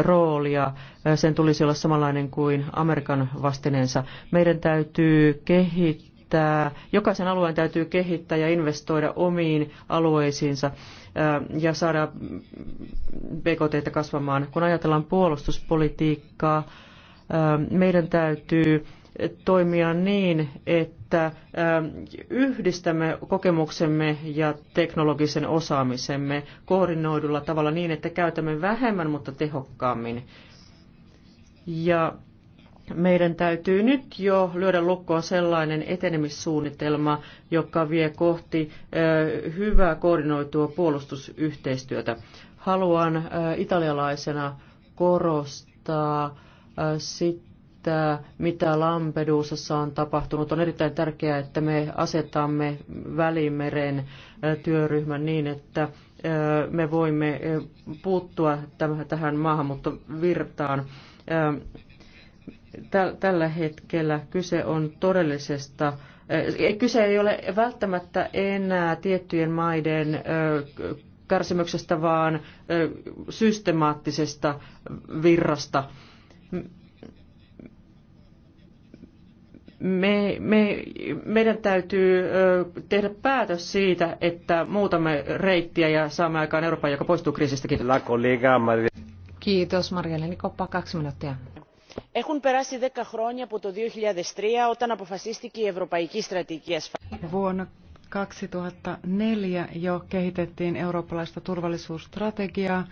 roolia. Sen tulisi olla samanlainen kuin Amerikan vastineensa. Meidän täytyy kehittää, jokaisen alueen täytyy kehittää ja investoida omiin alueisiinsa ja saada BKT kasvamaan. Kun ajatellaan puolustuspolitiikkaa, meidän täytyy toimia niin, että että yhdistämme kokemuksemme ja teknologisen osaamisemme koordinoidulla tavalla niin, että käytämme vähemmän, mutta tehokkaammin. Ja meidän täytyy nyt jo lyödä lukkoon sellainen etenemissuunnitelma, joka vie kohti hyvää koordinoitua puolustusyhteistyötä. Haluan italialaisena korostaa sitä, että mitä Lampedusassa on tapahtunut. On erittäin tärkeää, että me asetamme Välimeren työryhmän niin, että me voimme puuttua tähän maahanmuuttovirtaan. Tällä hetkellä kyse on todellisesta Kyse ei ole välttämättä enää tiettyjen maiden kärsimyksestä, vaan systemaattisesta virrasta me, me, meidän täytyy tehdä päätös siitä, että muutamme reittiä ja saamme aikaan Euroopan, joka poistuu kriisistä. Kiitos. Kiitos Marjelle Nikoppa, kaksi minuuttia. Έχουν περάσει 10 χρόνια από το 2003 όταν αποφασίστηκε η Ευρωπαϊκή Στρατηγική Ασφάλεια. Vuonna 2004 jo kehitettiin eurooppalaista turvallisuusstrategiaa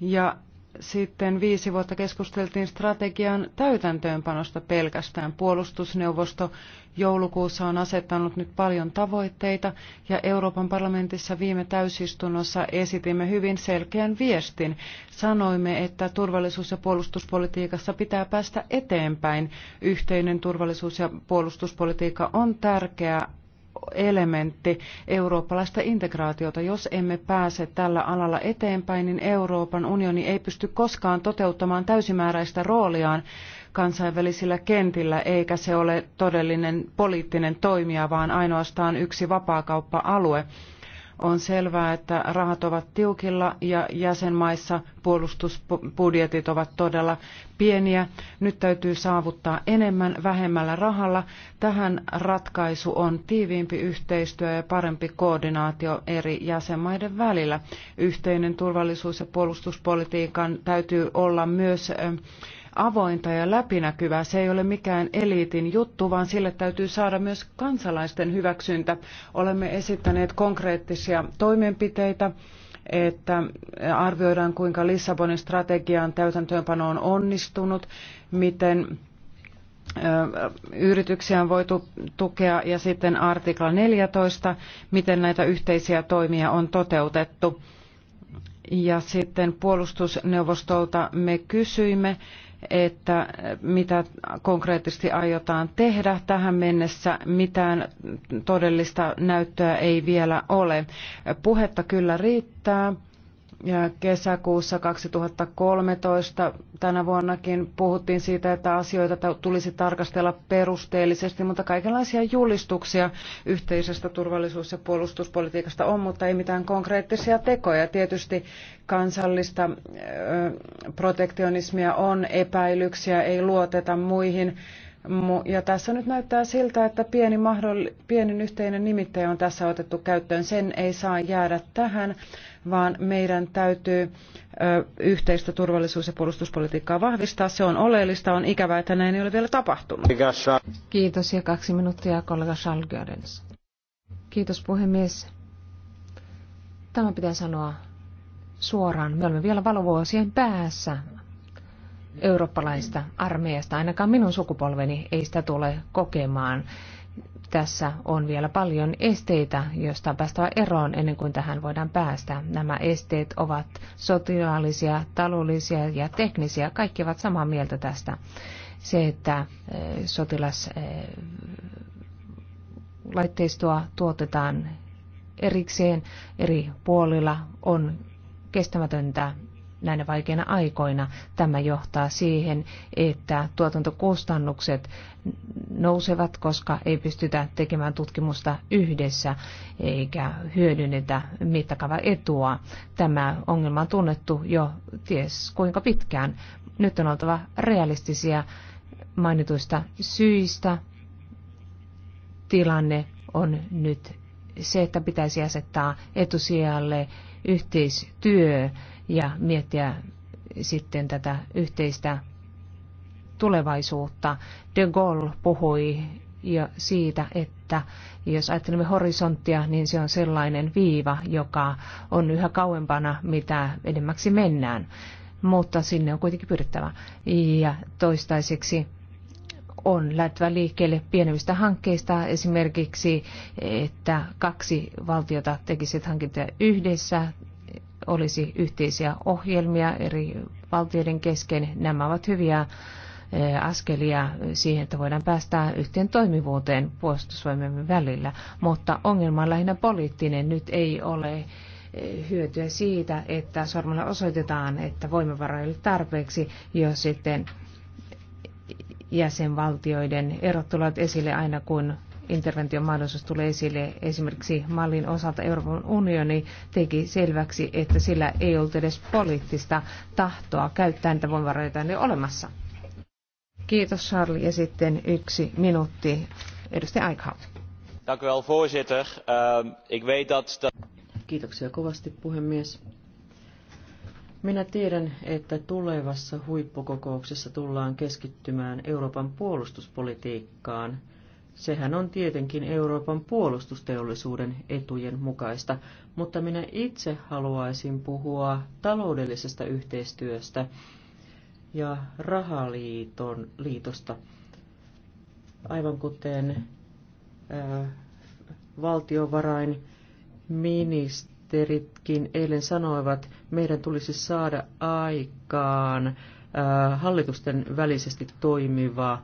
ja sitten viisi vuotta keskusteltiin strategian täytäntöönpanosta pelkästään. Puolustusneuvosto joulukuussa on asettanut nyt paljon tavoitteita ja Euroopan parlamentissa viime täysistunnossa esitimme hyvin selkeän viestin. Sanoimme, että turvallisuus- ja puolustuspolitiikassa pitää päästä eteenpäin. Yhteinen turvallisuus- ja puolustuspolitiikka on tärkeä elementti eurooppalaista integraatiota. Jos emme pääse tällä alalla eteenpäin, niin Euroopan unioni ei pysty koskaan toteuttamaan täysimääräistä rooliaan kansainvälisillä kentillä, eikä se ole todellinen poliittinen toimija, vaan ainoastaan yksi vapaakauppa-alue. On selvää, että rahat ovat tiukilla ja jäsenmaissa puolustusbudjetit ovat todella pieniä. Nyt täytyy saavuttaa enemmän vähemmällä rahalla. Tähän ratkaisu on tiiviimpi yhteistyö ja parempi koordinaatio eri jäsenmaiden välillä. Yhteinen turvallisuus- ja puolustuspolitiikan täytyy olla myös avointa ja läpinäkyvää. Se ei ole mikään eliitin juttu, vaan sille täytyy saada myös kansalaisten hyväksyntä. Olemme esittäneet konkreettisia toimenpiteitä että arvioidaan kuinka Lissabonin strategian täytäntöönpano on onnistunut, miten yrityksiä on voitu tukea ja sitten artikla 14, miten näitä yhteisiä toimia on toteutettu. Ja sitten puolustusneuvostolta me kysyimme, että mitä konkreettisesti aiotaan tehdä. Tähän mennessä mitään todellista näyttöä ei vielä ole. Puhetta kyllä riittää kesäkuussa 2013 tänä vuonnakin puhuttiin siitä, että asioita tulisi tarkastella perusteellisesti, mutta kaikenlaisia julistuksia yhteisestä turvallisuus- ja puolustuspolitiikasta on, mutta ei mitään konkreettisia tekoja. Tietysti kansallista protektionismia on, epäilyksiä ei luoteta muihin. Ja tässä nyt näyttää siltä, että pieni mahdoll- pienin yhteinen nimittäjä on tässä otettu käyttöön. Sen ei saa jäädä tähän vaan meidän täytyy yhteistä turvallisuus- ja puolustuspolitiikkaa vahvistaa. Se on oleellista. On ikävää, että näin ei ole vielä tapahtunut. Kiitos ja kaksi minuuttia kollega Schalgerens. Kiitos puhemies. Tämä pitää sanoa suoraan. Me olemme vielä valovuosien päässä eurooppalaista armeijasta. Ainakaan minun sukupolveni ei sitä tule kokemaan tässä on vielä paljon esteitä, joista on päästävä eroon ennen kuin tähän voidaan päästä. Nämä esteet ovat sotilaallisia, taloudellisia ja teknisiä. Kaikki ovat samaa mieltä tästä. Se, että eh, sotilaslaitteistoa eh, tuotetaan erikseen eri puolilla, on kestämätöntä näinä vaikeina aikoina. Tämä johtaa siihen, että tuotantokustannukset nousevat, koska ei pystytä tekemään tutkimusta yhdessä eikä hyödynnetä mittakaava etua. Tämä ongelma on tunnettu jo ties kuinka pitkään. Nyt on oltava realistisia mainituista syistä. Tilanne on nyt se, että pitäisi asettaa etusijalle yhteistyö ja miettiä sitten tätä yhteistä tulevaisuutta. De Gaulle puhui jo siitä, että jos ajattelemme horisonttia, niin se on sellainen viiva, joka on yhä kauempana, mitä edemmäksi mennään. Mutta sinne on kuitenkin pyrittävä. Ja toistaiseksi on lähtevä liikkeelle pienemmistä hankkeista, esimerkiksi että kaksi valtiota tekisivät hankintoja yhdessä olisi yhteisiä ohjelmia eri valtioiden kesken. Nämä ovat hyviä eh, askelia siihen, että voidaan päästä yhteen toimivuuteen puolustusvoimien välillä, mutta ongelma on lähinnä poliittinen. Nyt ei ole eh, hyötyä siitä, että sormella osoitetaan, että voimavaroja ei tarpeeksi, jos sitten jäsenvaltioiden erot tulevat esille aina, kun intervention mahdollisuus tulee esille. Esimerkiksi mallin osalta Euroopan unioni teki selväksi, että sillä ei ollut edes poliittista tahtoa käyttää niitä voimavaroja, joita on jo olemassa. Kiitos Charlie ja sitten yksi minuutti. Edustaja Eichhout. Dank u wel, voorzitter. Uh, ik weet dat... Kiitoksia kovasti, puhemies. Minä tiedän, että tulevassa huippukokouksessa tullaan keskittymään Euroopan puolustuspolitiikkaan – Sehän on tietenkin Euroopan puolustusteollisuuden etujen mukaista, mutta minä itse haluaisin puhua taloudellisesta yhteistyöstä ja rahaliiton liitosta. Aivan kuten ää, valtiovarainministeritkin eilen sanoivat, meidän tulisi saada aikaan ää, hallitusten välisesti toimiva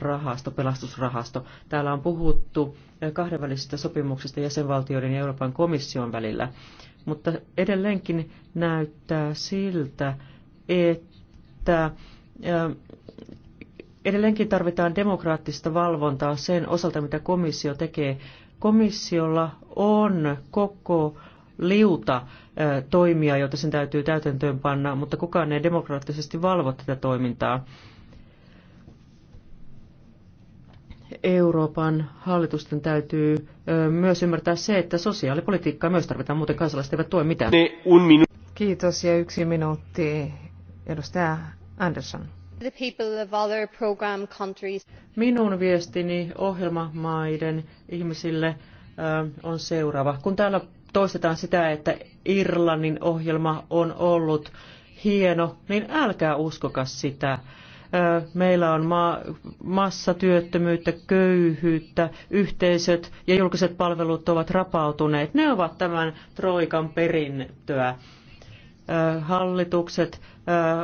rahasto, pelastusrahasto. Täällä on puhuttu kahdenvälisistä sopimuksista jäsenvaltioiden ja Euroopan komission välillä, mutta edelleenkin näyttää siltä, että edelleenkin tarvitaan demokraattista valvontaa sen osalta, mitä komissio tekee. Komissiolla on koko liuta toimia, joita sen täytyy täytäntöön panna, mutta kukaan ei demokraattisesti valvo tätä toimintaa. Euroopan hallitusten täytyy myös ymmärtää se, että sosiaalipolitiikkaa myös tarvitaan, muuten kansalaiset eivät tue mitään. Kiitos ja yksi minuutti. Edustaja Andersson. Minun viestini ohjelmamaiden ihmisille on seuraava. Kun täällä toistetaan sitä, että Irlannin ohjelma on ollut hieno, niin älkää uskokas sitä meillä on ma- massatyöttömyyttä, köyhyyttä, yhteisöt ja julkiset palvelut ovat rapautuneet. Ne ovat tämän Troikan perintöä. Hallitukset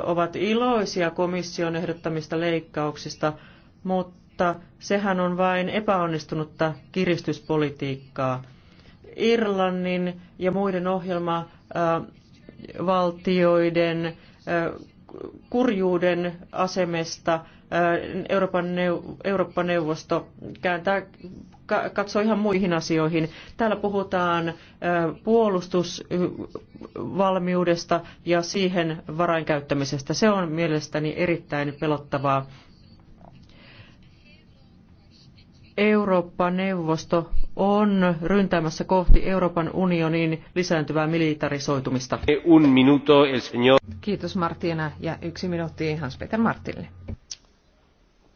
ovat iloisia komission ehdottamista leikkauksista, mutta sehän on vain epäonnistunutta kiristyspolitiikkaa. Irlannin ja muiden ohjelmavaltioiden kurjuuden asemesta äh, Euroopan Eurooppa-neuvosto kääntää, katsoo ihan muihin asioihin. Täällä puhutaan äh, puolustusvalmiudesta ja siihen varainkäyttämisestä. Se on mielestäni erittäin pelottavaa. Eurooppa-neuvosto on ryntäämässä kohti Euroopan unionin lisääntyvää militarisoitumista. Un minuto, el señor. Kiitos Martina ja yksi minuutti Hans-Peter Martille.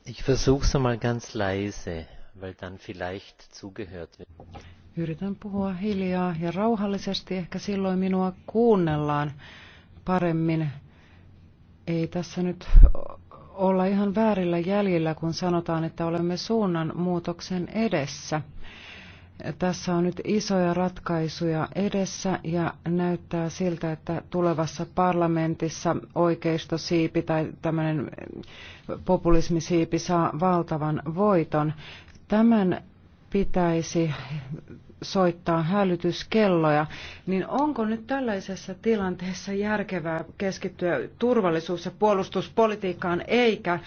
Ich versuch's mal ganz leise, weil dann vielleicht zugehört wird. Yritän puhua hiljaa ja rauhallisesti, ehkä silloin minua kuunnellaan paremmin. Ei tässä nyt olla ihan väärillä jäljillä, kun sanotaan, että olemme muutoksen edessä. Tässä on nyt isoja ratkaisuja edessä ja näyttää siltä, että tulevassa parlamentissa oikeistosiipi tai tämmöinen populismisiipi saa valtavan voiton. Tämän pitäisi soittaa hälytyskelloja, niin onko nyt tällaisessa tilanteessa järkevää keskittyä turvallisuus- ja puolustuspolitiikkaan eikä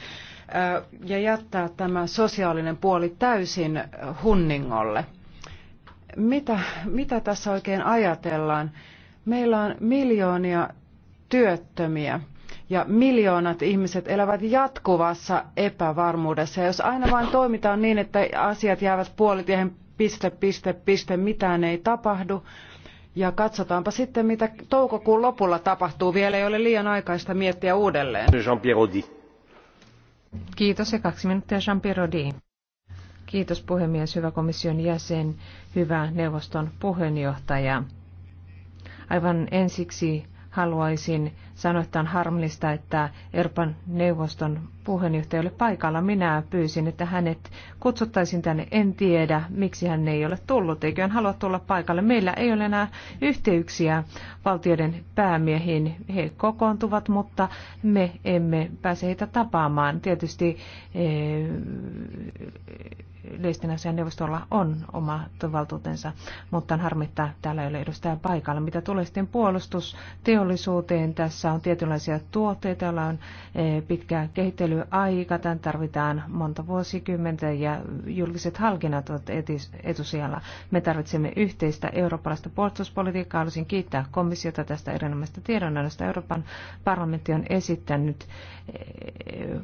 ja jättää tämä sosiaalinen puoli täysin hunningolle? Mitä, mitä tässä oikein ajatellaan? Meillä on miljoonia työttömiä ja miljoonat ihmiset elävät jatkuvassa epävarmuudessa. Ja jos aina vain toimitaan niin, että asiat jäävät puolitiehen piste, piste, piste, mitään ei tapahdu. Ja katsotaanpa sitten, mitä toukokuun lopulla tapahtuu. Vielä ei ole liian aikaista miettiä uudelleen. Jean-Pierre Audi. Kiitos ja kaksi minuuttia Jean-Pierre Audi. Kiitos puhemies, hyvä komission jäsen, hyvä neuvoston puheenjohtaja. Aivan ensiksi haluaisin sanoi, että on harmillista, että Euroopan neuvoston puheenjohtaja oli paikalla. Minä pyysin, että hänet kutsuttaisiin tänne. En tiedä, miksi hän ei ole tullut. Eikö hän halua tulla paikalle? Meillä ei ole enää yhteyksiä valtioiden päämiehiin. He kokoontuvat, mutta me emme pääse heitä tapaamaan. Tietysti eh, yleisten asian neuvostolla on oma valtuutensa, mutta on harmittaa täällä ei ole edustaja paikalla. Mitä tulee sitten puolustusteollisuuteen, tässä on tietynlaisia tuotteita, joilla on eh, pitkä kehittelyaika, tämän tarvitaan monta vuosikymmentä ja julkiset halkinnat ovat etusijalla. Me tarvitsemme yhteistä eurooppalaista puolustuspolitiikkaa. Haluaisin kiittää komissiota tästä erinomaisesta tiedonannosta. Euroopan parlamentti on esittänyt eh, eh,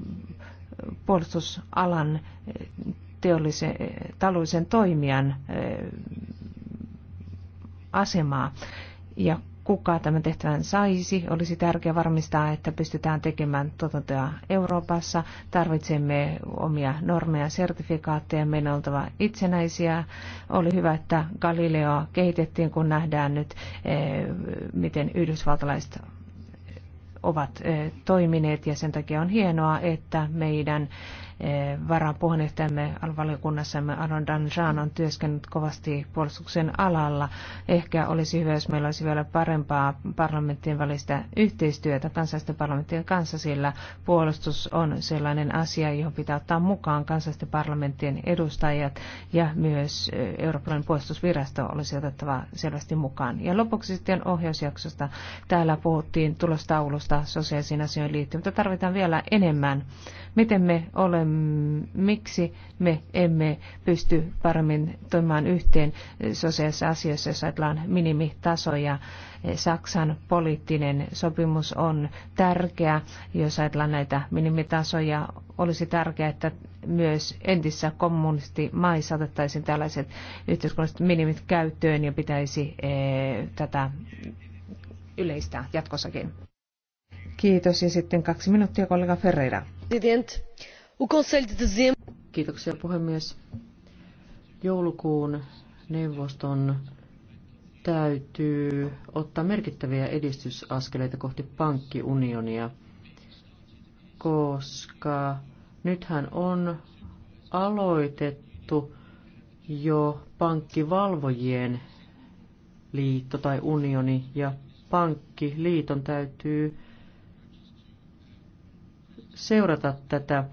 puolustusalan teollisen, taloudellisen toimijan asemaa ja kuka tämän tehtävän saisi. Olisi tärkeää varmistaa, että pystytään tekemään tuotantoja Euroopassa. Tarvitsemme omia normeja sertifikaatteja. Meidän on oltava itsenäisiä. Oli hyvä, että Galileo kehitettiin, kun nähdään nyt, miten yhdysvaltalaiset ovat toimineet ja sen takia on hienoa, että meidän varapuheenjohtajamme alvaliokunnassamme Aron Danjan on työskennellyt kovasti puolustuksen alalla. Ehkä olisi hyvä, jos meillä olisi vielä parempaa parlamenttien välistä yhteistyötä kansallisten parlamenttien kanssa, sillä puolustus on sellainen asia, johon pitää ottaa mukaan kansallisten parlamenttien edustajat ja myös Euroopan puolustusvirasto olisi otettava selvästi mukaan. Ja lopuksi sitten ohjausjaksosta. Täällä puhuttiin tulostaulusta sosiaalisiin asioihin liittyen, mutta tarvitaan vielä enemmän. Miten me olemme miksi me emme pysty paremmin toimimaan yhteen sosiaalisessa asiassa, jos ajatellaan minimitasoja. Saksan poliittinen sopimus on tärkeä, jos ajatellaan näitä minimitasoja. Olisi tärkeää, että myös entissä kommunistimaissa otettaisiin tällaiset yhteiskunnalliset minimit käyttöön ja pitäisi eh, tätä yleistää jatkossakin. Kiitos ja sitten kaksi minuuttia kollega Ferreira. President. Kiitoksia puhemies. Joulukuun neuvoston täytyy ottaa merkittäviä edistysaskeleita kohti pankkiunionia, koska nythän on aloitettu jo pankkivalvojien liitto tai unioni ja pankkiliiton täytyy seurata tätä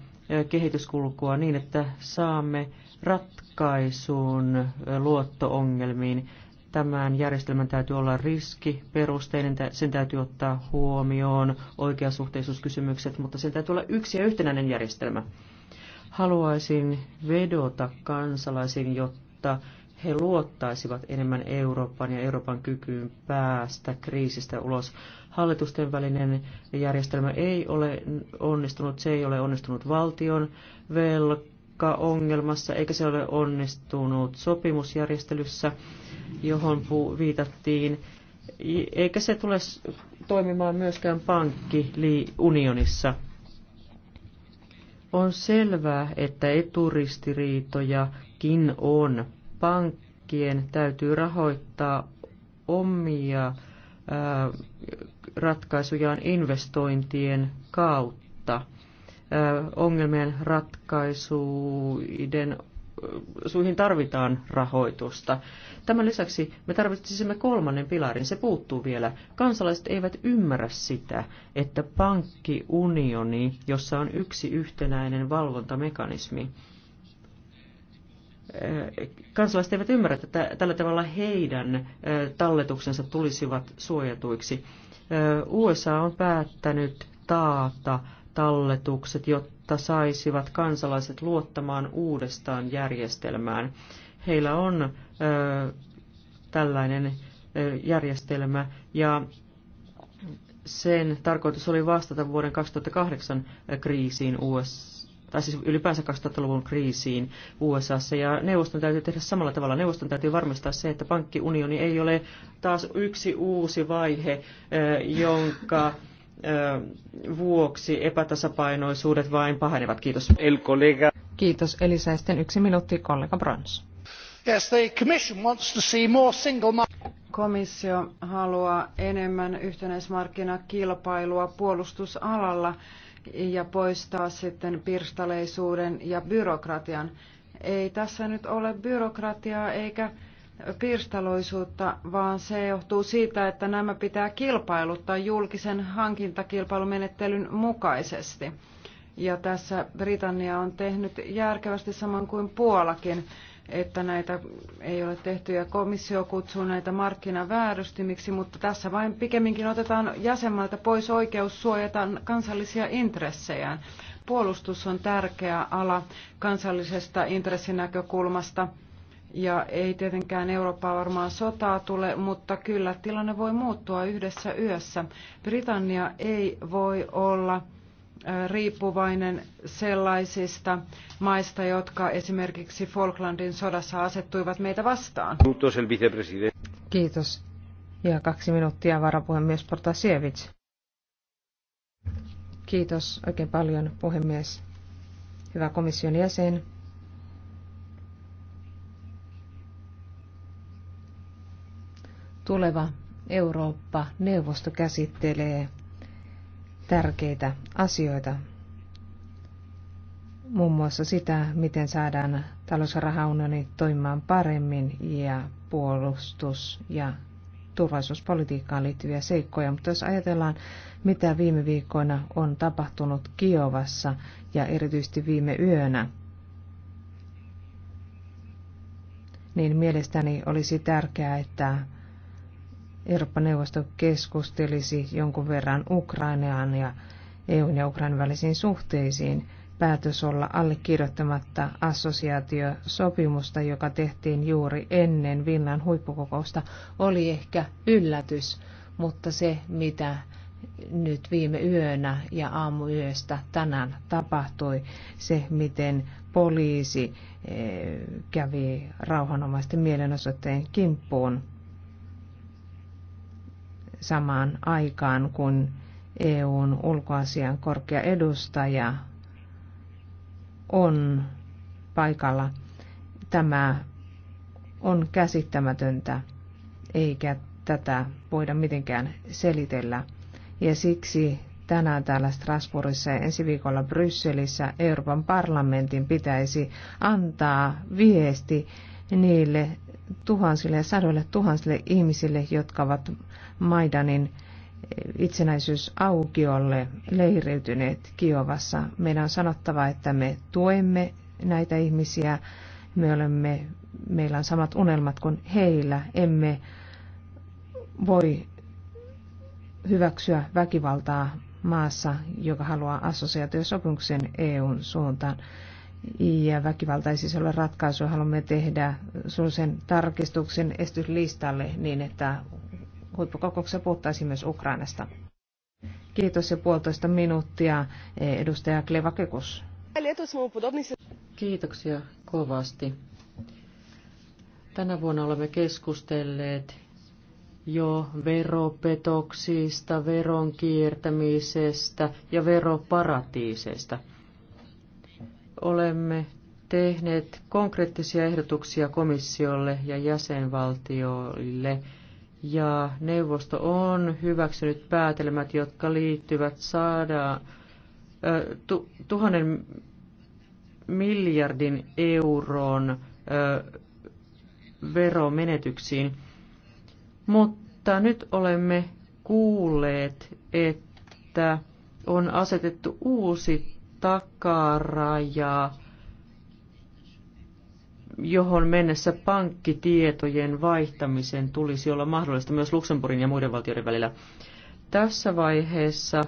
kehityskulkua niin, että saamme ratkaisun luottoongelmiin. Tämän järjestelmän täytyy olla riskiperusteinen, sen täytyy ottaa huomioon oikeasuhteisuuskysymykset, mutta sen täytyy olla yksi ja yhtenäinen järjestelmä. Haluaisin vedota kansalaisiin, jotta he luottaisivat enemmän Euroopan ja Euroopan kykyyn päästä kriisistä ulos. Hallitusten välinen järjestelmä ei ole onnistunut, se ei ole onnistunut valtion velkaongelmassa, eikä se ole onnistunut sopimusjärjestelyssä, johon viitattiin, eikä se tule toimimaan myöskään pankkiunionissa. On selvää, että eturistiriitojakin on. Pankkien täytyy rahoittaa omia ää, ratkaisujaan investointien kautta. Ongelmien ratkaisuiden suihin tarvitaan rahoitusta. Tämän lisäksi me tarvitsisimme kolmannen pilarin, se puuttuu vielä. Kansalaiset eivät ymmärrä sitä, että pankkiunioni, jossa on yksi yhtenäinen valvontamekanismi, kansalaiset eivät ymmärrä, että tällä tavalla heidän talletuksensa tulisivat suojatuiksi. USA on päättänyt taata talletukset, jotta saisivat kansalaiset luottamaan uudestaan järjestelmään. Heillä on ö, tällainen ö, järjestelmä ja sen tarkoitus oli vastata vuoden 2008 kriisiin USA tai siis ylipäänsä 2000-luvun kriisiin USAssa. Ja neuvoston täytyy tehdä samalla tavalla. Neuvoston täytyy varmistaa se, että pankkiunioni ei ole taas yksi uusi vaihe, jonka vuoksi epätasapainoisuudet vain pahenevat. Kiitos. El kollega. Kiitos eli Sitten yksi minuutti kollega Brans. Yes, the commission wants to see more single Komissio haluaa enemmän yhtenäismarkkinakilpailua puolustusalalla ja poistaa sitten pirstaleisuuden ja byrokratian. Ei tässä nyt ole byrokratiaa eikä pirstaloisuutta, vaan se johtuu siitä, että nämä pitää kilpailuttaa julkisen hankintakilpailumenettelyn mukaisesti. Ja tässä Britannia on tehnyt järkevästi saman kuin Puolakin että näitä ei ole tehty ja komissio kutsuu näitä markkinavääristymiksi, mutta tässä vain pikemminkin otetaan jäsenmaalta pois oikeus suojata kansallisia intressejään. Puolustus on tärkeä ala kansallisesta intressinäkökulmasta ja ei tietenkään Eurooppaa varmaan sotaa tule, mutta kyllä tilanne voi muuttua yhdessä yössä. Britannia ei voi olla riippuvainen sellaisista maista, jotka esimerkiksi Falklandin sodassa asettuivat meitä vastaan. Kiitos. Ja kaksi minuuttia varapuhemies Portasiewicz. Kiitos oikein paljon puhemies. Hyvä komission jäsen. Tuleva Eurooppa-neuvosto käsittelee tärkeitä asioita. Muun muassa sitä, miten saadaan talous- ja rahaunioni toimimaan paremmin ja puolustus- ja turvallisuuspolitiikkaan liittyviä seikkoja. Mutta jos ajatellaan, mitä viime viikkoina on tapahtunut Kiovassa ja erityisesti viime yönä, niin mielestäni olisi tärkeää, että Eurooppa-neuvosto keskustelisi jonkun verran Ukrainaan ja EUn ja Ukrainan välisiin suhteisiin. Päätös olla allekirjoittamatta assosiaatiosopimusta, joka tehtiin juuri ennen Vinnan huippukokousta, oli ehkä yllätys, mutta se, mitä nyt viime yönä ja aamuyöstä tänään tapahtui, se miten poliisi eh, kävi rauhanomaisten mielenosoitteen kimppuun samaan aikaan, kun EUn ulkoasian korkea edustaja on paikalla. Tämä on käsittämätöntä, eikä tätä voida mitenkään selitellä. Ja siksi tänään täällä Strasbourgissa ja ensi viikolla Brysselissä Euroopan parlamentin pitäisi antaa viesti niille tuhansille ja sadoille tuhansille ihmisille, jotka ovat Maidanin itsenäisyysaukiolle leiriytyneet Kiovassa. Meidän on sanottava, että me tuemme näitä ihmisiä. Me olemme, meillä on samat unelmat kuin heillä. Emme voi hyväksyä väkivaltaa maassa, joka haluaa assosiaatiosopimuksen EUn suuntaan. Ja väkivalta ei siis ole ratkaisu. Haluamme tehdä sen tarkistuksen estyslistalle niin, että huippukokouksessa puhuttaisiin myös Ukrainasta. Kiitos ja puolitoista minuuttia, eh, edustaja Kleva Kekus. Kiitoksia kovasti. Tänä vuonna olemme keskustelleet jo veropetoksista, veron kiertämisestä ja veroparatiiseista. Olemme tehneet konkreettisia ehdotuksia komissiolle ja jäsenvaltioille – ja neuvosto on hyväksynyt päätelmät, jotka liittyvät saada tu, tuhannen miljardin euron äh, veromenetyksiin. Mutta nyt olemme kuulleet, että on asetettu uusi takaraja johon mennessä pankkitietojen vaihtamisen tulisi olla mahdollista myös Luxemburgin ja muiden valtioiden välillä. Tässä vaiheessa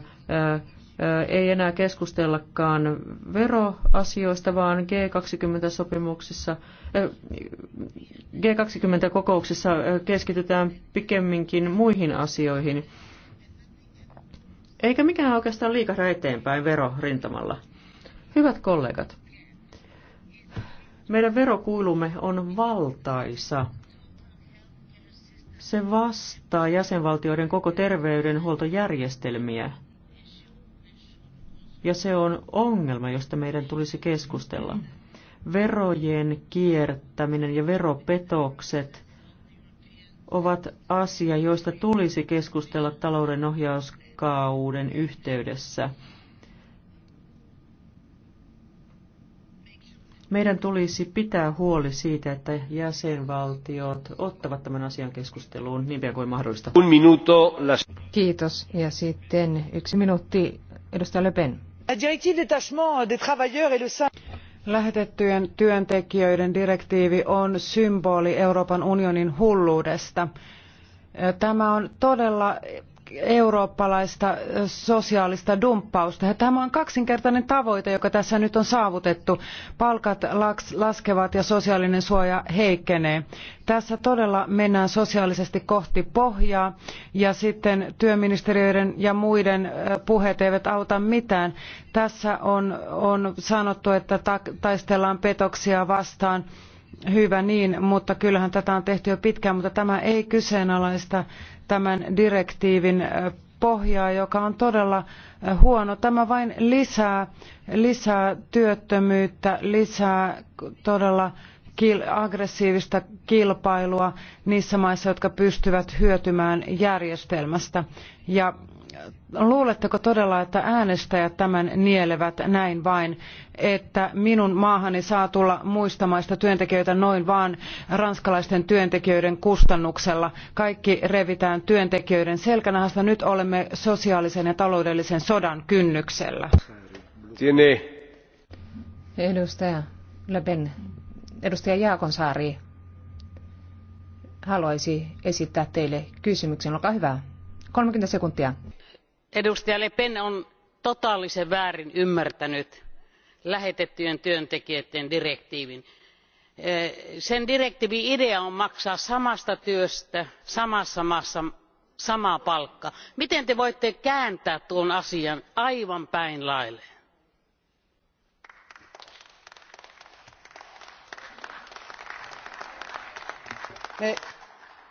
ei enää keskustellakaan veroasioista, vaan G20-sopimuksissa, G20-kokouksissa keskitytään pikemminkin muihin asioihin. Eikä mikään oikeastaan liikahda eteenpäin verorintamalla. Hyvät kollegat, meidän verokuilumme on valtaisa. Se vastaa jäsenvaltioiden koko terveydenhuoltojärjestelmiä. Ja se on ongelma, josta meidän tulisi keskustella. Verojen kiertäminen ja veropetokset ovat asia, joista tulisi keskustella talouden ohjauskauden yhteydessä. Meidän tulisi pitää huoli siitä, että jäsenvaltiot ottavat tämän asian keskusteluun niin pian kuin mahdollista. Un minuto, las... Kiitos. Ja sitten yksi minuutti, edustaja Le Pen. Lähetettyjen työntekijöiden direktiivi on symboli Euroopan unionin hulluudesta. Tämä on todella eurooppalaista sosiaalista dumppausta. tämä on kaksinkertainen tavoite, joka tässä nyt on saavutettu. Palkat laskevat ja sosiaalinen suoja heikkenee. Tässä todella mennään sosiaalisesti kohti pohjaa ja sitten työministeriöiden ja muiden puheet eivät auta mitään. Tässä on, on sanottu, että taistellaan petoksia vastaan. Hyvä niin, mutta kyllähän tätä on tehty jo pitkään, mutta tämä ei kyseenalaista tämän direktiivin pohjaa, joka on todella huono. Tämä vain lisää, lisää työttömyyttä, lisää todella aggressiivista kilpailua niissä maissa, jotka pystyvät hyötymään järjestelmästä. Ja Luuletteko todella, että äänestäjät tämän nielevät näin vain, että minun maahani saa tulla muista maista työntekijöitä noin vaan ranskalaisten työntekijöiden kustannuksella? Kaikki revitään työntekijöiden selkänahasta. Nyt olemme sosiaalisen ja taloudellisen sodan kynnyksellä. Tiene. Edustaja Leben, edustaja Jaakonsaari haluaisi esittää teille kysymyksen. Olkaa hyvä. 30 sekuntia edustaja le pen on totaalisen väärin ymmärtänyt lähetettyjen työntekijöiden direktiivin. Eh, sen direktiivin idea on maksaa samasta työstä samassa maassa sama palkka. miten te voitte kääntää tuon asian aivan päin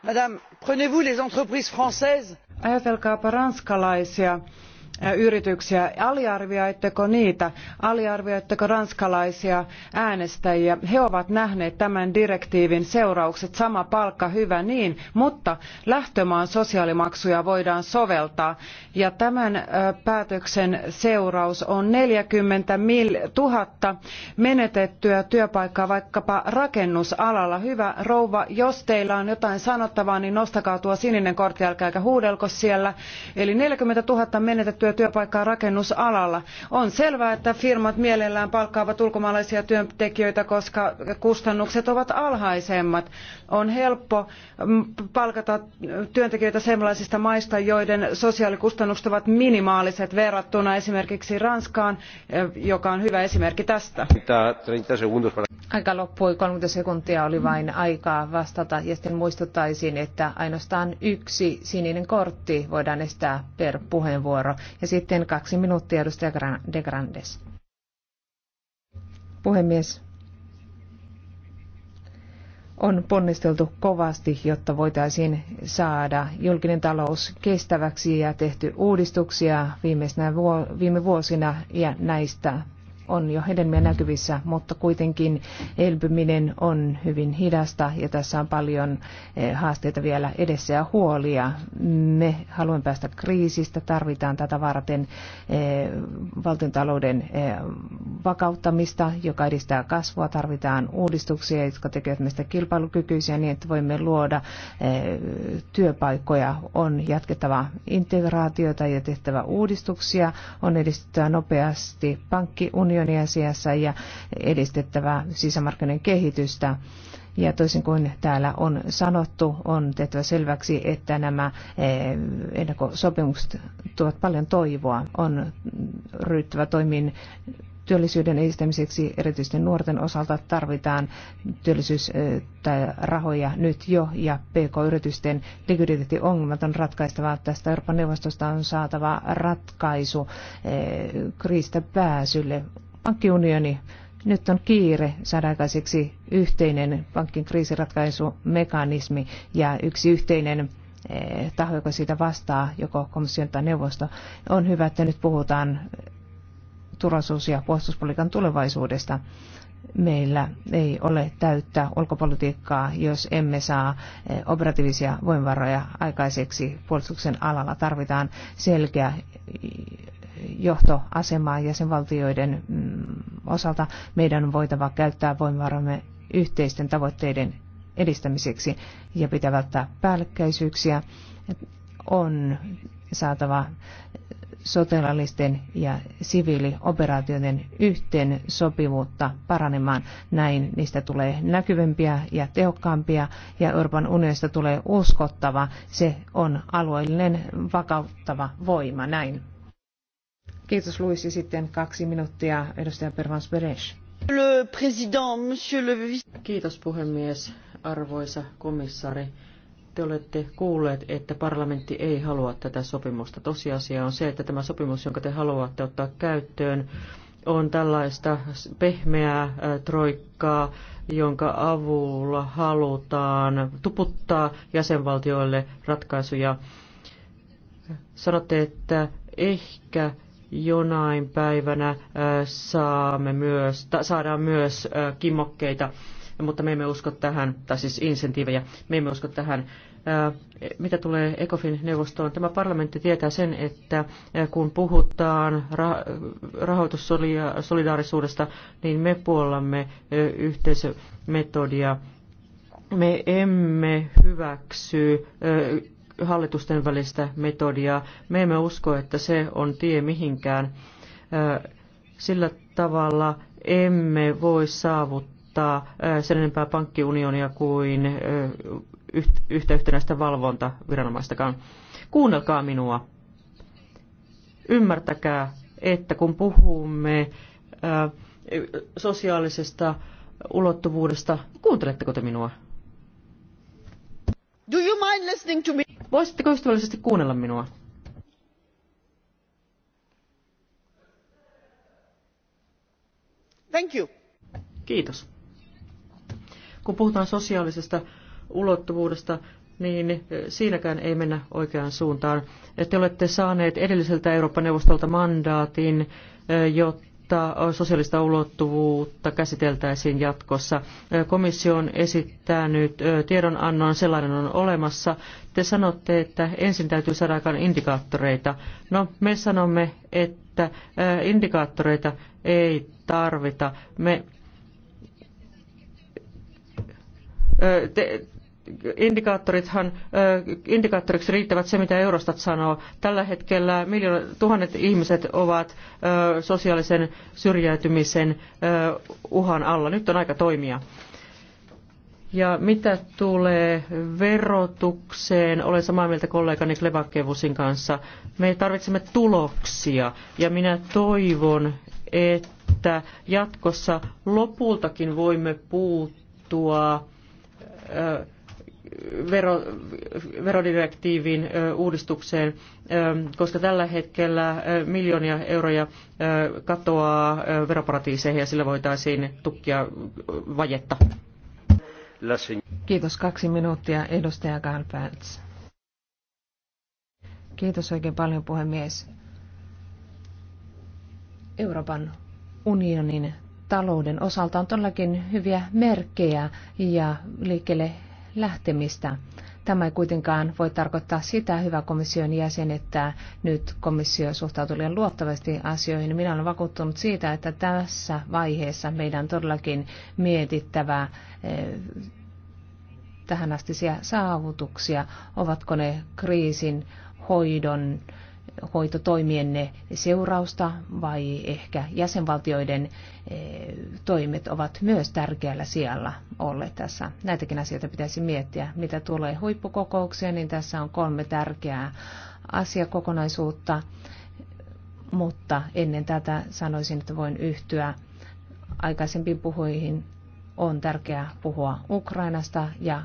madame prenez vous les entreprises françaises Ajatelkaapa ranskalaisia yrityksiä. Aliarvioitteko niitä? Aliarvioitteko ranskalaisia äänestäjiä? He ovat nähneet tämän direktiivin seuraukset. Sama palkka, hyvä niin, mutta lähtömaan sosiaalimaksuja voidaan soveltaa. Ja tämän päätöksen seuraus on 40 000 menetettyä työpaikkaa vaikkapa rakennusalalla. Hyvä rouva, jos teillä on jotain sanottavaa, niin nostakaa tuo sininen kortti, älkääkä huudelko siellä. Eli 40 000 menetettyä tiettyä työpaikkaa rakennusalalla. On selvää, että firmat mielellään palkkaavat ulkomaalaisia työntekijöitä, koska kustannukset ovat alhaisemmat. On helppo mm, palkata työntekijöitä sellaisista maista, joiden sosiaalikustannukset ovat minimaaliset verrattuna esimerkiksi Ranskaan, eh, joka on hyvä esimerkki tästä. Aika loppui, 30 sekuntia oli vain aikaa vastata ja sitten muistuttaisin, että ainoastaan yksi sininen kortti voidaan estää per puheenvuoro. Ja sitten kaksi minuuttia edustaja De Grandes. Puhemies, on ponnisteltu kovasti, jotta voitaisiin saada julkinen talous kestäväksi ja tehty uudistuksia viime vuosina ja näistä on jo hedelmiä näkyvissä, mutta kuitenkin elpyminen on hyvin hidasta ja tässä on paljon eh, haasteita vielä edessä ja huolia. Me haluamme päästä kriisistä, tarvitaan tätä varten eh, valtiontalouden eh, vakauttamista, joka edistää kasvua, tarvitaan uudistuksia, jotka tekevät meistä kilpailukykyisiä niin, että voimme luoda työpaikkoja, on jatkettava integraatiota ja tehtävä uudistuksia, on edistettävä nopeasti pankkiunioita, unioni asiassa ja edistettävä sisämarkkinoiden kehitystä. Ja toisin kuin täällä on sanottu, on tehtävä selväksi, että nämä eh, ennakkosopimukset tuovat paljon toivoa. On ryhtyvä toimiin työllisyyden edistämiseksi, erityisesti nuorten osalta, tarvitaan työllisyys eh, tai rahoja nyt jo, ja PK-yritysten likviditeettiongelmat on ratkaistava. Tästä Euroopan neuvostosta on saatava ratkaisu eh, kriisistä pääsylle pankkiunioni. Nyt on kiire saada aikaiseksi yhteinen pankkin kriisiratkaisumekanismi ja yksi yhteinen eh, taho, joka siitä vastaa, joko komission tai neuvosto. On hyvä, että nyt puhutaan turvallisuus- ja puolustuspolitiikan tulevaisuudesta. Meillä ei ole täyttä ulkopolitiikkaa, jos emme saa eh, operatiivisia voimavaroja aikaiseksi. Puolustuksen alalla tarvitaan selkeä johtoasemaa jäsenvaltioiden mm, osalta. Meidän on voitava käyttää voimavaramme yhteisten tavoitteiden edistämiseksi ja pitää välttää päällekkäisyyksiä. On saatava sotilaallisten ja siviilioperaatioiden yhteen sopivuutta paranemaan. Näin niistä tulee näkyvämpiä ja tehokkaampia ja Euroopan unionista tulee uskottava. Se on alueellinen vakauttava voima. Näin Kiitos Luisi. Sitten kaksi minuuttia edustaja Pervans Beres. Kiitos puhemies, arvoisa komissari. Te olette kuulleet, että parlamentti ei halua tätä sopimusta. Tosiasia on se, että tämä sopimus, jonka te haluatte ottaa käyttöön, on tällaista pehmeää troikkaa, jonka avulla halutaan tuputtaa jäsenvaltioille ratkaisuja. Sanotte, että ehkä jonain päivänä äh, saamme myös, saadaan myös äh, kimmokkeita, mutta me emme usko tähän, tai siis insentiivejä, me emme usko tähän. Äh, mitä tulee ECOFIN-neuvostoon? Tämä parlamentti tietää sen, että kun puhutaan rahoitussolidaarisuudesta, niin me puollamme yhteisömetodia. Me emme hyväksy hallitusten välistä metodia. Me emme usko, että se on tie mihinkään. Sillä tavalla emme voi saavuttaa sen enempää pankkiunionia kuin yhtä yhtenäistä valvontaviranomaistakaan. Kuunnelkaa minua. Ymmärtäkää, että kun puhumme sosiaalisesta ulottuvuudesta, kuunteletteko te minua? Do you mind listening to me? Voisitteko ystävällisesti kuunnella minua? Thank you. Kiitos. Kun puhutaan sosiaalisesta ulottuvuudesta, niin eh, siinäkään ei mennä oikeaan suuntaan. Te olette saaneet edelliseltä Euroopan neuvostolta mandaatin, eh, jotta jotta sosiaalista ulottuvuutta käsiteltäisiin jatkossa. Komissio on esittänyt tiedonannon, sellainen on olemassa. Te sanotte, että ensin täytyy saada aikaan indikaattoreita. No, me sanomme, että indikaattoreita ei tarvita. Me te, indikaattorithan, indikaattoriksi riittävät se, mitä Eurostat sanoo. Tällä hetkellä miljoonat, tuhannet ihmiset ovat sosiaalisen syrjäytymisen uhan alla. Nyt on aika toimia. Ja mitä tulee verotukseen, olen samaa mieltä kollegani Klevakkevusin kanssa. Me tarvitsemme tuloksia ja minä toivon, että jatkossa lopultakin voimme puuttua äh, vero, verodirektiivin uudistukseen, koska tällä hetkellä miljoonia euroja katoaa veroparatiiseihin ja sillä voitaisiin tukkia vajetta. Kiitos. Kaksi minuuttia. Edustaja Galpants. Kiitos oikein paljon puhemies. Euroopan unionin talouden osalta on todellakin hyviä merkkejä ja liikkeelle lähtemistä. Tämä ei kuitenkaan voi tarkoittaa sitä, hyvä komission jäsen, että nyt komissio suhtautuu liian luottavasti asioihin. Minä olen vakuuttunut siitä, että tässä vaiheessa meidän todellakin mietittävä eh, tähänastisia saavutuksia, ovatko ne kriisin hoidon hoitotoimienne seurausta vai ehkä jäsenvaltioiden eh, toimet ovat myös tärkeällä sijalla olleet tässä. Näitäkin asioita pitäisi miettiä. Mitä tulee huippukokoukseen, niin tässä on kolme tärkeää asiakokonaisuutta, mutta ennen tätä sanoisin, että voin yhtyä aikaisempiin puhuihin. On tärkeää puhua Ukrainasta ja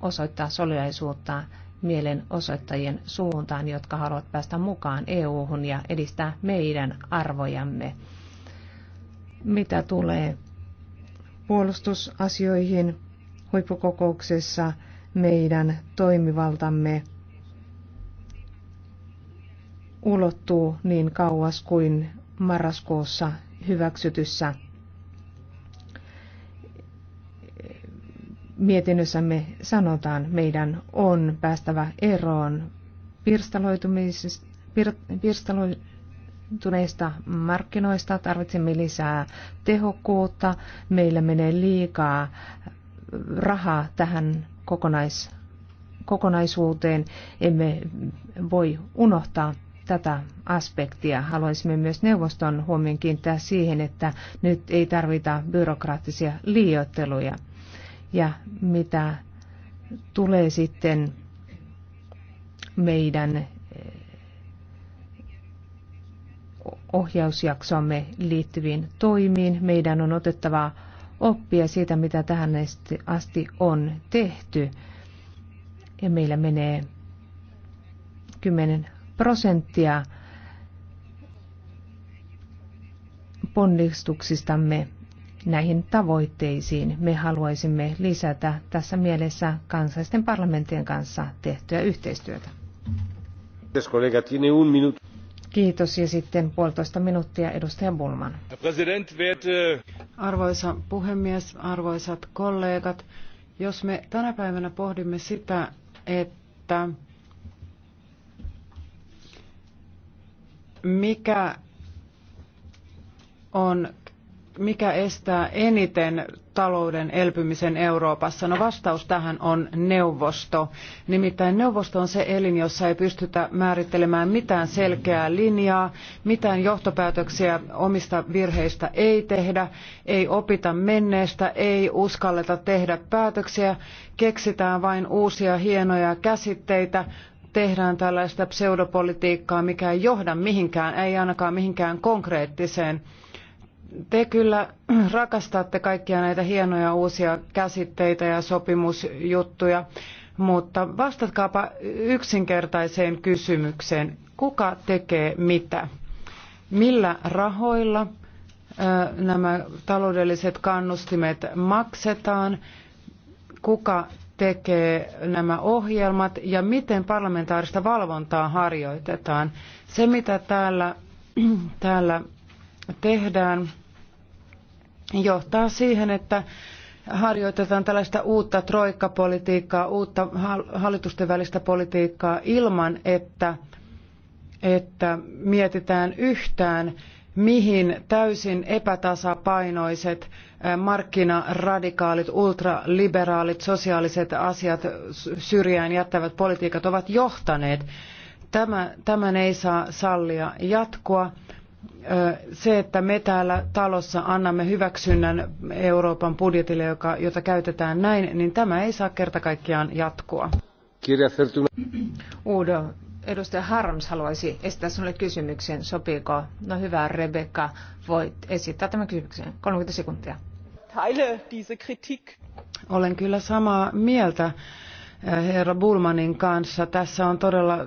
osoittaa solidaisuutta mielenosoittajien suuntaan, jotka haluavat päästä mukaan EU-hun ja edistää meidän arvojamme. Mitä tulee puolustusasioihin huippukokouksessa meidän toimivaltamme ulottuu niin kauas kuin marraskuussa hyväksytyssä mietinnössämme sanotaan, meidän on päästävä eroon pir, pirstaloituneista markkinoista. Tarvitsemme lisää tehokkuutta. Meillä menee liikaa rahaa tähän kokonais, kokonaisuuteen. Emme voi unohtaa tätä aspektia. Haluaisimme myös neuvoston huomioon kiinnittää siihen, että nyt ei tarvita byrokraattisia liioitteluja ja mitä tulee sitten meidän eh, ohjausjaksomme liittyviin toimiin. Meidän on otettava oppia siitä, mitä tähän asti on tehty. Ja meillä menee 10 prosenttia ponnistuksistamme näihin tavoitteisiin. Me haluaisimme lisätä tässä mielessä kansallisten parlamenttien kanssa tehtyä yhteistyötä. Kiitos ja sitten puolitoista minuuttia edustaja Bulman. Äh, Arvoisa puhemies, arvoisat kollegat, jos me tänä päivänä pohdimme sitä, että mikä on mikä estää eniten talouden elpymisen Euroopassa? No vastaus tähän on neuvosto. Nimittäin neuvosto on se elin, jossa ei pystytä määrittelemään mitään selkeää linjaa, mitään johtopäätöksiä omista virheistä ei tehdä, ei opita menneestä, ei uskalleta tehdä päätöksiä, keksitään vain uusia hienoja käsitteitä, tehdään tällaista pseudopolitiikkaa, mikä ei johda mihinkään, ei ainakaan mihinkään konkreettiseen. Te kyllä <clears throat> rakastatte kaikkia näitä hienoja uusia käsitteitä ja sopimusjuttuja, mutta vastatkaapa yksinkertaiseen kysymykseen. Kuka tekee mitä? Millä rahoilla nämä taloudelliset kannustimet maksetaan? Kuka tekee nämä ohjelmat ja miten parlamentaarista valvontaa harjoitetaan? Se, mitä täällä, <clears throat> täällä tehdään, johtaa siihen, että harjoitetaan tällaista uutta troikkapolitiikkaa, uutta hallitusten välistä politiikkaa ilman, että, että mietitään yhtään, mihin täysin epätasapainoiset markkinaradikaalit, ultraliberaalit, sosiaaliset asiat syrjään jättävät politiikat ovat johtaneet. Tämä, tämän ei saa sallia jatkoa se, että me täällä talossa annamme hyväksynnän Euroopan budjetille, joka, jota käytetään näin, niin tämä ei saa kerta kaikkiaan jatkua. Uudo, edustaja Harms haluaisi esittää sinulle kysymyksen. Sopiiko? No hyvä, Rebecca, voit esittää tämän kysymyksen. 30 sekuntia. Olen kyllä samaa mieltä herra Bulmanin kanssa. Tässä on todella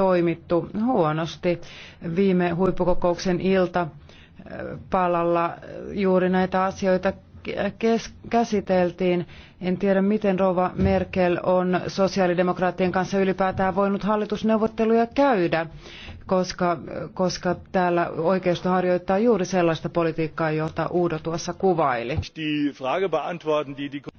toimittu huonosti. Viime huippukokouksen ilta äh, palalla äh, juuri näitä asioita käsiteltiin. En tiedä, miten Rova Merkel on sosiaalidemokraattien kanssa ylipäätään voinut hallitusneuvotteluja käydä, koska, koska täällä oikeisto harjoittaa juuri sellaista politiikkaa, jota Uudo tuossa kuvaili.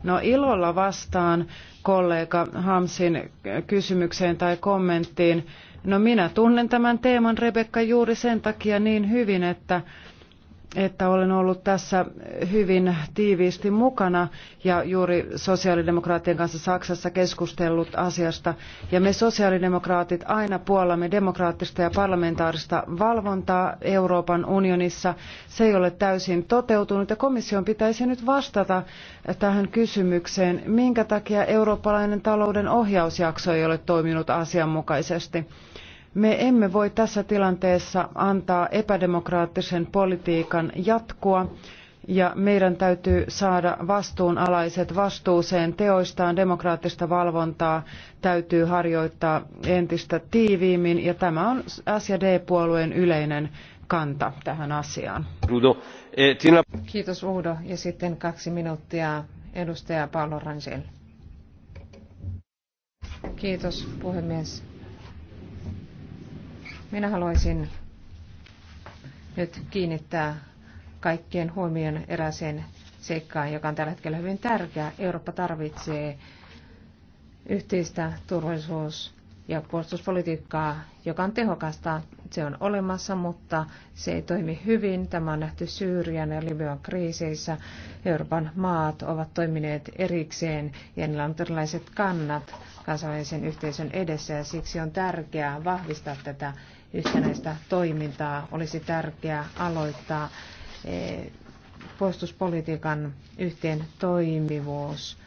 No ilolla vastaan kollega Hamsin kysymykseen tai kommenttiin No minä tunnen tämän teeman, Rebekka, juuri sen takia niin hyvin, että että olen ollut tässä hyvin tiiviisti mukana ja juuri sosiaalidemokraattien kanssa Saksassa keskustellut asiasta. Ja me sosiaalidemokraatit aina puolamme demokraattista ja parlamentaarista valvontaa Euroopan unionissa. Se ei ole täysin toteutunut ja komission pitäisi nyt vastata tähän kysymykseen, minkä takia eurooppalainen talouden ohjausjakso ei ole toiminut asianmukaisesti. Me emme voi tässä tilanteessa antaa epädemokraattisen politiikan jatkua ja meidän täytyy saada vastuunalaiset vastuuseen teoistaan. Demokraattista valvontaa täytyy harjoittaa entistä tiiviimmin ja tämä on SD-puolueen yleinen kanta tähän asiaan. Eh, Kiitos Uudo. Ja sitten kaksi minuuttia edustaja Paolo Rangel. Kiitos puhemies. Minä haluaisin nyt kiinnittää kaikkien huomion eräseen seikkaan, joka on tällä hetkellä hyvin tärkeä. Eurooppa tarvitsee yhteistä turvallisuus- ja puolustuspolitiikkaa, joka on tehokasta. Se on olemassa, mutta se ei toimi hyvin. Tämä on nähty Syyrian ja Libyan kriiseissä. Euroopan maat ovat toimineet erikseen ja niillä on erilaiset kannat kansainvälisen yhteisön edessä ja siksi on tärkeää vahvistaa tätä yhtenäistä toimintaa. Olisi tärkeää aloittaa eh, puolustuspolitiikan yhteen toimivuus.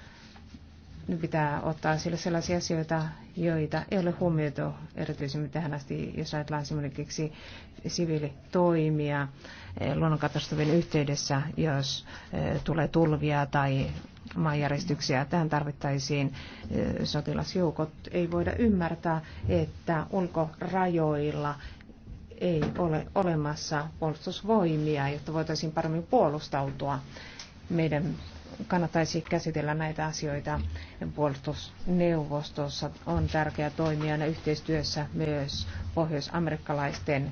Nyt pitää ottaa sille sellaisia asioita, joita ei ole huomioitu erityisemmin tähän asti, jos ajatellaan esimerkiksi siviilitoimia eh, luonnonkatastrofin yhteydessä, jos eh, tulee tulvia tai maanjäristyksiä. Tähän tarvittaisiin sotilasjoukot. Ei voida ymmärtää, että ulkorajoilla ei ole olemassa puolustusvoimia, jotta voitaisiin paremmin puolustautua. Meidän kannattaisi käsitellä näitä asioita. Puolustusneuvostossa on tärkeää toimia yhteistyössä myös pohjoisamerikkalaisten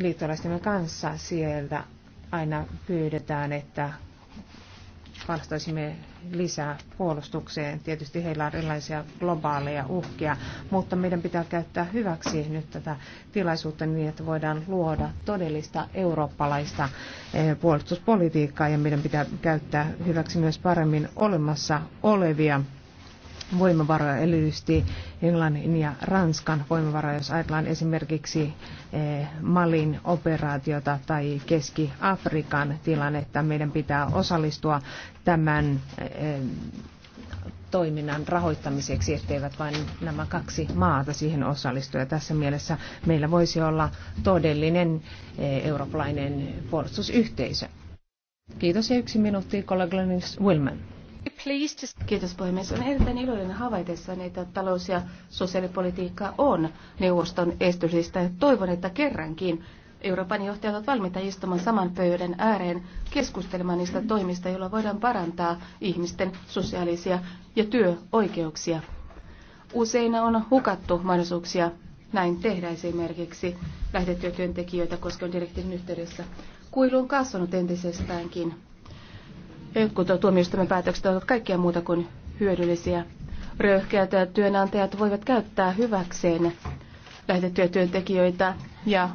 liittolaisten kanssa. Sieltä aina pyydetään, että vastaisimme lisää puolustukseen. Tietysti heillä on erilaisia globaaleja uhkia, mutta meidän pitää käyttää hyväksi nyt tätä tilaisuutta niin, että voidaan luoda todellista eurooppalaista eh, puolustuspolitiikkaa ja meidän pitää käyttää hyväksi myös paremmin olemassa olevia voimavaroja, erityisesti Englannin ja Ranskan voimavaroja, jos ajatellaan esimerkiksi eh, Malin operaatiota tai Keski-Afrikan tilannetta. Meidän pitää osallistua tämän eh, toiminnan rahoittamiseksi, etteivät vain nämä kaksi maata siihen osallistu. Ja tässä mielessä meillä voisi olla todellinen eh, eurooppalainen puolustusyhteisö. Kiitos ja yksi minuutti kollega Wilman. Kiitos puhemies. On erittäin iloinen havaitessa, että talous- ja sosiaalipolitiikka on neuvoston estysistä. Toivon, että kerrankin Euroopan johtajat ovat valmiita istumaan saman pöydän ääreen keskustelemaan niistä toimista, joilla voidaan parantaa ihmisten sosiaalisia ja työoikeuksia. Usein on hukattu mahdollisuuksia näin tehdä esimerkiksi lähetettyjä työntekijöitä koskevan direktiivin yhteydessä. Kuilu on kasvanut entisestäänkin. Jotkut tuomioistuimen päätökset ovat kaikkea muuta kuin hyödyllisiä. Röyhkeät työnantajat voivat käyttää hyväkseen lähetettyjä työntekijöitä ja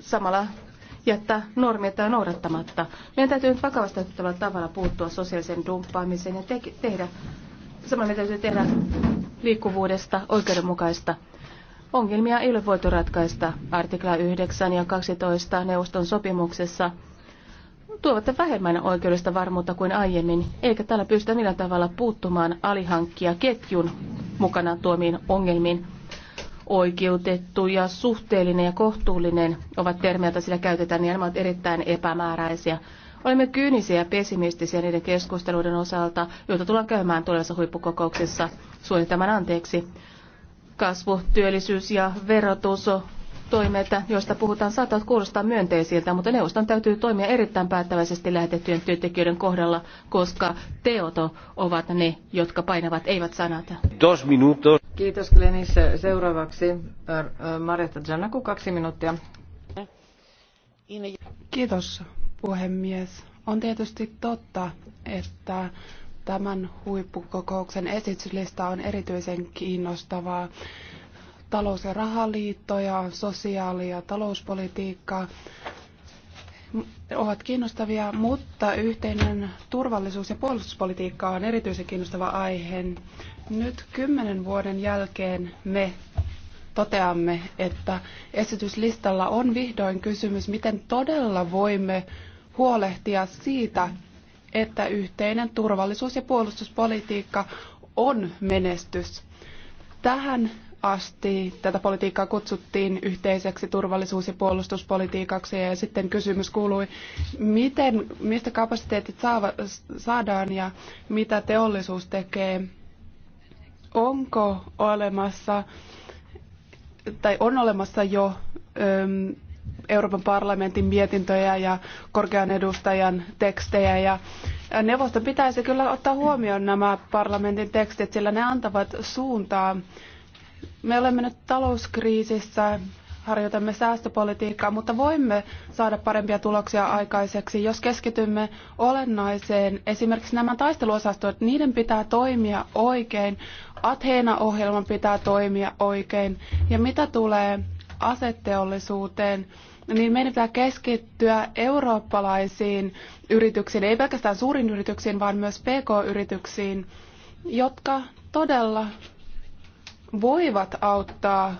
samalla jättää normit noudattamatta. Meidän täytyy nyt vakavasti ottavalla tavalla puuttua sosiaaliseen dumppaamiseen ja te- tehdä, samalla meidän täytyy tehdä liikkuvuudesta oikeudenmukaista. Ongelmia ei ole voitu ratkaista artikla 9 ja 12 neuvoston sopimuksessa tuovat vähemmän oikeudesta varmuutta kuin aiemmin, eikä tällä pystytä millään tavalla puuttumaan alihankkia ketjun mukana tuomiin ongelmiin oikeutettu ja suhteellinen ja kohtuullinen ovat termejä, joita sillä käytetään, niin nämä ovat erittäin epämääräisiä. Olemme kyynisiä ja pessimistisiä niiden keskusteluiden osalta, joita tullaan käymään tulevassa huippukokouksessa suunnitelman anteeksi. Kasvu, työllisyys ja verotus toimet, joista puhutaan, saattavat kuulostaa myönteisiltä, mutta neuvoston täytyy toimia erittäin päättäväisesti lähetettyjen työntekijöiden kohdalla, koska teot ovat ne, jotka painavat, eivät sanat. Dos minutos. Kiitos Glenis. Seuraavaksi äh, äh, Marjatta Janaku, kaksi minuuttia. Kiitos puhemies. On tietysti totta, että tämän huippukokouksen esityslista on erityisen kiinnostavaa talous- ja rahaliitto ja sosiaali- ja talouspolitiikkaa ovat kiinnostavia, mutta yhteinen turvallisuus- ja puolustuspolitiikka on erityisen kiinnostava aihe. Nyt kymmenen vuoden jälkeen me toteamme, että esityslistalla on vihdoin kysymys, miten todella voimme huolehtia siitä, että yhteinen turvallisuus- ja puolustuspolitiikka on menestys. Tähän asti tätä politiikkaa kutsuttiin yhteiseksi turvallisuus- ja puolustuspolitiikaksi ja sitten kysymys kuului, miten, mistä kapasiteetit saava, saadaan ja mitä teollisuus tekee. Onko olemassa tai on olemassa jo äm, Euroopan parlamentin mietintöjä ja korkean edustajan tekstejä ja neuvoston pitäisi kyllä ottaa huomioon nämä parlamentin tekstit, sillä ne antavat suuntaa me olemme nyt talouskriisissä, harjoitamme säästöpolitiikkaa, mutta voimme saada parempia tuloksia aikaiseksi, jos keskitymme olennaiseen. Esimerkiksi nämä taisteluosastot, niiden pitää toimia oikein. Athena-ohjelman pitää toimia oikein. Ja mitä tulee aseteollisuuteen, niin meidän pitää keskittyä eurooppalaisiin yrityksiin, ei pelkästään suuriin yrityksiin, vaan myös pk-yrityksiin, jotka todella voivat auttaa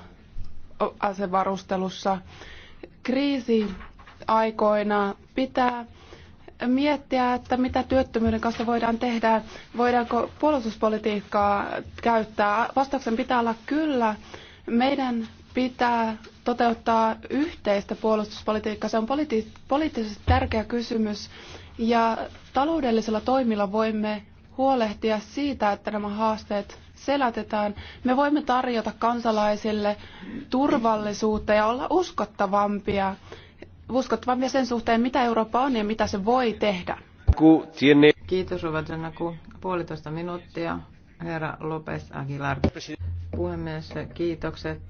asevarustelussa. Kriisiaikoina pitää miettiä, että mitä työttömyyden kanssa voidaan tehdä, voidaanko puolustuspolitiikkaa käyttää. Vastauksen pitää olla kyllä. Meidän pitää toteuttaa yhteistä puolustuspolitiikkaa. Se on politi- poliittisesti tärkeä kysymys ja taloudellisilla toimilla voimme huolehtia siitä, että nämä haasteet selätetään. Me voimme tarjota kansalaisille turvallisuutta ja olla uskottavampia, uskottavampia sen suhteen, mitä Eurooppa on ja mitä se voi tehdä. Kiitos Rovajanaku. Puolitoista minuuttia. Herra Lopes Aguilar. Puhemies, kiitokset.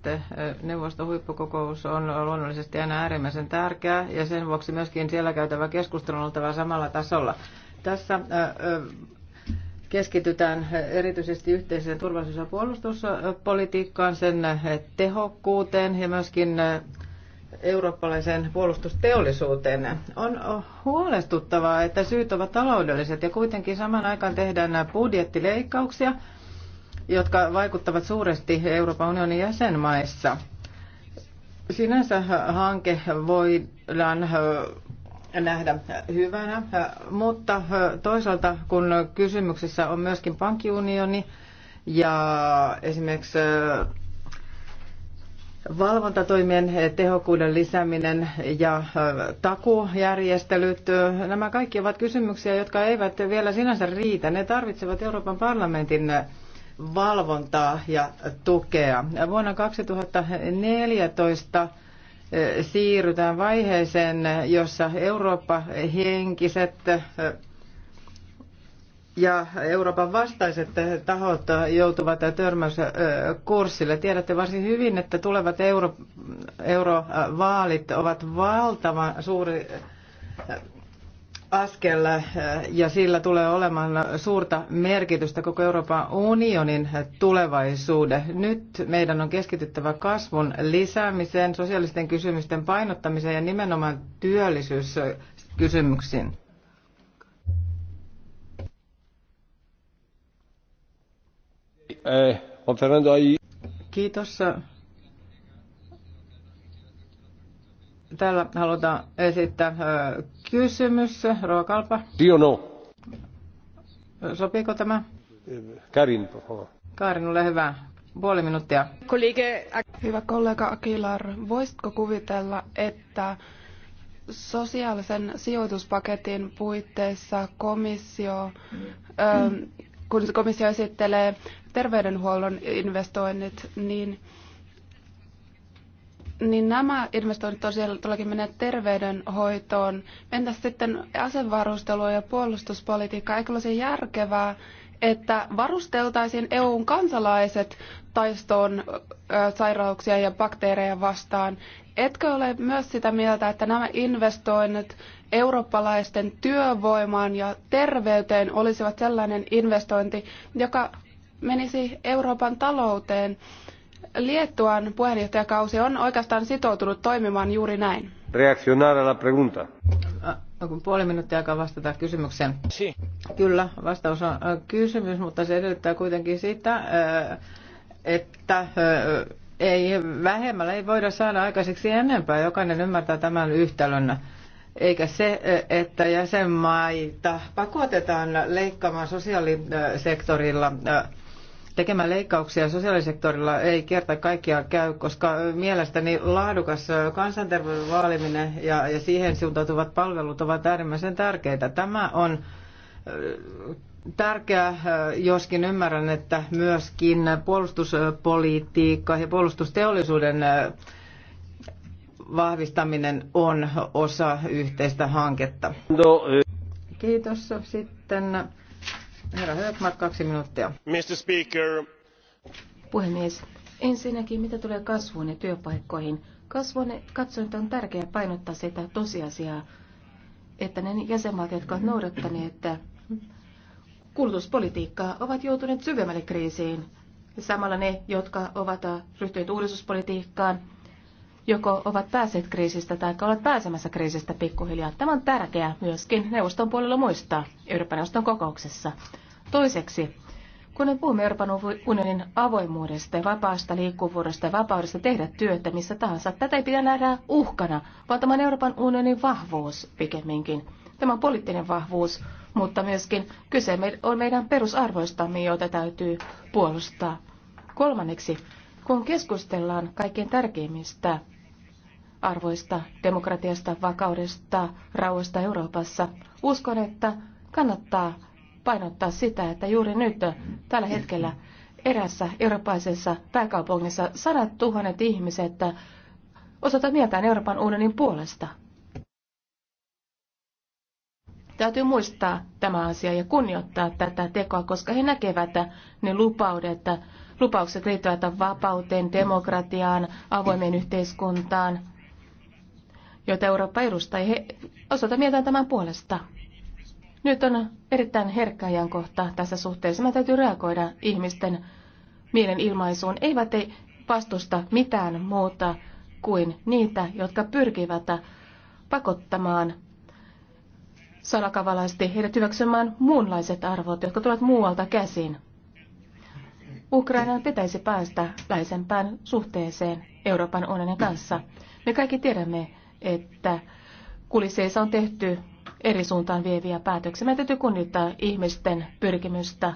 Neuvoston huippukokous on luonnollisesti aina äärimmäisen tärkeä ja sen vuoksi myöskin siellä käytävä keskustelu on oltava samalla tasolla. Tässä keskitytään erityisesti yhteiseen turvallisuus- ja puolustuspolitiikkaan, sen tehokkuuteen ja myöskin eurooppalaiseen puolustusteollisuuteen. On huolestuttavaa, että syyt ovat taloudelliset ja kuitenkin saman aikaan tehdään budjettileikkauksia, jotka vaikuttavat suuresti Euroopan unionin jäsenmaissa. Sinänsä hanke voidaan nähdä hyvänä, mutta toisaalta kun kysymyksessä on myöskin pankkiunioni ja esimerkiksi valvontatoimien tehokkuuden lisääminen ja takujärjestelyt, nämä kaikki ovat kysymyksiä, jotka eivät vielä sinänsä riitä. Ne tarvitsevat Euroopan parlamentin valvontaa ja tukea. Vuonna 2014 siirrytään vaiheeseen, jossa Eurooppa-henkiset ja Euroopan vastaiset tahot joutuvat törmäyskurssille. Tiedätte varsin hyvin, että tulevat euro, eurovaalit ovat valtavan suuri askel äh, ja sillä tulee olemaan suurta merkitystä koko Euroopan unionin tulevaisuuden. Nyt meidän on keskityttävä kasvun lisäämiseen, sosiaalisten kysymysten painottamiseen ja nimenomaan työllisyyskysymyksiin. Kiitos. Täällä halutaan esittää äh, kysymys, ruokalpa. Diono. Sopiiko tämä? Karin, Karin, ole hyvä. Puoli minuuttia. Hyvä kollega Akilar, voisitko kuvitella, että sosiaalisen sijoituspaketin puitteissa komissio, ähm, kun komissio esittelee terveydenhuollon investoinnit, niin niin nämä investoinnit tosiaan todellakin menevät terveydenhoitoon. Entäs sitten asevarustelu ja puolustuspolitiikka? Eikö olisi järkevää, että varusteltaisiin EUn kansalaiset taistoon sairauksia ja bakteereja vastaan? Etkö ole myös sitä mieltä, että nämä investoinnit eurooppalaisten työvoimaan ja terveyteen olisivat sellainen investointi, joka menisi Euroopan talouteen? Liettuan puheenjohtajakausi on oikeastaan sitoutunut toimimaan juuri näin. Reaktionaara la pregunta. Äh, no kun puoli minuuttia aikaa vastata kysymykseen. Si. Kyllä, vastaus on äh, kysymys, mutta se edellyttää kuitenkin sitä, äh, että ei vähemmällä ei voida saada aikaiseksi enempää. Jokainen ymmärtää tämän yhtälön. Eikä se, että jäsenmaita pakotetaan leikkaamaan sosiaalisektorilla tekemään leikkauksia sosiaalisektorilla ei kerta kaikkiaan käy, koska mielestäni laadukas kansanterveyden vaaliminen ja, ja siihen suuntautuvat palvelut ovat äärimmäisen tärkeitä. Tämä on tärkeää, joskin ymmärrän, että myöskin puolustuspolitiikka ja puolustusteollisuuden vahvistaminen on osa yhteistä hanketta. No, Kiitos. Sitten Herra Puhemies, ensinnäkin mitä tulee kasvuun ja työpaikkoihin. Kasvun katsoin, että on tärkeää painottaa sitä tosiasiaa, että ne jäsenmaat, jotka ovat noudattaneet kulutuspolitiikkaa, ovat joutuneet syvemmälle kriisiin. Samalla ne, jotka ovat ryhtyneet uudistuspolitiikkaan, joko ovat päässeet kriisistä tai ovat pääsemässä kriisistä pikkuhiljaa. Tämä on tärkeää myöskin neuvoston puolella muistaa Euroopan neuvoston kokouksessa. Toiseksi, kun me puhumme Euroopan unionin avoimuudesta ja vapaasta liikkuvuudesta ja vapaudesta tehdä työtä missä tahansa, tätä ei pidä nähdä uhkana, vaan tämä on Euroopan unionin vahvuus pikemminkin. Tämä on poliittinen vahvuus, mutta myöskin kyse on meidän perusarvoistamme, joita täytyy puolustaa. Kolmanneksi, kun keskustellaan kaikkein tärkeimmistä arvoista, demokratiasta, vakaudesta, rauhasta Euroopassa. Uskon, että kannattaa painottaa sitä, että juuri nyt tällä hetkellä erässä eurooppalaisessa pääkaupungissa sadat tuhannet ihmiset osoittavat mieltään Euroopan unionin puolesta. Täytyy muistaa tämä asia ja kunnioittaa tätä tekoa, koska he näkevät ne lupaudet, lupaukset liittyvät vapauteen, demokratiaan, avoimeen yhteiskuntaan, joita Eurooppa edustaa. He osoita mieltään tämän puolesta. Nyt on erittäin herkkä ajankohta tässä suhteessa. Mä täytyy reagoida ihmisten mielenilmaisuun. Eivät ei vastusta mitään muuta kuin niitä, jotka pyrkivät pakottamaan salakavalaisesti heidät hyväksymään muunlaiset arvot, jotka tulevat muualta käsin. Ukrainan pitäisi päästä läisempään suhteeseen Euroopan unionin kanssa. Me kaikki tiedämme, että kulisseissa on tehty eri suuntaan vieviä päätöksiä. Meidän täytyy kunnioittaa ihmisten pyrkimystä.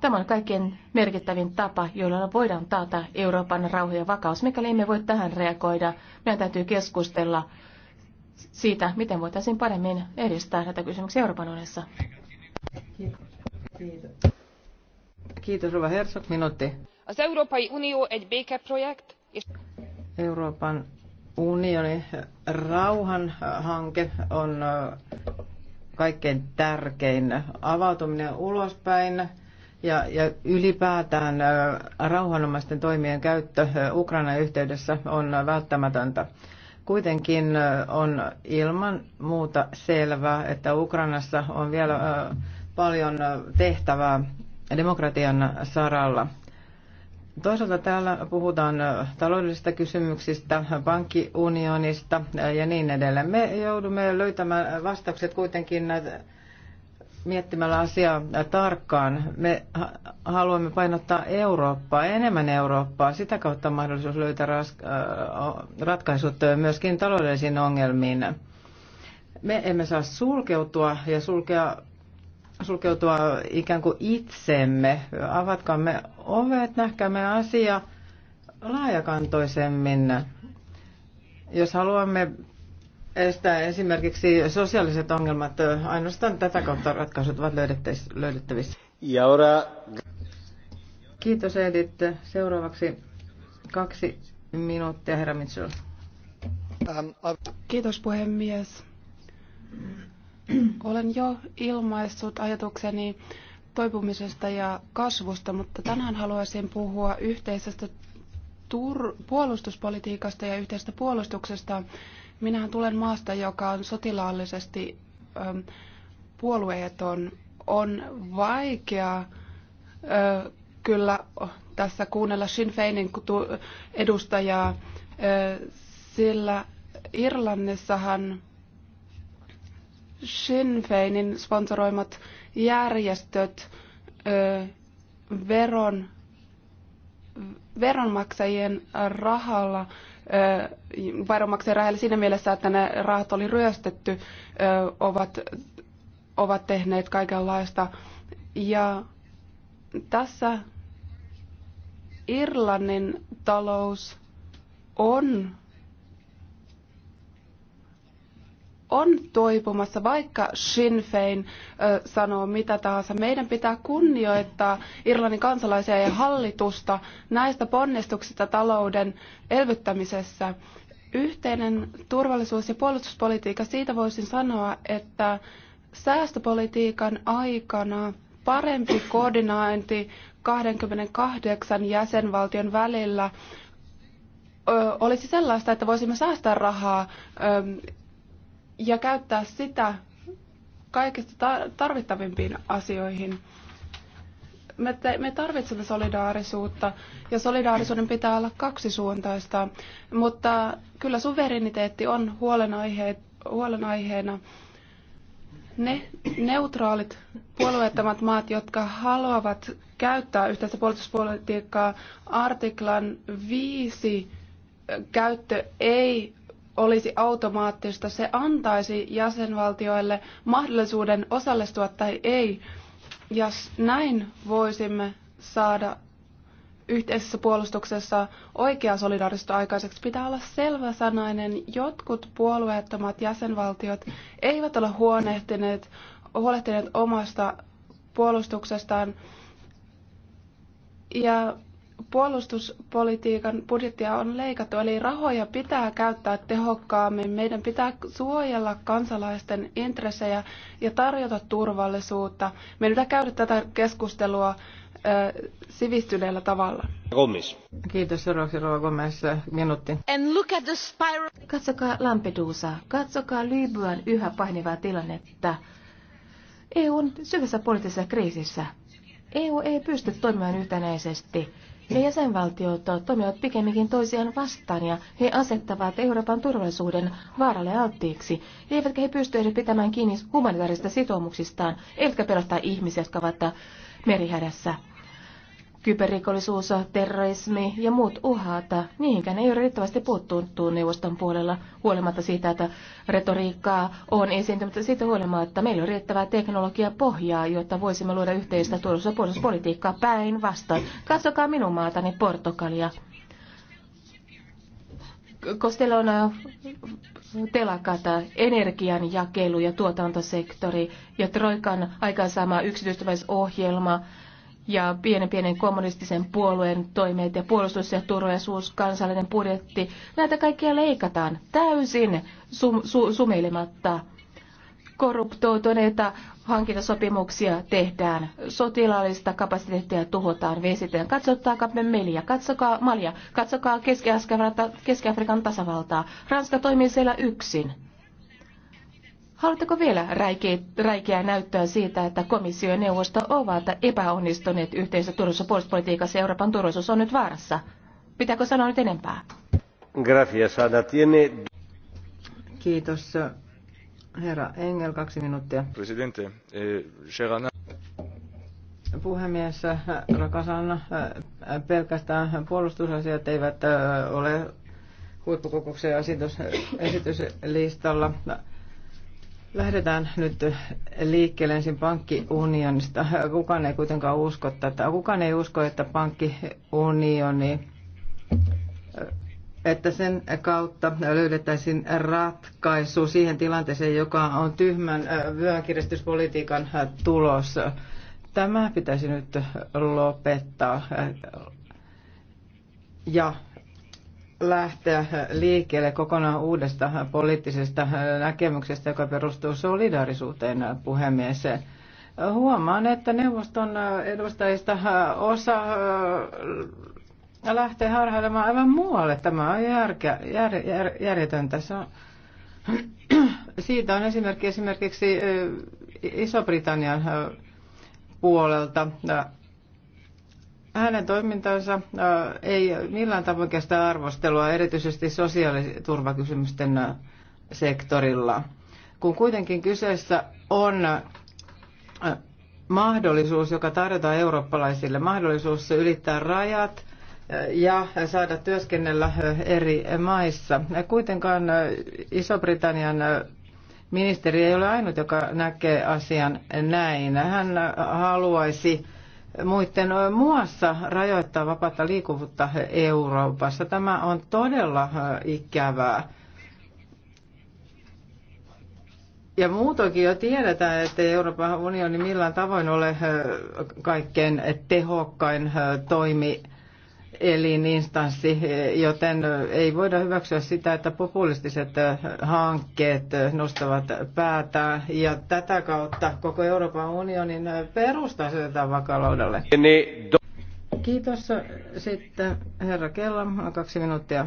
Tämä on kaikkein merkittävin tapa, jolla voidaan taata Euroopan rauha ja vakaus. Mikäli emme voi tähän reagoida, meidän täytyy keskustella siitä, miten voitaisiin paremmin edistää näitä kysymyksiä Euroopan unionissa. Kiitos. Kiitos. Herzog. Minuutti. Euroopan unionin rauhanhanke on kaikkein tärkein avautuminen ulospäin ja, ja ylipäätään rauhanomaisten toimien käyttö Ukrainan yhteydessä on välttämätöntä. Kuitenkin on ilman muuta selvää, että Ukrainassa on vielä paljon tehtävää demokratian saralla – Toisaalta täällä puhutaan taloudellisista kysymyksistä, pankkiunionista ja niin edelleen. Me joudumme löytämään vastaukset kuitenkin miettimällä asiaa tarkkaan. Me haluamme painottaa Eurooppaa, enemmän Eurooppaa. Sitä kautta mahdollisuus löytää ratkaisut myöskin taloudellisiin ongelmiin. Me emme saa sulkeutua ja sulkea sulkeutua ikään kuin itsemme. Avatkaamme ovet, nähkäämme asia laajakantoisemmin. Jos haluamme estää esimerkiksi sosiaaliset ongelmat, ainoastaan tätä kautta ratkaisut ovat löydettävissä. Ja ora... Kiitos Edith. Seuraavaksi kaksi minuuttia, herra Mitchell. Kiitos puhemies. Olen jo ilmaissut ajatukseni toipumisesta ja kasvusta, mutta tänään haluaisin puhua yhteisestä puolustuspolitiikasta ja yhteisestä puolustuksesta. Minähän tulen maasta, joka on sotilaallisesti ö, ähm, puolueeton. On vaikea ö, äh, kyllä tässä kuunnella Sinn Feinin edustajaa, ö, äh, sillä Irlannissahan Sinn Feinin sponsoroimat järjestöt ö, veron, veronmaksajien rahalla veronmaksajien rahalla siinä mielessä, että ne rahat oli ryöstetty, ö, ovat, ovat tehneet kaikenlaista. Ja tässä Irlannin talous on on toipumassa, vaikka Sinn Fein ö, sanoo mitä tahansa. Meidän pitää kunnioittaa Irlannin kansalaisia ja hallitusta näistä ponnistuksista talouden elvyttämisessä. Yhteinen turvallisuus- ja puolustuspolitiikka, siitä voisin sanoa, että säästöpolitiikan aikana parempi koordinointi 28 jäsenvaltion välillä ö, olisi sellaista, että voisimme säästää rahaa ö, ja käyttää sitä kaikista tarvittavimpiin asioihin. Me, te, me tarvitsemme solidaarisuutta ja solidaarisuuden pitää olla kaksisuuntaista, mutta kyllä suvereniteetti on huolenaihe, huolenaiheena. Ne neutraalit puolueettomat maat, jotka haluavat käyttää yhteistä puolustuspolitiikkaa, artiklan 5 käyttö ei olisi automaattista. Se antaisi jäsenvaltioille mahdollisuuden osallistua tai ei. Ja näin voisimme saada yhteisessä puolustuksessa oikea solidaarisuutta aikaiseksi pitää olla selväsanainen. Jotkut puolueettomat jäsenvaltiot eivät ole huonehtineet, huolehtineet omasta puolustuksestaan. Ja puolustuspolitiikan budjettia on leikattu, eli rahoja pitää käyttää tehokkaammin. Meidän pitää suojella kansalaisten intressejä ja tarjota turvallisuutta. Meidän pitää käydä tätä keskustelua ö, sivistyneellä tavalla. Gomes. Kiitos, Roksi Gomes. Minuutti. And look at the spiral. Katsokaa Lampedusa. Katsokaa Libyan yhä pahenevaa tilannetta. EU on syvässä poliittisessa kriisissä. EU ei pysty toimimaan yhtenäisesti. Ja jäsenvaltiot toimivat pikemminkin toisiaan vastaan ja he asettavat Euroopan turvallisuuden vaaralle alttiiksi. Eivätkä he pysty edes pitämään kiinni humanitaarisista sitoumuksistaan, eivätkä pelastaa ihmisiä, jotka ovat merihädässä. Kyberrikollisuus, terrorismi ja muut uhat, niihinkään ei ole riittävästi puuttunut neuvoston puolella huolimatta siitä, että retoriikkaa on esiintynyt siitä huolimatta. Meillä on riittävää teknologiaa pohjaa, jotta voisimme luoda yhteistä turvallisuus- ja puolustuspolitiikkaa päinvastoin. Katsokaa minun maatani Portugalia. on äh, telakata, äh, energianjakelu ja tuotantosektori ja Troikan aikaansaama yksityistämisohjelma – ja pienen pienen kommunistisen puolueen toimeet ja puolustus ja turvallisuus, kansallinen budjetti, näitä kaikkia leikataan täysin sum, su, sumeilematta. Korruptoituneita hankintasopimuksia tehdään, sotilaallista kapasiteettia tuhotaan, vesitään. Katsotaanko me Melia, katsokaa Malia, katsokaa Keski-Afrikan tasavaltaa. Ranska toimii siellä yksin Haluatteko vielä räikeää näyttöä siitä, että komissio ja neuvosto ovat epäonnistuneet yhteisessä turvallisuus- ja puolustuspolitiikassa ja Euroopan turvallisuus on nyt vaarassa? Pitääkö sanoa nyt enempää? Gracias, Ada. Tiene... Kiitos. Herra Engel, kaksi minuuttia. Presidente, eh, Gerana... Puhemies, rakas Anna, eh, pelkästään puolustusasiat eivät eh, ole huippukokouksen esityslistalla. Lähdetään nyt liikkeelle ensin pankkiunionista. Kukaan ei kuitenkaan usko tätä. Kukaan ei usko, että pankkiunioni, että sen kautta löydettäisiin ratkaisu siihen tilanteeseen, joka on tyhmän vyönkiristyspolitiikan tulos. Tämä pitäisi nyt lopettaa. Ja lähteä liikkeelle kokonaan uudesta poliittisesta näkemyksestä, joka perustuu solidaarisuuteen puhemies. Huomaan, että neuvoston edustajista osa äh, lähtee harhailemaan aivan muualle. Tämä on järkä, jär, jär, järjetöntä. Se on, <clears throat> siitä on esimerkki esimerkiksi äh, Iso-Britannian äh, puolelta hänen toimintansa ei millään tavoin kestä arvostelua, erityisesti sosiaaliturvakysymysten sektorilla. Kun kuitenkin kyseessä on mahdollisuus, joka tarjotaan eurooppalaisille, mahdollisuus ylittää rajat ja saada työskennellä eri maissa. Kuitenkaan Iso-Britannian ministeri ei ole ainut, joka näkee asian näin. Hän haluaisi muiden muassa rajoittaa vapaata liikkuvuutta Euroopassa. Tämä on todella ikävää. Ja muutoinkin jo tiedetään, että Euroopan unioni millään tavoin ole kaikkein tehokkain toimi elininstanssi, joten ei voida hyväksyä sitä, että populistiset hankkeet nostavat päätään ja tätä kautta koko Euroopan unionin perusta asetetaan vakaloudelle. Kiitos. Sitten herra Kella, kaksi minuuttia.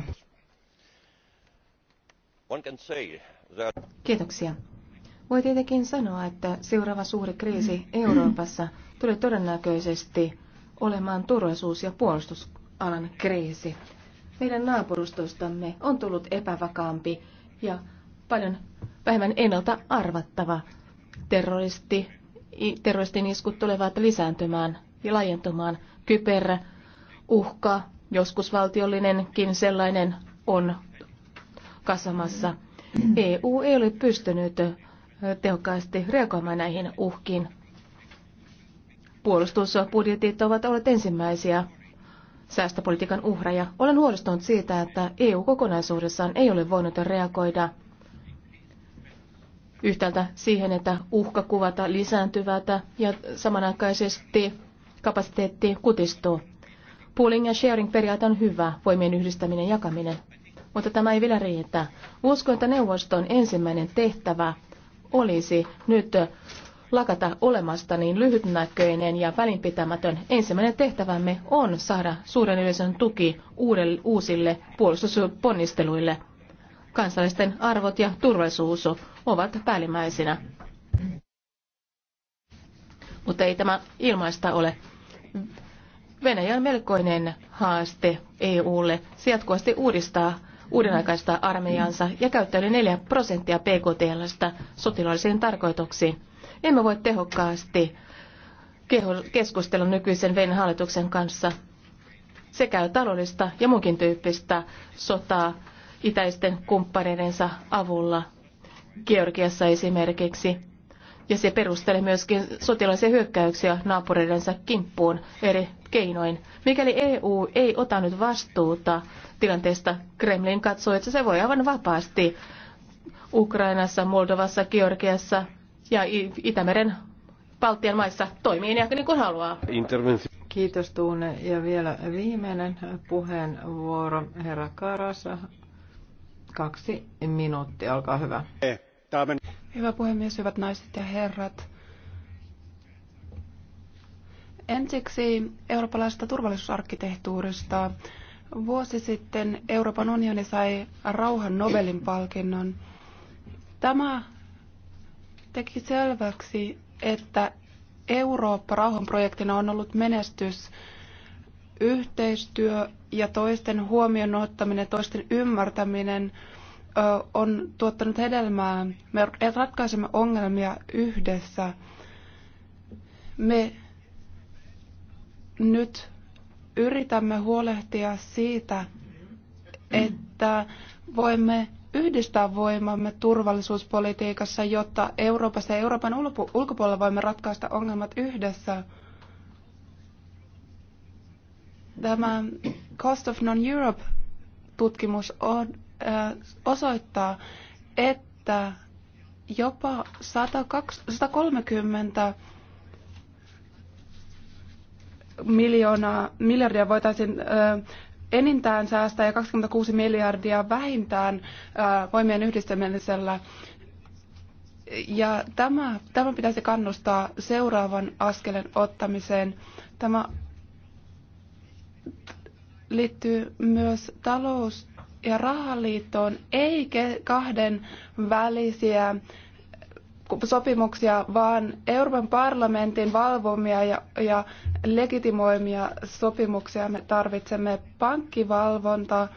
Kiitoksia. Voi tietenkin sanoa, että seuraava suuri kriisi Euroopassa tulee todennäköisesti olemaan turvallisuus- ja puolustus alan kriisi. Meidän naapurustostamme on tullut epävakaampi ja paljon vähemmän ennalta arvattava. Terroristi, terroristin iskut tulevat lisääntymään ja laajentumaan. Kyberuhka, joskus valtiollinenkin sellainen, on kasvamassa. EU ei ole pystynyt tehokkaasti reagoimaan näihin uhkiin. Puolustusbudjetit ovat olleet ensimmäisiä säästöpolitiikan uhreja. Olen huolestunut siitä, että EU kokonaisuudessaan ei ole voinut reagoida yhtäältä siihen, että uhkakuvat lisääntyvät ja samanaikaisesti kapasiteetti kutistuu. Pooling ja sharing periaate on hyvä, voimien yhdistäminen ja jakaminen, mutta tämä ei vielä riitä. Uskon, että neuvoston ensimmäinen tehtävä olisi nyt lakata olemasta niin lyhytnäköinen ja välinpitämätön. Ensimmäinen tehtävämme on saada suuren yleisön tuki uudelle, uusille puolustusponnisteluille. Kansallisten arvot ja turvallisuus ovat päällimmäisinä. Mutta ei tämä ilmaista ole. Venäjä on melkoinen haaste EUlle. Se jatkuvasti uudistaa uudenaikaista armeijansa ja käyttää yli 4 prosenttia PKTLstä sotilaallisiin tarkoituksiin. Emme voi tehokkaasti keskustella nykyisen Venäjän hallituksen kanssa. Se käy taloudellista ja muunkin tyyppistä sotaa itäisten kumppaneidensa avulla, Georgiassa esimerkiksi. Ja se perustelee myöskin sotilaisia hyökkäyksiä naapureidensa kimppuun eri keinoin. Mikäli EU ei ota nyt vastuuta tilanteesta, Kremlin katsoo, että se voi aivan vapaasti Ukrainassa, Moldovassa, Georgiassa ja Itämeren Baltian maissa toimii niin, niin kuin haluaa. Kiitos Tuune. Ja vielä viimeinen puheenvuoro, herra Karasa. Kaksi minuuttia, olkaa hyvä. Hyvä puhemies, hyvät naiset ja herrat. Ensiksi eurooppalaisesta turvallisuusarkkitehtuurista. Vuosi sitten Euroopan unioni sai rauhan Nobelin palkinnon. Tämä teki selväksi, että Eurooppa rauhanprojektina on ollut menestys. Yhteistyö ja toisten huomioon ottaminen, toisten ymmärtäminen on tuottanut hedelmää. Me ratkaisemme ongelmia yhdessä. Me nyt yritämme huolehtia siitä, että voimme yhdistää voimamme turvallisuuspolitiikassa, jotta Euroopassa ja Euroopan ulkopuolella voimme ratkaista ongelmat yhdessä. Tämä Cost of Non-Europe-tutkimus osoittaa, että jopa 130 miljoonaa, miljardia voitaisiin enintään säästää ja 26 miljardia vähintään voimien yhdistämisellä. Ja tämä, tämä pitäisi kannustaa seuraavan askelen ottamiseen. Tämä liittyy myös talous- ja rahaliittoon, ei kahden välisiä sopimuksia, vaan Euroopan parlamentin valvomia ja, ja legitimoimia sopimuksia me tarvitsemme. Pankkivalvonta,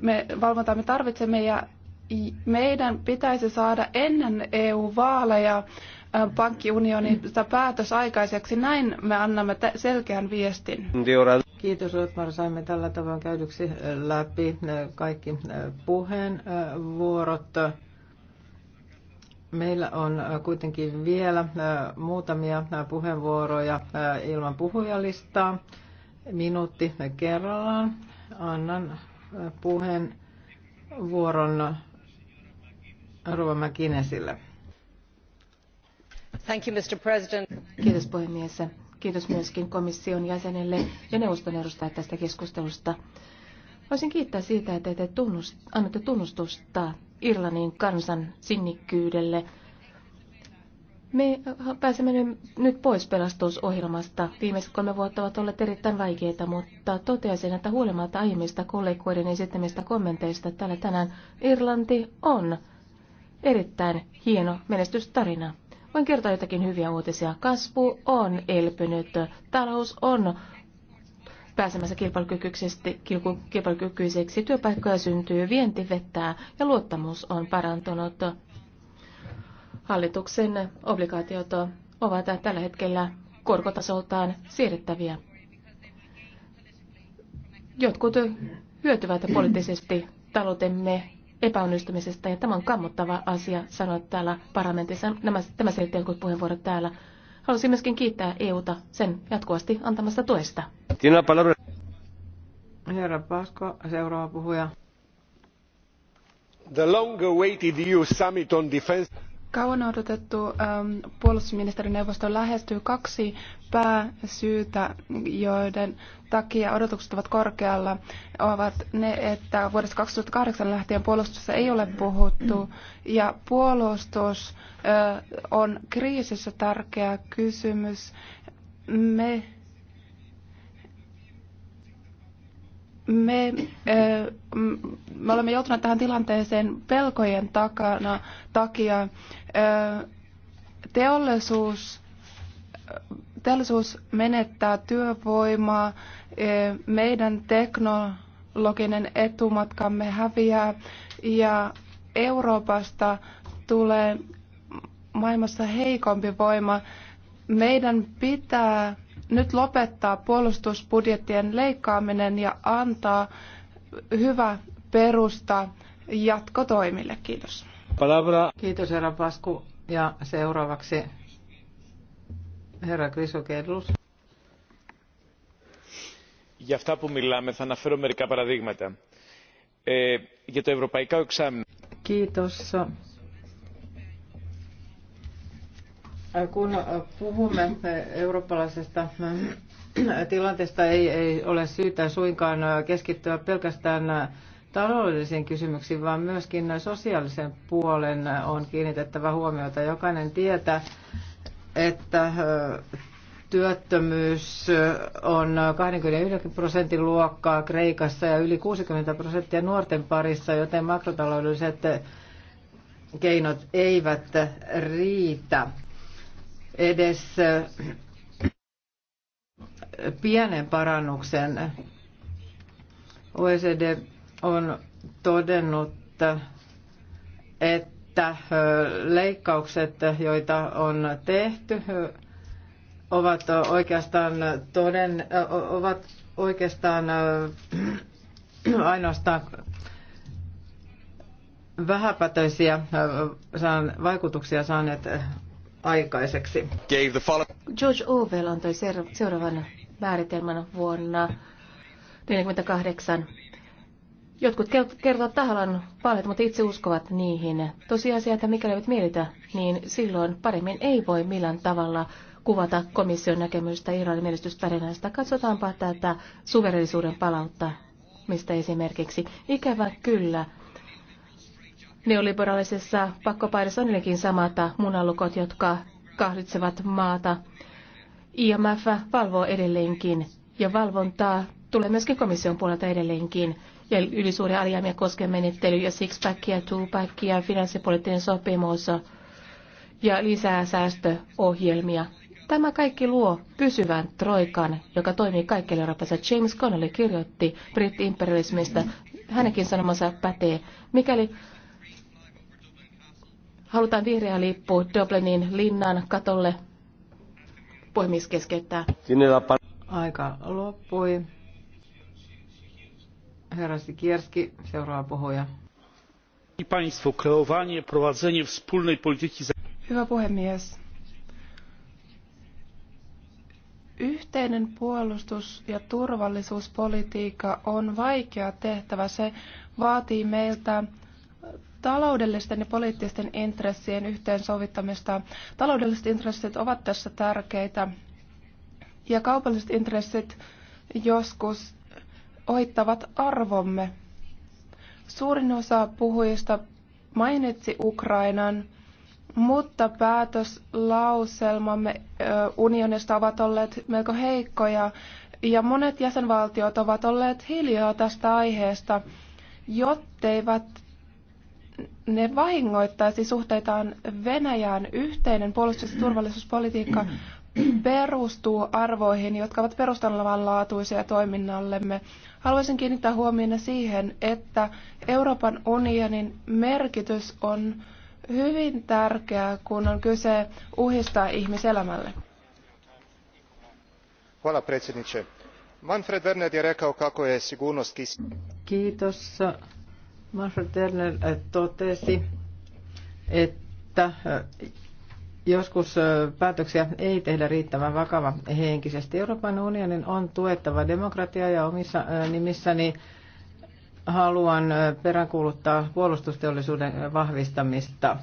me, valvontaa me tarvitsemme ja meidän pitäisi saada ennen EU-vaaleja pankkiunionista päätös aikaiseksi. Näin me annamme selkeän viestin. Kiitos Otmar, saimme tällä tavoin käydyksi äh, läpi äh, kaikki äh, puheenvuorot. Meillä on kuitenkin vielä muutamia puheenvuoroja ilman puhujalistaa. Minuutti kerrallaan. Annan puheenvuoron Rova Mäkinesille. Thank you, Mr. President. Kiitos puhemies. Kiitos myöskin komission jäsenelle ja neuvoston edustajat tästä keskustelusta. Voisin kiittää siitä, että te tunnust, annatte tunnustusta Irlannin kansan sinnikkyydelle. Me pääsemme nyt pois pelastusohjelmasta. Viimeiset kolme vuotta ovat olleet erittäin vaikeita, mutta toteaisin, että huolimatta aiemmista kollegoiden esittämistä kommenteista täällä tänään Irlanti on erittäin hieno menestystarina. Voin kertoa jotakin hyviä uutisia. Kasvu on elpynyt, talous on pääsemässä kilpailukykyiseksi, työpaikkoja syntyy, vienti vettää ja luottamus on parantunut. Hallituksen obligaatiot ovat tällä hetkellä korkotasoltaan siirrettäviä. Jotkut hyötyvät poliittisesti taloutemme epäonnistumisesta, ja tämä on kammottava asia sanoa täällä parlamentissa. Nämä, tämä selitti jotkut puheenvuorot täällä. Haluaisin myöskin kiittää EUta sen jatkuvasti antamasta tuesta. Herra Pasko, seuraava puhuja. The long-awaited EU summit on defense Kauan odotettu ähm, puolustusministerineuvosto lähestyy kaksi pääsyytä, joiden takia odotukset ovat korkealla, ovat ne, että vuodesta 2008 lähtien puolustuksessa ei ole puhuttu ja puolustus äh, on kriisissä tärkeä kysymys. Me me, me olemme joutuneet tähän tilanteeseen pelkojen takana, takia. Teollisuus, teollisuus menettää työvoimaa, meidän teknologinen etumatkamme häviää ja Euroopasta tulee maailmassa heikompi voima. Meidän pitää nyt lopettaa puolustusbudjettien leikkaaminen ja antaa hyvä perusta jatkotoimille. Kiitos. Palabra. Kiitos herra Pasku. Ja seuraavaksi herra Krisokerlus. Για αυτά που μιλάμε θα αναφέρω μερικά παραδείγματα. Ε, για το ευρωπαϊκό εξάμεινο. Kiitos Kun puhumme eurooppalaisesta tilanteesta, ei, ei ole syytä suinkaan keskittyä pelkästään taloudellisiin kysymyksiin, vaan myöskin sosiaalisen puolen on kiinnitettävä huomiota. Jokainen tietää, että työttömyys on 29 prosentin luokkaa Kreikassa ja yli 60 prosenttia nuorten parissa, joten makrotaloudelliset keinot eivät riitä edes äh, pienen parannuksen. OECD on todennut, että äh, leikkaukset, joita on tehty, äh, ovat oikeastaan, toden, ovat oikeastaan ainoastaan vähäpätöisiä vaikutuksia saaneet aikaiseksi. George Orwell antoi seuraavan määritelmän vuonna 1948. Jotkut kertovat tahallaan paljon, mutta itse uskovat niihin. Tosiasia, että mikäli eivät mielitä, niin silloin paremmin ei voi millään tavalla kuvata komission näkemystä Iranin menestystarinasta. Katsotaanpa tätä suverenisuuden palautta, mistä esimerkiksi. Ikävä kyllä, Neoliberaalisessa pakkopaidassa on ennenkin samat munallukot, jotka kahlitsevat maata. IMF valvoo edelleenkin ja valvontaa tulee myöskin komission puolelta edelleenkin. Ja ylisuuri alijäämiä koskee menettely ja six packia two packia ja finanssipoliittinen sopimus ja lisää säästöohjelmia. Tämä kaikki luo pysyvän troikan, joka toimii kaikille Euroopassa. James Connolly kirjoitti britti-imperialismista. Hänenkin sanomansa pätee. Mikäli Halutaan vihreä lippu Dublinin linnan katolle. Puhemies keskeyttää. Aika loppui. Herra Sikierski, seuraava puhuja. Hyvä puhemies. Yhteinen puolustus- ja turvallisuuspolitiikka on vaikea tehtävä. Se vaatii meiltä taloudellisten ja poliittisten intressien yhteensovittamista. Taloudelliset intressit ovat tässä tärkeitä ja kaupalliset intressit joskus ohittavat arvomme. Suurin osa puhujista mainitsi Ukrainan, mutta päätöslauselmamme unionista ovat olleet melko heikkoja ja monet jäsenvaltiot ovat olleet hiljaa tästä aiheesta, jotteivät ne vahingoittaisi suhteitaan Venäjään. Yhteinen puolustus- ja turvallisuuspolitiikka perustuu arvoihin, jotka ovat perustavanlaatuisia toiminnallemme. Haluaisin kiinnittää huomiota siihen, että Euroopan unionin merkitys on hyvin tärkeä, kun on kyse uhista ihmiselämälle. Hvala Manfred Werner kako je sigurnost... Kiitos Marshall Turner äh, totesi, että äh, joskus äh, päätöksiä ei tehdä riittävän vakava henkisesti. Euroopan unionin on tuettava demokratiaa ja omissa nimissäni haluan peräänkuuluttaa puolustusteollisuuden vahvistamista.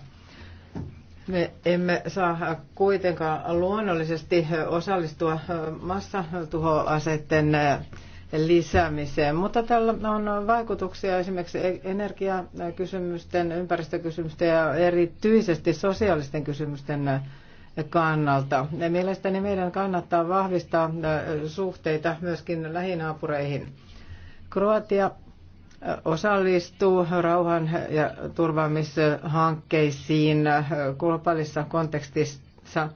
Me emme saa kuitenkaan luonnollisesti osallistua massatuhoaseiden lisäämiseen. Mutta tällä on vaikutuksia esimerkiksi energiakysymysten, ympäristökysymysten ja erityisesti sosiaalisten kysymysten kannalta. Mielestäni meidän kannattaa vahvistaa suhteita myöskin lähinaapureihin. Kroatia osallistuu rauhan ja turvaamishankkeisiin globaalissa kontekstissa.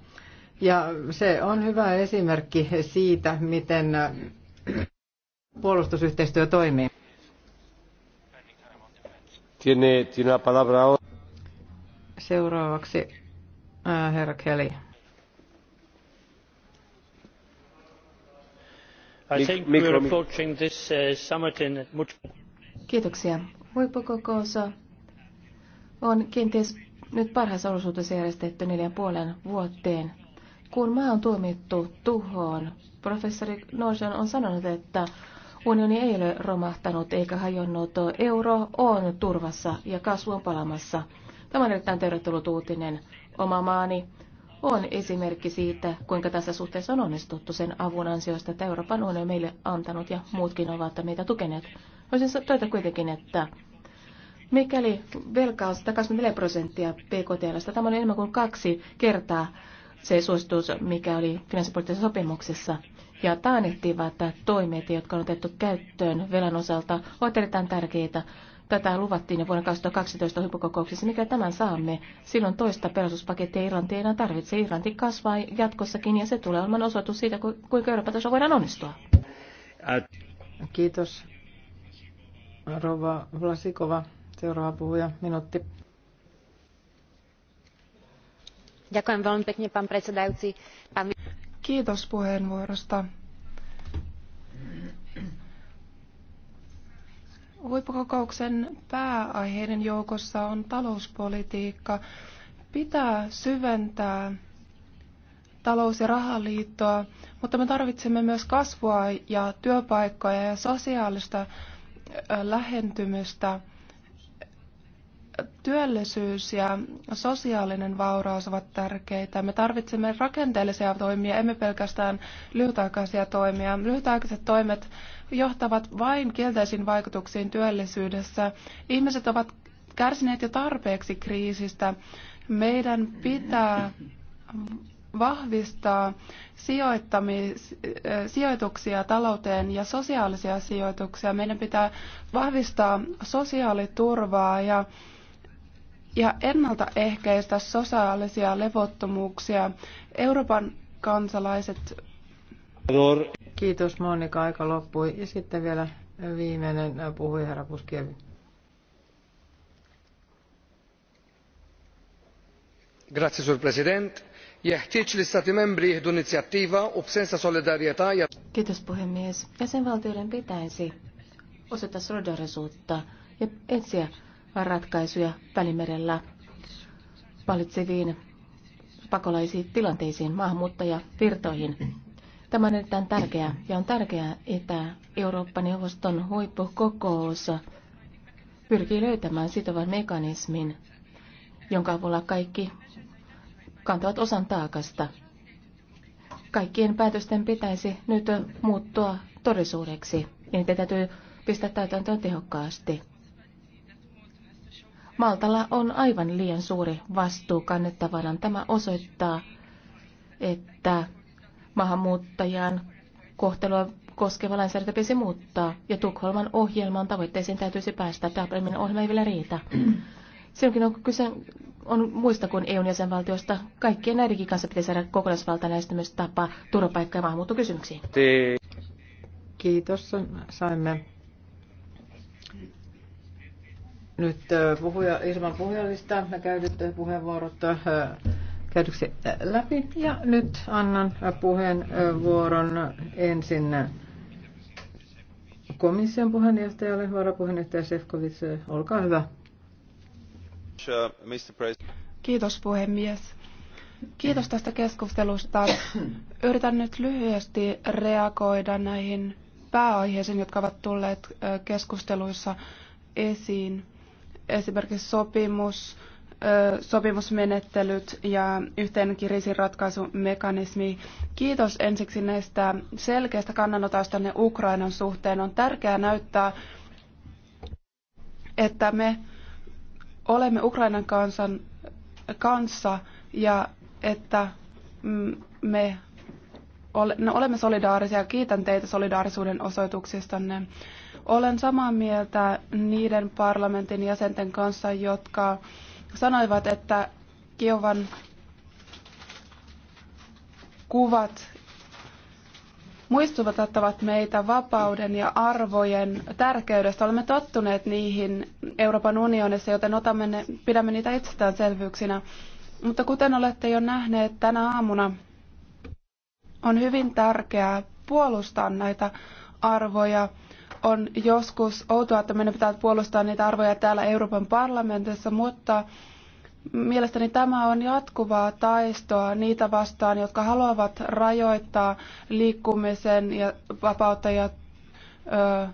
Ja se on hyvä esimerkki siitä, miten puolustusyhteistyö toimii. Tiene, tiene la palabra ahora. Seuraavaksi äh, herra Kelly. I think we're approaching this uh, summit in Kiitoksia. Huippukokous on kenties nyt parhaassa olosuhteessa järjestetty neljän puolen vuoteen. Kun maa on tuomittu tuhoon, professori Norsen on sanonut, että Unioni ei ole romahtanut eikä hajonnut. Euro on turvassa ja kasvu on palamassa. Tämä on erittäin tervetullut uutinen. Oma maani on esimerkki siitä, kuinka tässä suhteessa on onnistuttu sen avun ansiosta, että Euroopan unioni on meille antanut ja muutkin ovat meitä tukeneet. Voisin toita kuitenkin, että mikäli velkaa on 124 prosenttia PKT, tämä on enemmän kuin kaksi kertaa se suositus, mikä oli finanssipoliittisessa sopimuksessa ja taanehtivat toimet, jotka on otettu käyttöön velan osalta, ovat erittäin tärkeitä. Tätä luvattiin jo vuonna 2012 huippukokouksessa. Mikä tämän saamme? Silloin toista pelastuspakettia Irlanti ei enää tarvitse. Irlanti kasvaa jatkossakin ja se tulee olemaan osoitus siitä, kuinka Euroopan tasolla voidaan onnistua. Kiitos. Rova Vlasikova, seuraava puhuja, minuutti. Ďakujem veľmi pekne, pán predsedajúci. Pán... Kiitos puheenvuorosta. Huippukokouksen pääaiheiden joukossa on talouspolitiikka. Pitää syventää talous- ja rahaliittoa, mutta me tarvitsemme myös kasvua ja työpaikkoja ja sosiaalista lähentymystä työllisyys ja sosiaalinen vauraus ovat tärkeitä. Me tarvitsemme rakenteellisia toimia, emme pelkästään lyhytaikaisia toimia. Lyhytaikaiset toimet johtavat vain kielteisiin vaikutuksiin työllisyydessä. Ihmiset ovat kärsineet jo tarpeeksi kriisistä. Meidän pitää vahvistaa sijoittamis, sijoituksia talouteen ja sosiaalisia sijoituksia. Meidän pitää vahvistaa sosiaaliturvaa ja ja ennaltaehkäistä sosiaalisia levottomuuksia. Euroopan kansalaiset... Kiitos Monika, aika loppui. Ja sitten vielä viimeinen puhui herra Puskievi. Grazie, president. E- Kiitos puhemies. Jäsenvaltioiden pitäisi osoittaa solidarisuutta ja etsiä ratkaisuja Välimerellä valitseviin pakolaisiin tilanteisiin, maahanmuuttajavirtoihin. Tämä on erittäin tärkeää ja on tärkeää, että Eurooppa-neuvoston huippukokous pyrkii löytämään sitovan mekanismin, jonka avulla kaikki kantavat osan taakasta. Kaikkien päätösten pitäisi nyt muuttua todellisuudeksi ja niitä täytyy pistää täytäntöön tehokkaasti. Maltalla on aivan liian suuri vastuu kannettavana. Tämä osoittaa, että maahanmuuttajan kohtelua koskeva lainsäädäntö pitäisi muuttaa, ja Tukholman ohjelman tavoitteisiin täytyisi päästä. Dublinin ohjelma ei vielä riitä. Silloinkin on kyse on muista kuin EUn jäsenvaltiosta. Kaikkien näidenkin kanssa pitäisi saada kokonaisvaltainen tapa turvapaikka- ja maahanmuuttokysymyksiin. Kiitos. Saimme nyt puhuja, ilman puhujalistaa me käydyt puheenvuorot käydyksi läpi. Ja nyt annan puheenvuoron ensin komission puheenjohtajalle, varapuheenjohtaja Sefkovic. Olkaa hyvä. Kiitos puhemies. Kiitos tästä keskustelusta. Yritän nyt lyhyesti reagoida näihin pääaiheisiin, jotka ovat tulleet keskusteluissa esiin esimerkiksi sopimus, sopimusmenettelyt ja yhteinen kriisinratkaisumekanismi. Kiitos ensiksi näistä selkeistä Ne Ukrainan suhteen. On tärkeää näyttää, että me olemme Ukrainan kansan kanssa ja että me ole, no, olemme solidaarisia. Kiitän teitä solidaarisuuden osoituksistanne. Olen samaa mieltä niiden parlamentin jäsenten kanssa, jotka sanoivat, että Kiovan kuvat muistuttavat meitä vapauden ja arvojen tärkeydestä. Olemme tottuneet niihin Euroopan unionissa, joten otamme ne, pidämme niitä itsestäänselvyyksinä. Mutta kuten olette jo nähneet tänä aamuna, on hyvin tärkeää puolustaa näitä arvoja on joskus outoa, että meidän pitää puolustaa niitä arvoja täällä Euroopan parlamentissa, mutta mielestäni tämä on jatkuvaa taistoa niitä vastaan, jotka haluavat rajoittaa liikkumisen ja vapautta ja ö,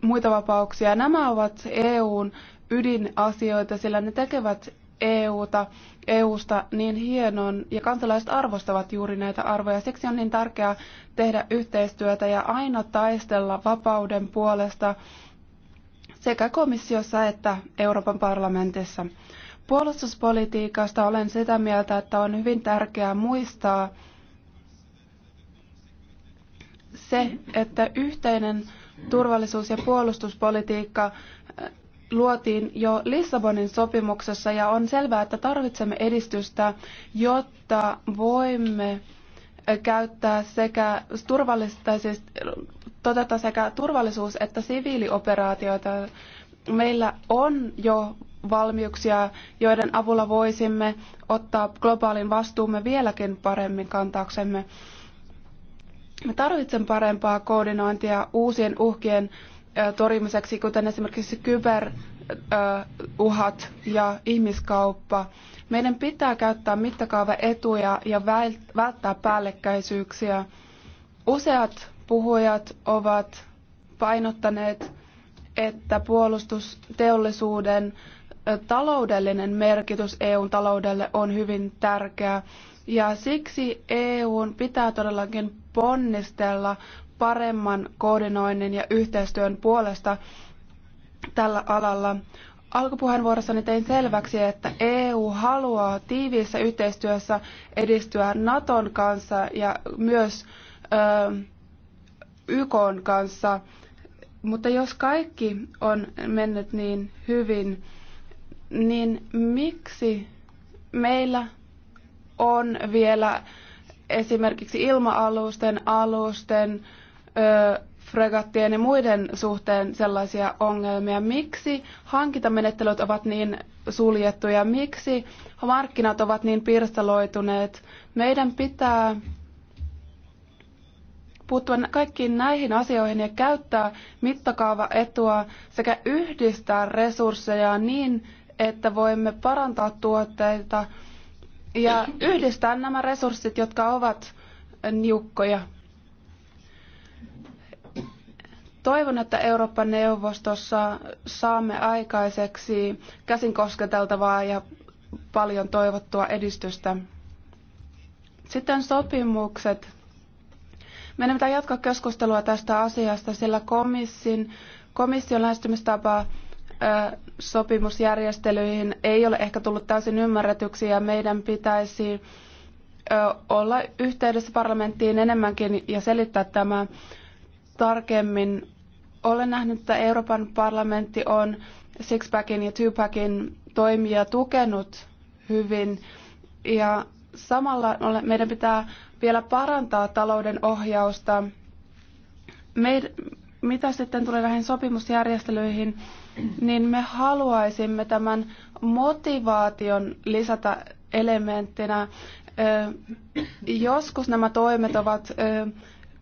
muita vapauksia. Nämä ovat EUn ydinasioita, sillä ne tekevät EUta EUsta niin hienon ja kansalaiset arvostavat juuri näitä arvoja. Siksi on niin tärkeää tehdä yhteistyötä ja aina taistella vapauden puolesta sekä komissiossa että Euroopan parlamentissa. Puolustuspolitiikasta olen sitä mieltä, että on hyvin tärkeää muistaa se, että yhteinen turvallisuus- ja puolustuspolitiikka luotiin jo Lissabonin sopimuksessa ja on selvää, että tarvitsemme edistystä, jotta voimme käyttää sekä turvallista, siis toteuttaa sekä turvallisuus- että siviilioperaatioita. Meillä on jo valmiuksia, joiden avulla voisimme ottaa globaalin vastuumme vieläkin paremmin kantaaksemme. Me tarvitsemme parempaa koordinointia uusien uhkien torjumiseksi, kuten esimerkiksi kyberuhat ja ihmiskauppa. Meidän pitää käyttää mittakaavaetuja ja välttää päällekkäisyyksiä. Useat puhujat ovat painottaneet, että puolustusteollisuuden taloudellinen merkitys EUn taloudelle on hyvin tärkeä. Ja siksi EUn pitää todellakin ponnistella paremman koordinoinnin ja yhteistyön puolesta tällä alalla. Alkupuheenvuorossani tein selväksi, että EU haluaa tiiviissä yhteistyössä edistyä Naton kanssa ja myös ö, YK kanssa. Mutta jos kaikki on mennyt niin hyvin, niin miksi meillä on vielä esimerkiksi ilma-alusten, alusten, alusten fregattien ja muiden suhteen sellaisia ongelmia? Miksi hankintamenettelyt ovat niin suljettuja? Miksi markkinat ovat niin pirstaloituneet? Meidän pitää puuttua kaikkiin näihin asioihin ja käyttää mittakaavaetua sekä yhdistää resursseja niin, että voimme parantaa tuotteita ja yhdistää nämä resurssit, jotka ovat niukkoja. Toivon, että Euroopan neuvostossa saamme aikaiseksi käsin kosketeltavaa ja paljon toivottua edistystä. Sitten sopimukset. Meidän pitää jatkaa keskustelua tästä asiasta, sillä komission, komission lähestymistapa sopimusjärjestelyihin ei ole ehkä tullut täysin ymmärretyksi ja meidän pitäisi olla yhteydessä parlamenttiin enemmänkin ja selittää tämä tarkemmin. Olen nähnyt, että Euroopan parlamentti on Sixpackin ja Twopackin toimia tukenut hyvin ja samalla meidän pitää vielä parantaa talouden ohjausta. Meid, mitä sitten tulee näihin sopimusjärjestelyihin, niin me haluaisimme tämän motivaation lisätä elementtinä. Joskus nämä toimet ovat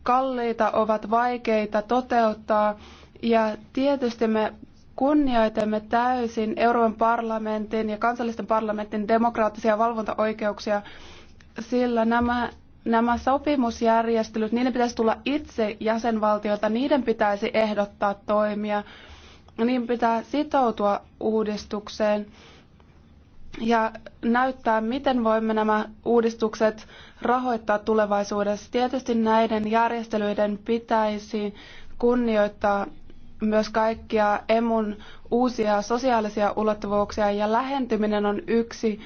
kalliita, ovat vaikeita toteuttaa ja tietysti me kunnioitamme täysin Euroopan parlamentin ja kansallisten parlamentin demokraattisia valvontaoikeuksia, sillä nämä, nämä sopimusjärjestelyt, niiden pitäisi tulla itse jäsenvaltiota, niiden pitäisi ehdottaa toimia, niin pitää sitoutua uudistukseen ja näyttää, miten voimme nämä uudistukset rahoittaa tulevaisuudessa. Tietysti näiden järjestelyiden pitäisi kunnioittaa myös kaikkia emun uusia sosiaalisia ulottuvuuksia ja lähentyminen on yksi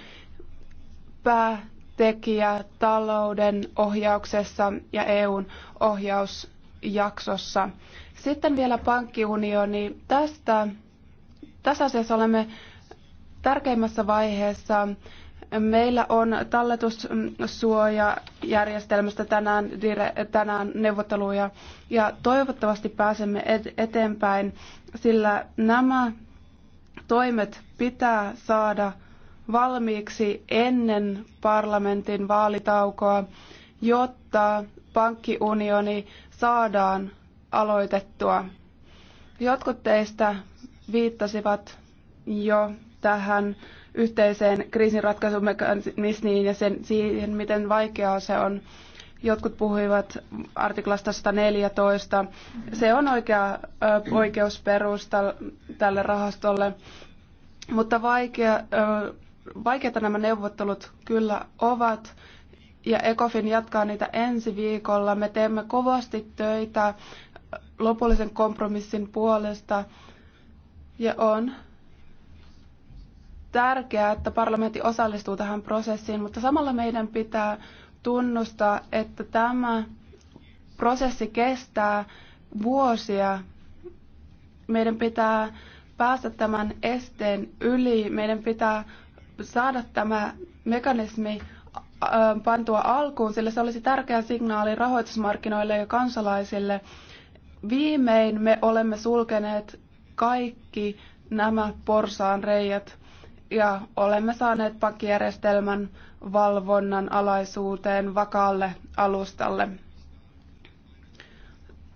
päätekijä talouden ohjauksessa ja EUn ohjausjaksossa. Sitten vielä pankkiunioni. Tästä, tässä asiassa olemme tärkeimmässä vaiheessa. Meillä on talletussuojajärjestelmästä tänään, tänään neuvotteluja ja toivottavasti pääsemme eteenpäin, sillä nämä toimet pitää saada valmiiksi ennen parlamentin vaalitaukoa, jotta pankkiunioni saadaan aloitettua. Jotkut teistä viittasivat jo tähän yhteiseen kriisinratkaisumekanismiin ja sen, siihen, miten vaikeaa se on. Jotkut puhuivat artiklasta 114. Se on oikea oikeusperusta tälle rahastolle, mutta vaikea, vaikeita nämä neuvottelut kyllä ovat ja ECOFIN jatkaa niitä ensi viikolla. Me teemme kovasti töitä lopullisen kompromissin puolesta ja on tärkeää, että parlamentti osallistuu tähän prosessiin, mutta samalla meidän pitää tunnustaa, että tämä prosessi kestää vuosia. Meidän pitää päästä tämän esteen yli. Meidän pitää saada tämä mekanismi pantua alkuun, sillä se olisi tärkeä signaali rahoitusmarkkinoille ja kansalaisille. Viimein me olemme sulkeneet kaikki nämä porsaan reijät ja olemme saaneet pankkijärjestelmän valvonnan alaisuuteen vakaalle alustalle.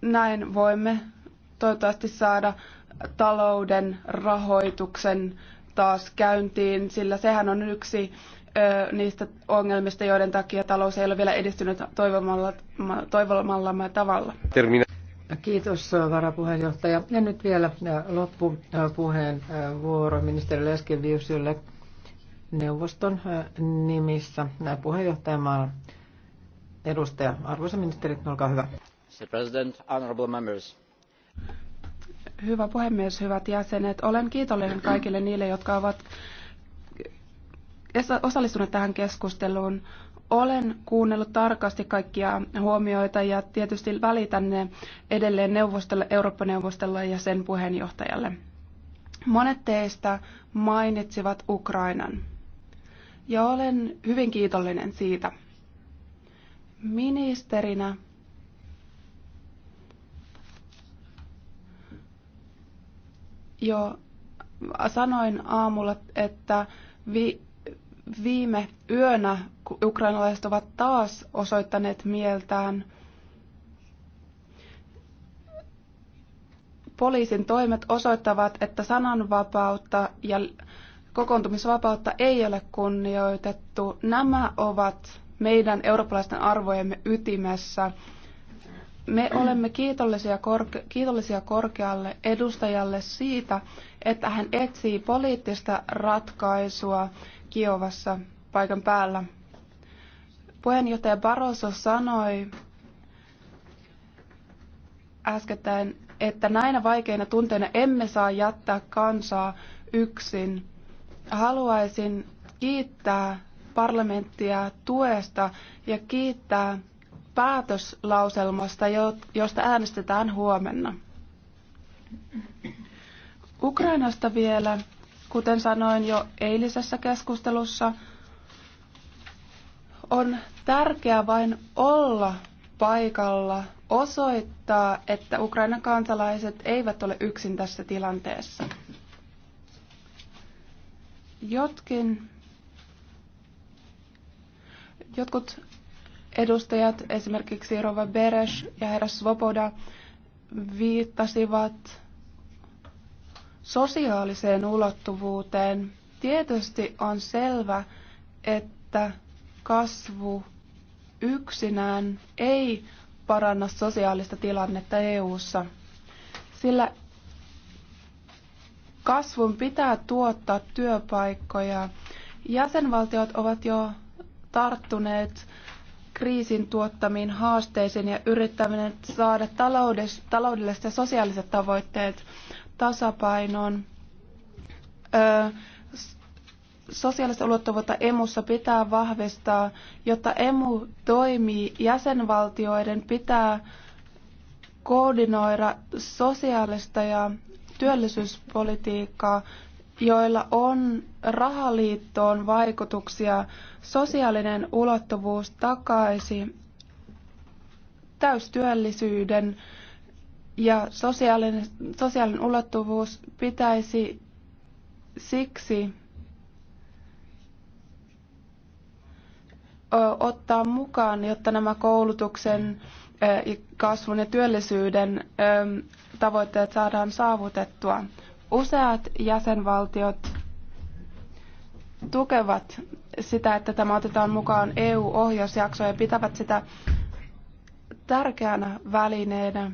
Näin voimme toivottavasti saada talouden rahoituksen taas käyntiin, sillä sehän on yksi ö, niistä ongelmista, joiden takia talous ei ole vielä edistynyt toivomallamme tavalla. Termina. Kiitos varapuheenjohtaja. Ja nyt vielä äh, loppupuheen äh, vuoro ministeri Leskeviusylle neuvoston äh, nimissä. Puheenjohtajamaan edustaja. Arvoisa ministeri, olkaa hyvä. Mr. President, honorable members. Hyvä puhemies, hyvät jäsenet. Olen kiitollinen kaikille niille, jotka ovat osallistuneet tähän keskusteluun. Olen kuunnellut tarkasti kaikkia huomioita ja tietysti välitän ne edelleen neuvostolle, Eurooppa-neuvostolle ja sen puheenjohtajalle. Monet teistä mainitsivat Ukrainan ja olen hyvin kiitollinen siitä. Ministerinä jo sanoin aamulla, että vi- viime yönä ukrainalaiset ovat taas osoittaneet mieltään. Poliisin toimet osoittavat, että sananvapautta ja kokoontumisvapautta ei ole kunnioitettu. Nämä ovat meidän eurooppalaisten arvojemme ytimessä. Me olemme kiitollisia, korke- kiitollisia korkealle edustajalle siitä, että hän etsii poliittista ratkaisua Kiovassa paikan päällä. Puheenjohtaja Barroso sanoi äskettäin, että näinä vaikeina tunteina emme saa jättää kansaa yksin. Haluaisin kiittää parlamenttia tuesta ja kiittää päätöslauselmasta, josta äänestetään huomenna. Ukrainasta vielä. Kuten sanoin jo eilisessä keskustelussa, on tärkeää vain olla paikalla, osoittaa, että Ukrainan kansalaiset eivät ole yksin tässä tilanteessa. Jotkin, jotkut edustajat, esimerkiksi Rova Beres ja herra Svoboda, viittasivat sosiaaliseen ulottuvuuteen, tietysti on selvä, että kasvu yksinään ei paranna sosiaalista tilannetta EU:ssa, sillä kasvun pitää tuottaa työpaikkoja. Jäsenvaltiot ovat jo tarttuneet kriisin tuottamiin haasteisiin ja yrittäneet saada taloudelliset ja sosiaaliset tavoitteet tasapainoon. Ö, sosiaalista ulottuvuutta emussa pitää vahvistaa, jotta emu toimii, jäsenvaltioiden pitää koordinoida sosiaalista ja työllisyyspolitiikkaa, joilla on rahaliittoon vaikutuksia. Sosiaalinen ulottuvuus takaisi täystyöllisyyden ja sosiaalinen, sosiaalinen ulottuvuus pitäisi siksi ottaa mukaan, jotta nämä koulutuksen, kasvun ja työllisyyden tavoitteet saadaan saavutettua. Useat jäsenvaltiot tukevat sitä, että tämä otetaan mukaan EU-ohjausjaksoon ja pitävät sitä tärkeänä välineenä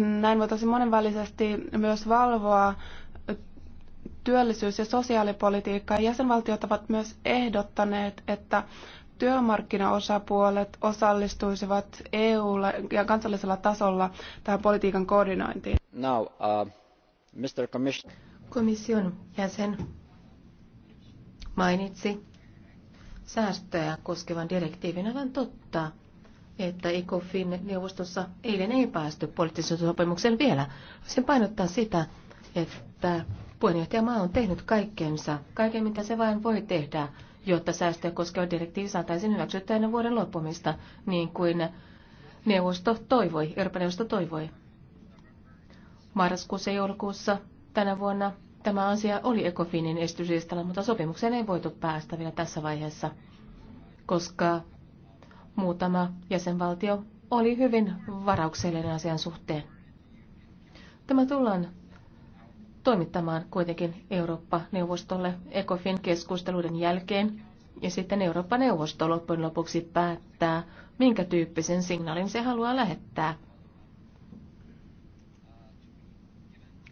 Näin voitaisiin monenvälisesti myös valvoa työllisyys- ja sosiaalipolitiikkaa. Jäsenvaltiot ovat myös ehdottaneet, että työmarkkinaosapuolet osallistuisivat EU- ja kansallisella tasolla tähän politiikan koordinointiin. Now, uh, Mr. Commission. Komission jäsen mainitsi säästöjä koskevan direktiivin aivan totta että ECOFIN-neuvostossa eilen ei päästy poliittisen sopimuksen vielä. Sen painottaa sitä, että puheenjohtajamaa on tehnyt kaikkensa, kaiken mitä se vain voi tehdä, jotta säästöjä koskeva direktiivi saataisiin hyväksyttyä ennen vuoden loppumista, niin kuin neuvosto toivoi, Euroopan neuvosto toivoi. Marraskuussa ja joulukuussa tänä vuonna tämä asia oli ECOFINin esityslistalla, mutta sopimukseen ei voitu päästä vielä tässä vaiheessa, koska muutama jäsenvaltio oli hyvin varauksellinen asian suhteen. Tämä tullaan toimittamaan kuitenkin Eurooppa-neuvostolle ECOFIN keskusteluiden jälkeen, ja sitten Eurooppa-neuvosto loppujen lopuksi päättää, minkä tyyppisen signaalin se haluaa lähettää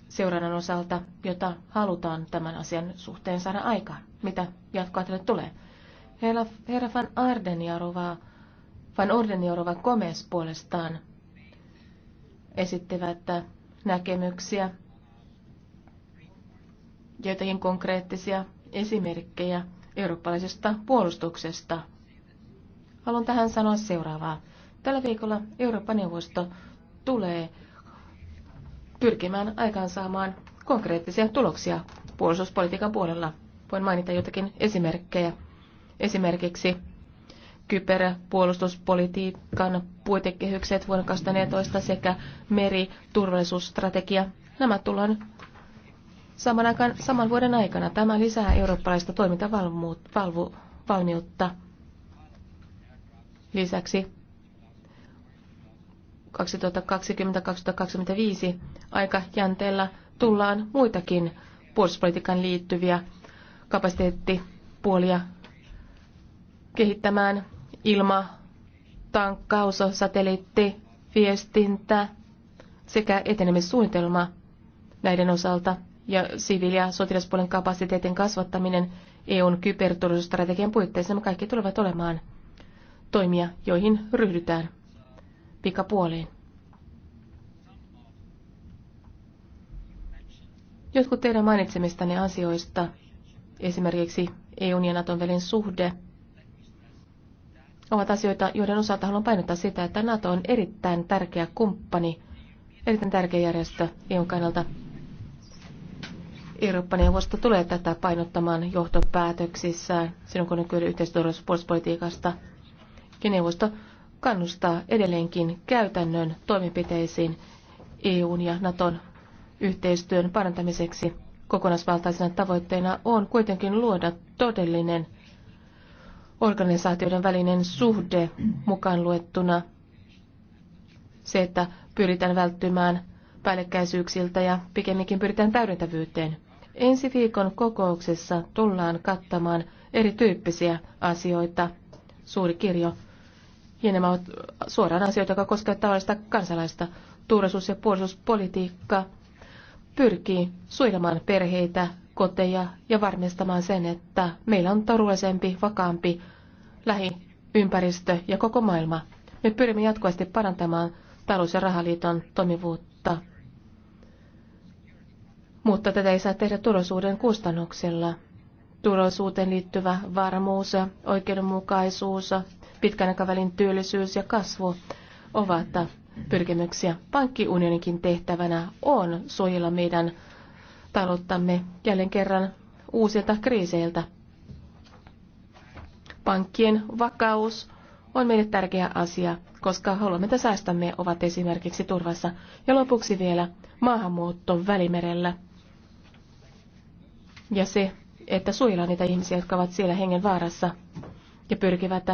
seurannan osalta, jota halutaan tämän asian suhteen saada aikaan. Mitä jatkoa tulee? herra van Arden ja Rovaa Van Orden ja Gomez puolestaan esittivät näkemyksiä, joitakin konkreettisia esimerkkejä eurooppalaisesta puolustuksesta. Haluan tähän sanoa seuraavaa. Tällä viikolla Euroopan neuvosto tulee pyrkimään aikaansaamaan konkreettisia tuloksia puolustuspolitiikan puolella. Voin mainita jotakin esimerkkejä. Esimerkiksi kyberpuolustuspolitiikan puitekehykset vuonna 2014 sekä meriturvallisuusstrategia. Nämä tullaan saman, aikaan, saman vuoden aikana. Tämä lisää eurooppalaista toimintavalmiutta. Lisäksi 2020-2025 aikajänteellä tullaan muitakin puolustuspolitiikan liittyviä kapasiteettipuolia kehittämään ilma, tankkaus, satelliitti, viestintä sekä etenemissuunnitelma näiden osalta ja siviili- ja sotilaspuolen kapasiteetin kasvattaminen EUn kyberturvallisuusstrategian puitteissa me kaikki tulevat olemaan toimia, joihin ryhdytään pikapuoliin. Jotkut teidän mainitsemistanne asioista, esimerkiksi EUn ja Naton välin suhde – ovat asioita, joiden osalta haluan painottaa sitä, että NATO on erittäin tärkeä kumppani, erittäin tärkeä järjestö EUn kannalta. Eurooppa-neuvosto tulee tätä painottamaan johtopäätöksissään sinun kun on kyse Ja neuvosto kannustaa edelleenkin käytännön toimenpiteisiin EUn ja Naton yhteistyön parantamiseksi. Kokonaisvaltaisena tavoitteena on kuitenkin luoda todellinen – organisaatioiden välinen suhde mukaan luettuna se, että pyritään välttymään päällekkäisyyksiltä ja pikemminkin pyritään täydentävyyteen. Ensi viikon kokouksessa tullaan kattamaan erityyppisiä asioita, suuri kirjo, ja nämä ovat suoraan asioita, jotka koskevat tavallista kansalaista. Turvallisuus- ja puolustuspolitiikka pyrkii suojelemaan perheitä, koteja ja varmistamaan sen, että meillä on turvallisempi, vakaampi lähiympäristö ja koko maailma. Me pyrimme jatkuvasti parantamaan talous- ja rahaliiton toimivuutta, mutta tätä ei saa tehdä turvallisuuden kustannuksella. Turvallisuuteen liittyvä varmuus, oikeudenmukaisuus, pitkän aikavälin työllisyys ja kasvu ovat pyrkimyksiä. Pankkiunioninkin tehtävänä on suojella meidän talouttamme jälleen kerran uusilta kriiseiltä. Pankkien vakaus on meille tärkeä asia, koska haluamme, että säästämme ovat esimerkiksi turvassa. Ja lopuksi vielä maahanmuutto välimerellä. Ja se, että suojellaan niitä ihmisiä, jotka ovat siellä hengen vaarassa ja pyrkivät,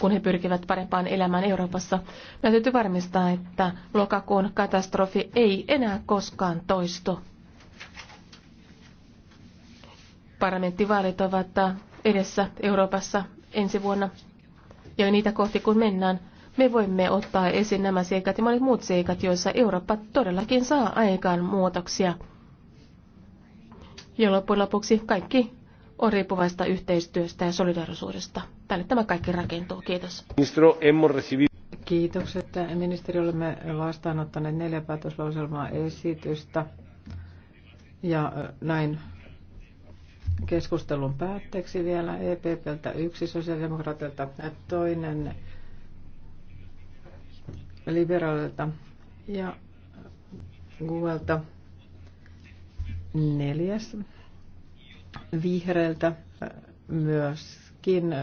kun he pyrkivät parempaan elämään Euroopassa. Meidän täytyy varmistaa, että lokakuun katastrofi ei enää koskaan toistu. Parlamenttivaalit ovat edessä Euroopassa ensi vuonna ja niitä kohti kun mennään, me voimme ottaa esiin nämä seikat ja monet muut seikat, joissa Eurooppa todellakin saa aikaan muutoksia. Ja loppujen lopuksi kaikki on riippuvaista yhteistyöstä ja solidarisuudesta. Tälle tämä kaikki rakentuu. Kiitos. Kiitokset. Ministeri, olemme vastaanottaneet neljä päätöslauselmaa esitystä. Ja näin keskustelun päätteeksi vielä EPPltä yksi, sosiaalidemokraatilta toinen, liberaalilta ja Googlelta neljäs, vihreältä äh, myöskin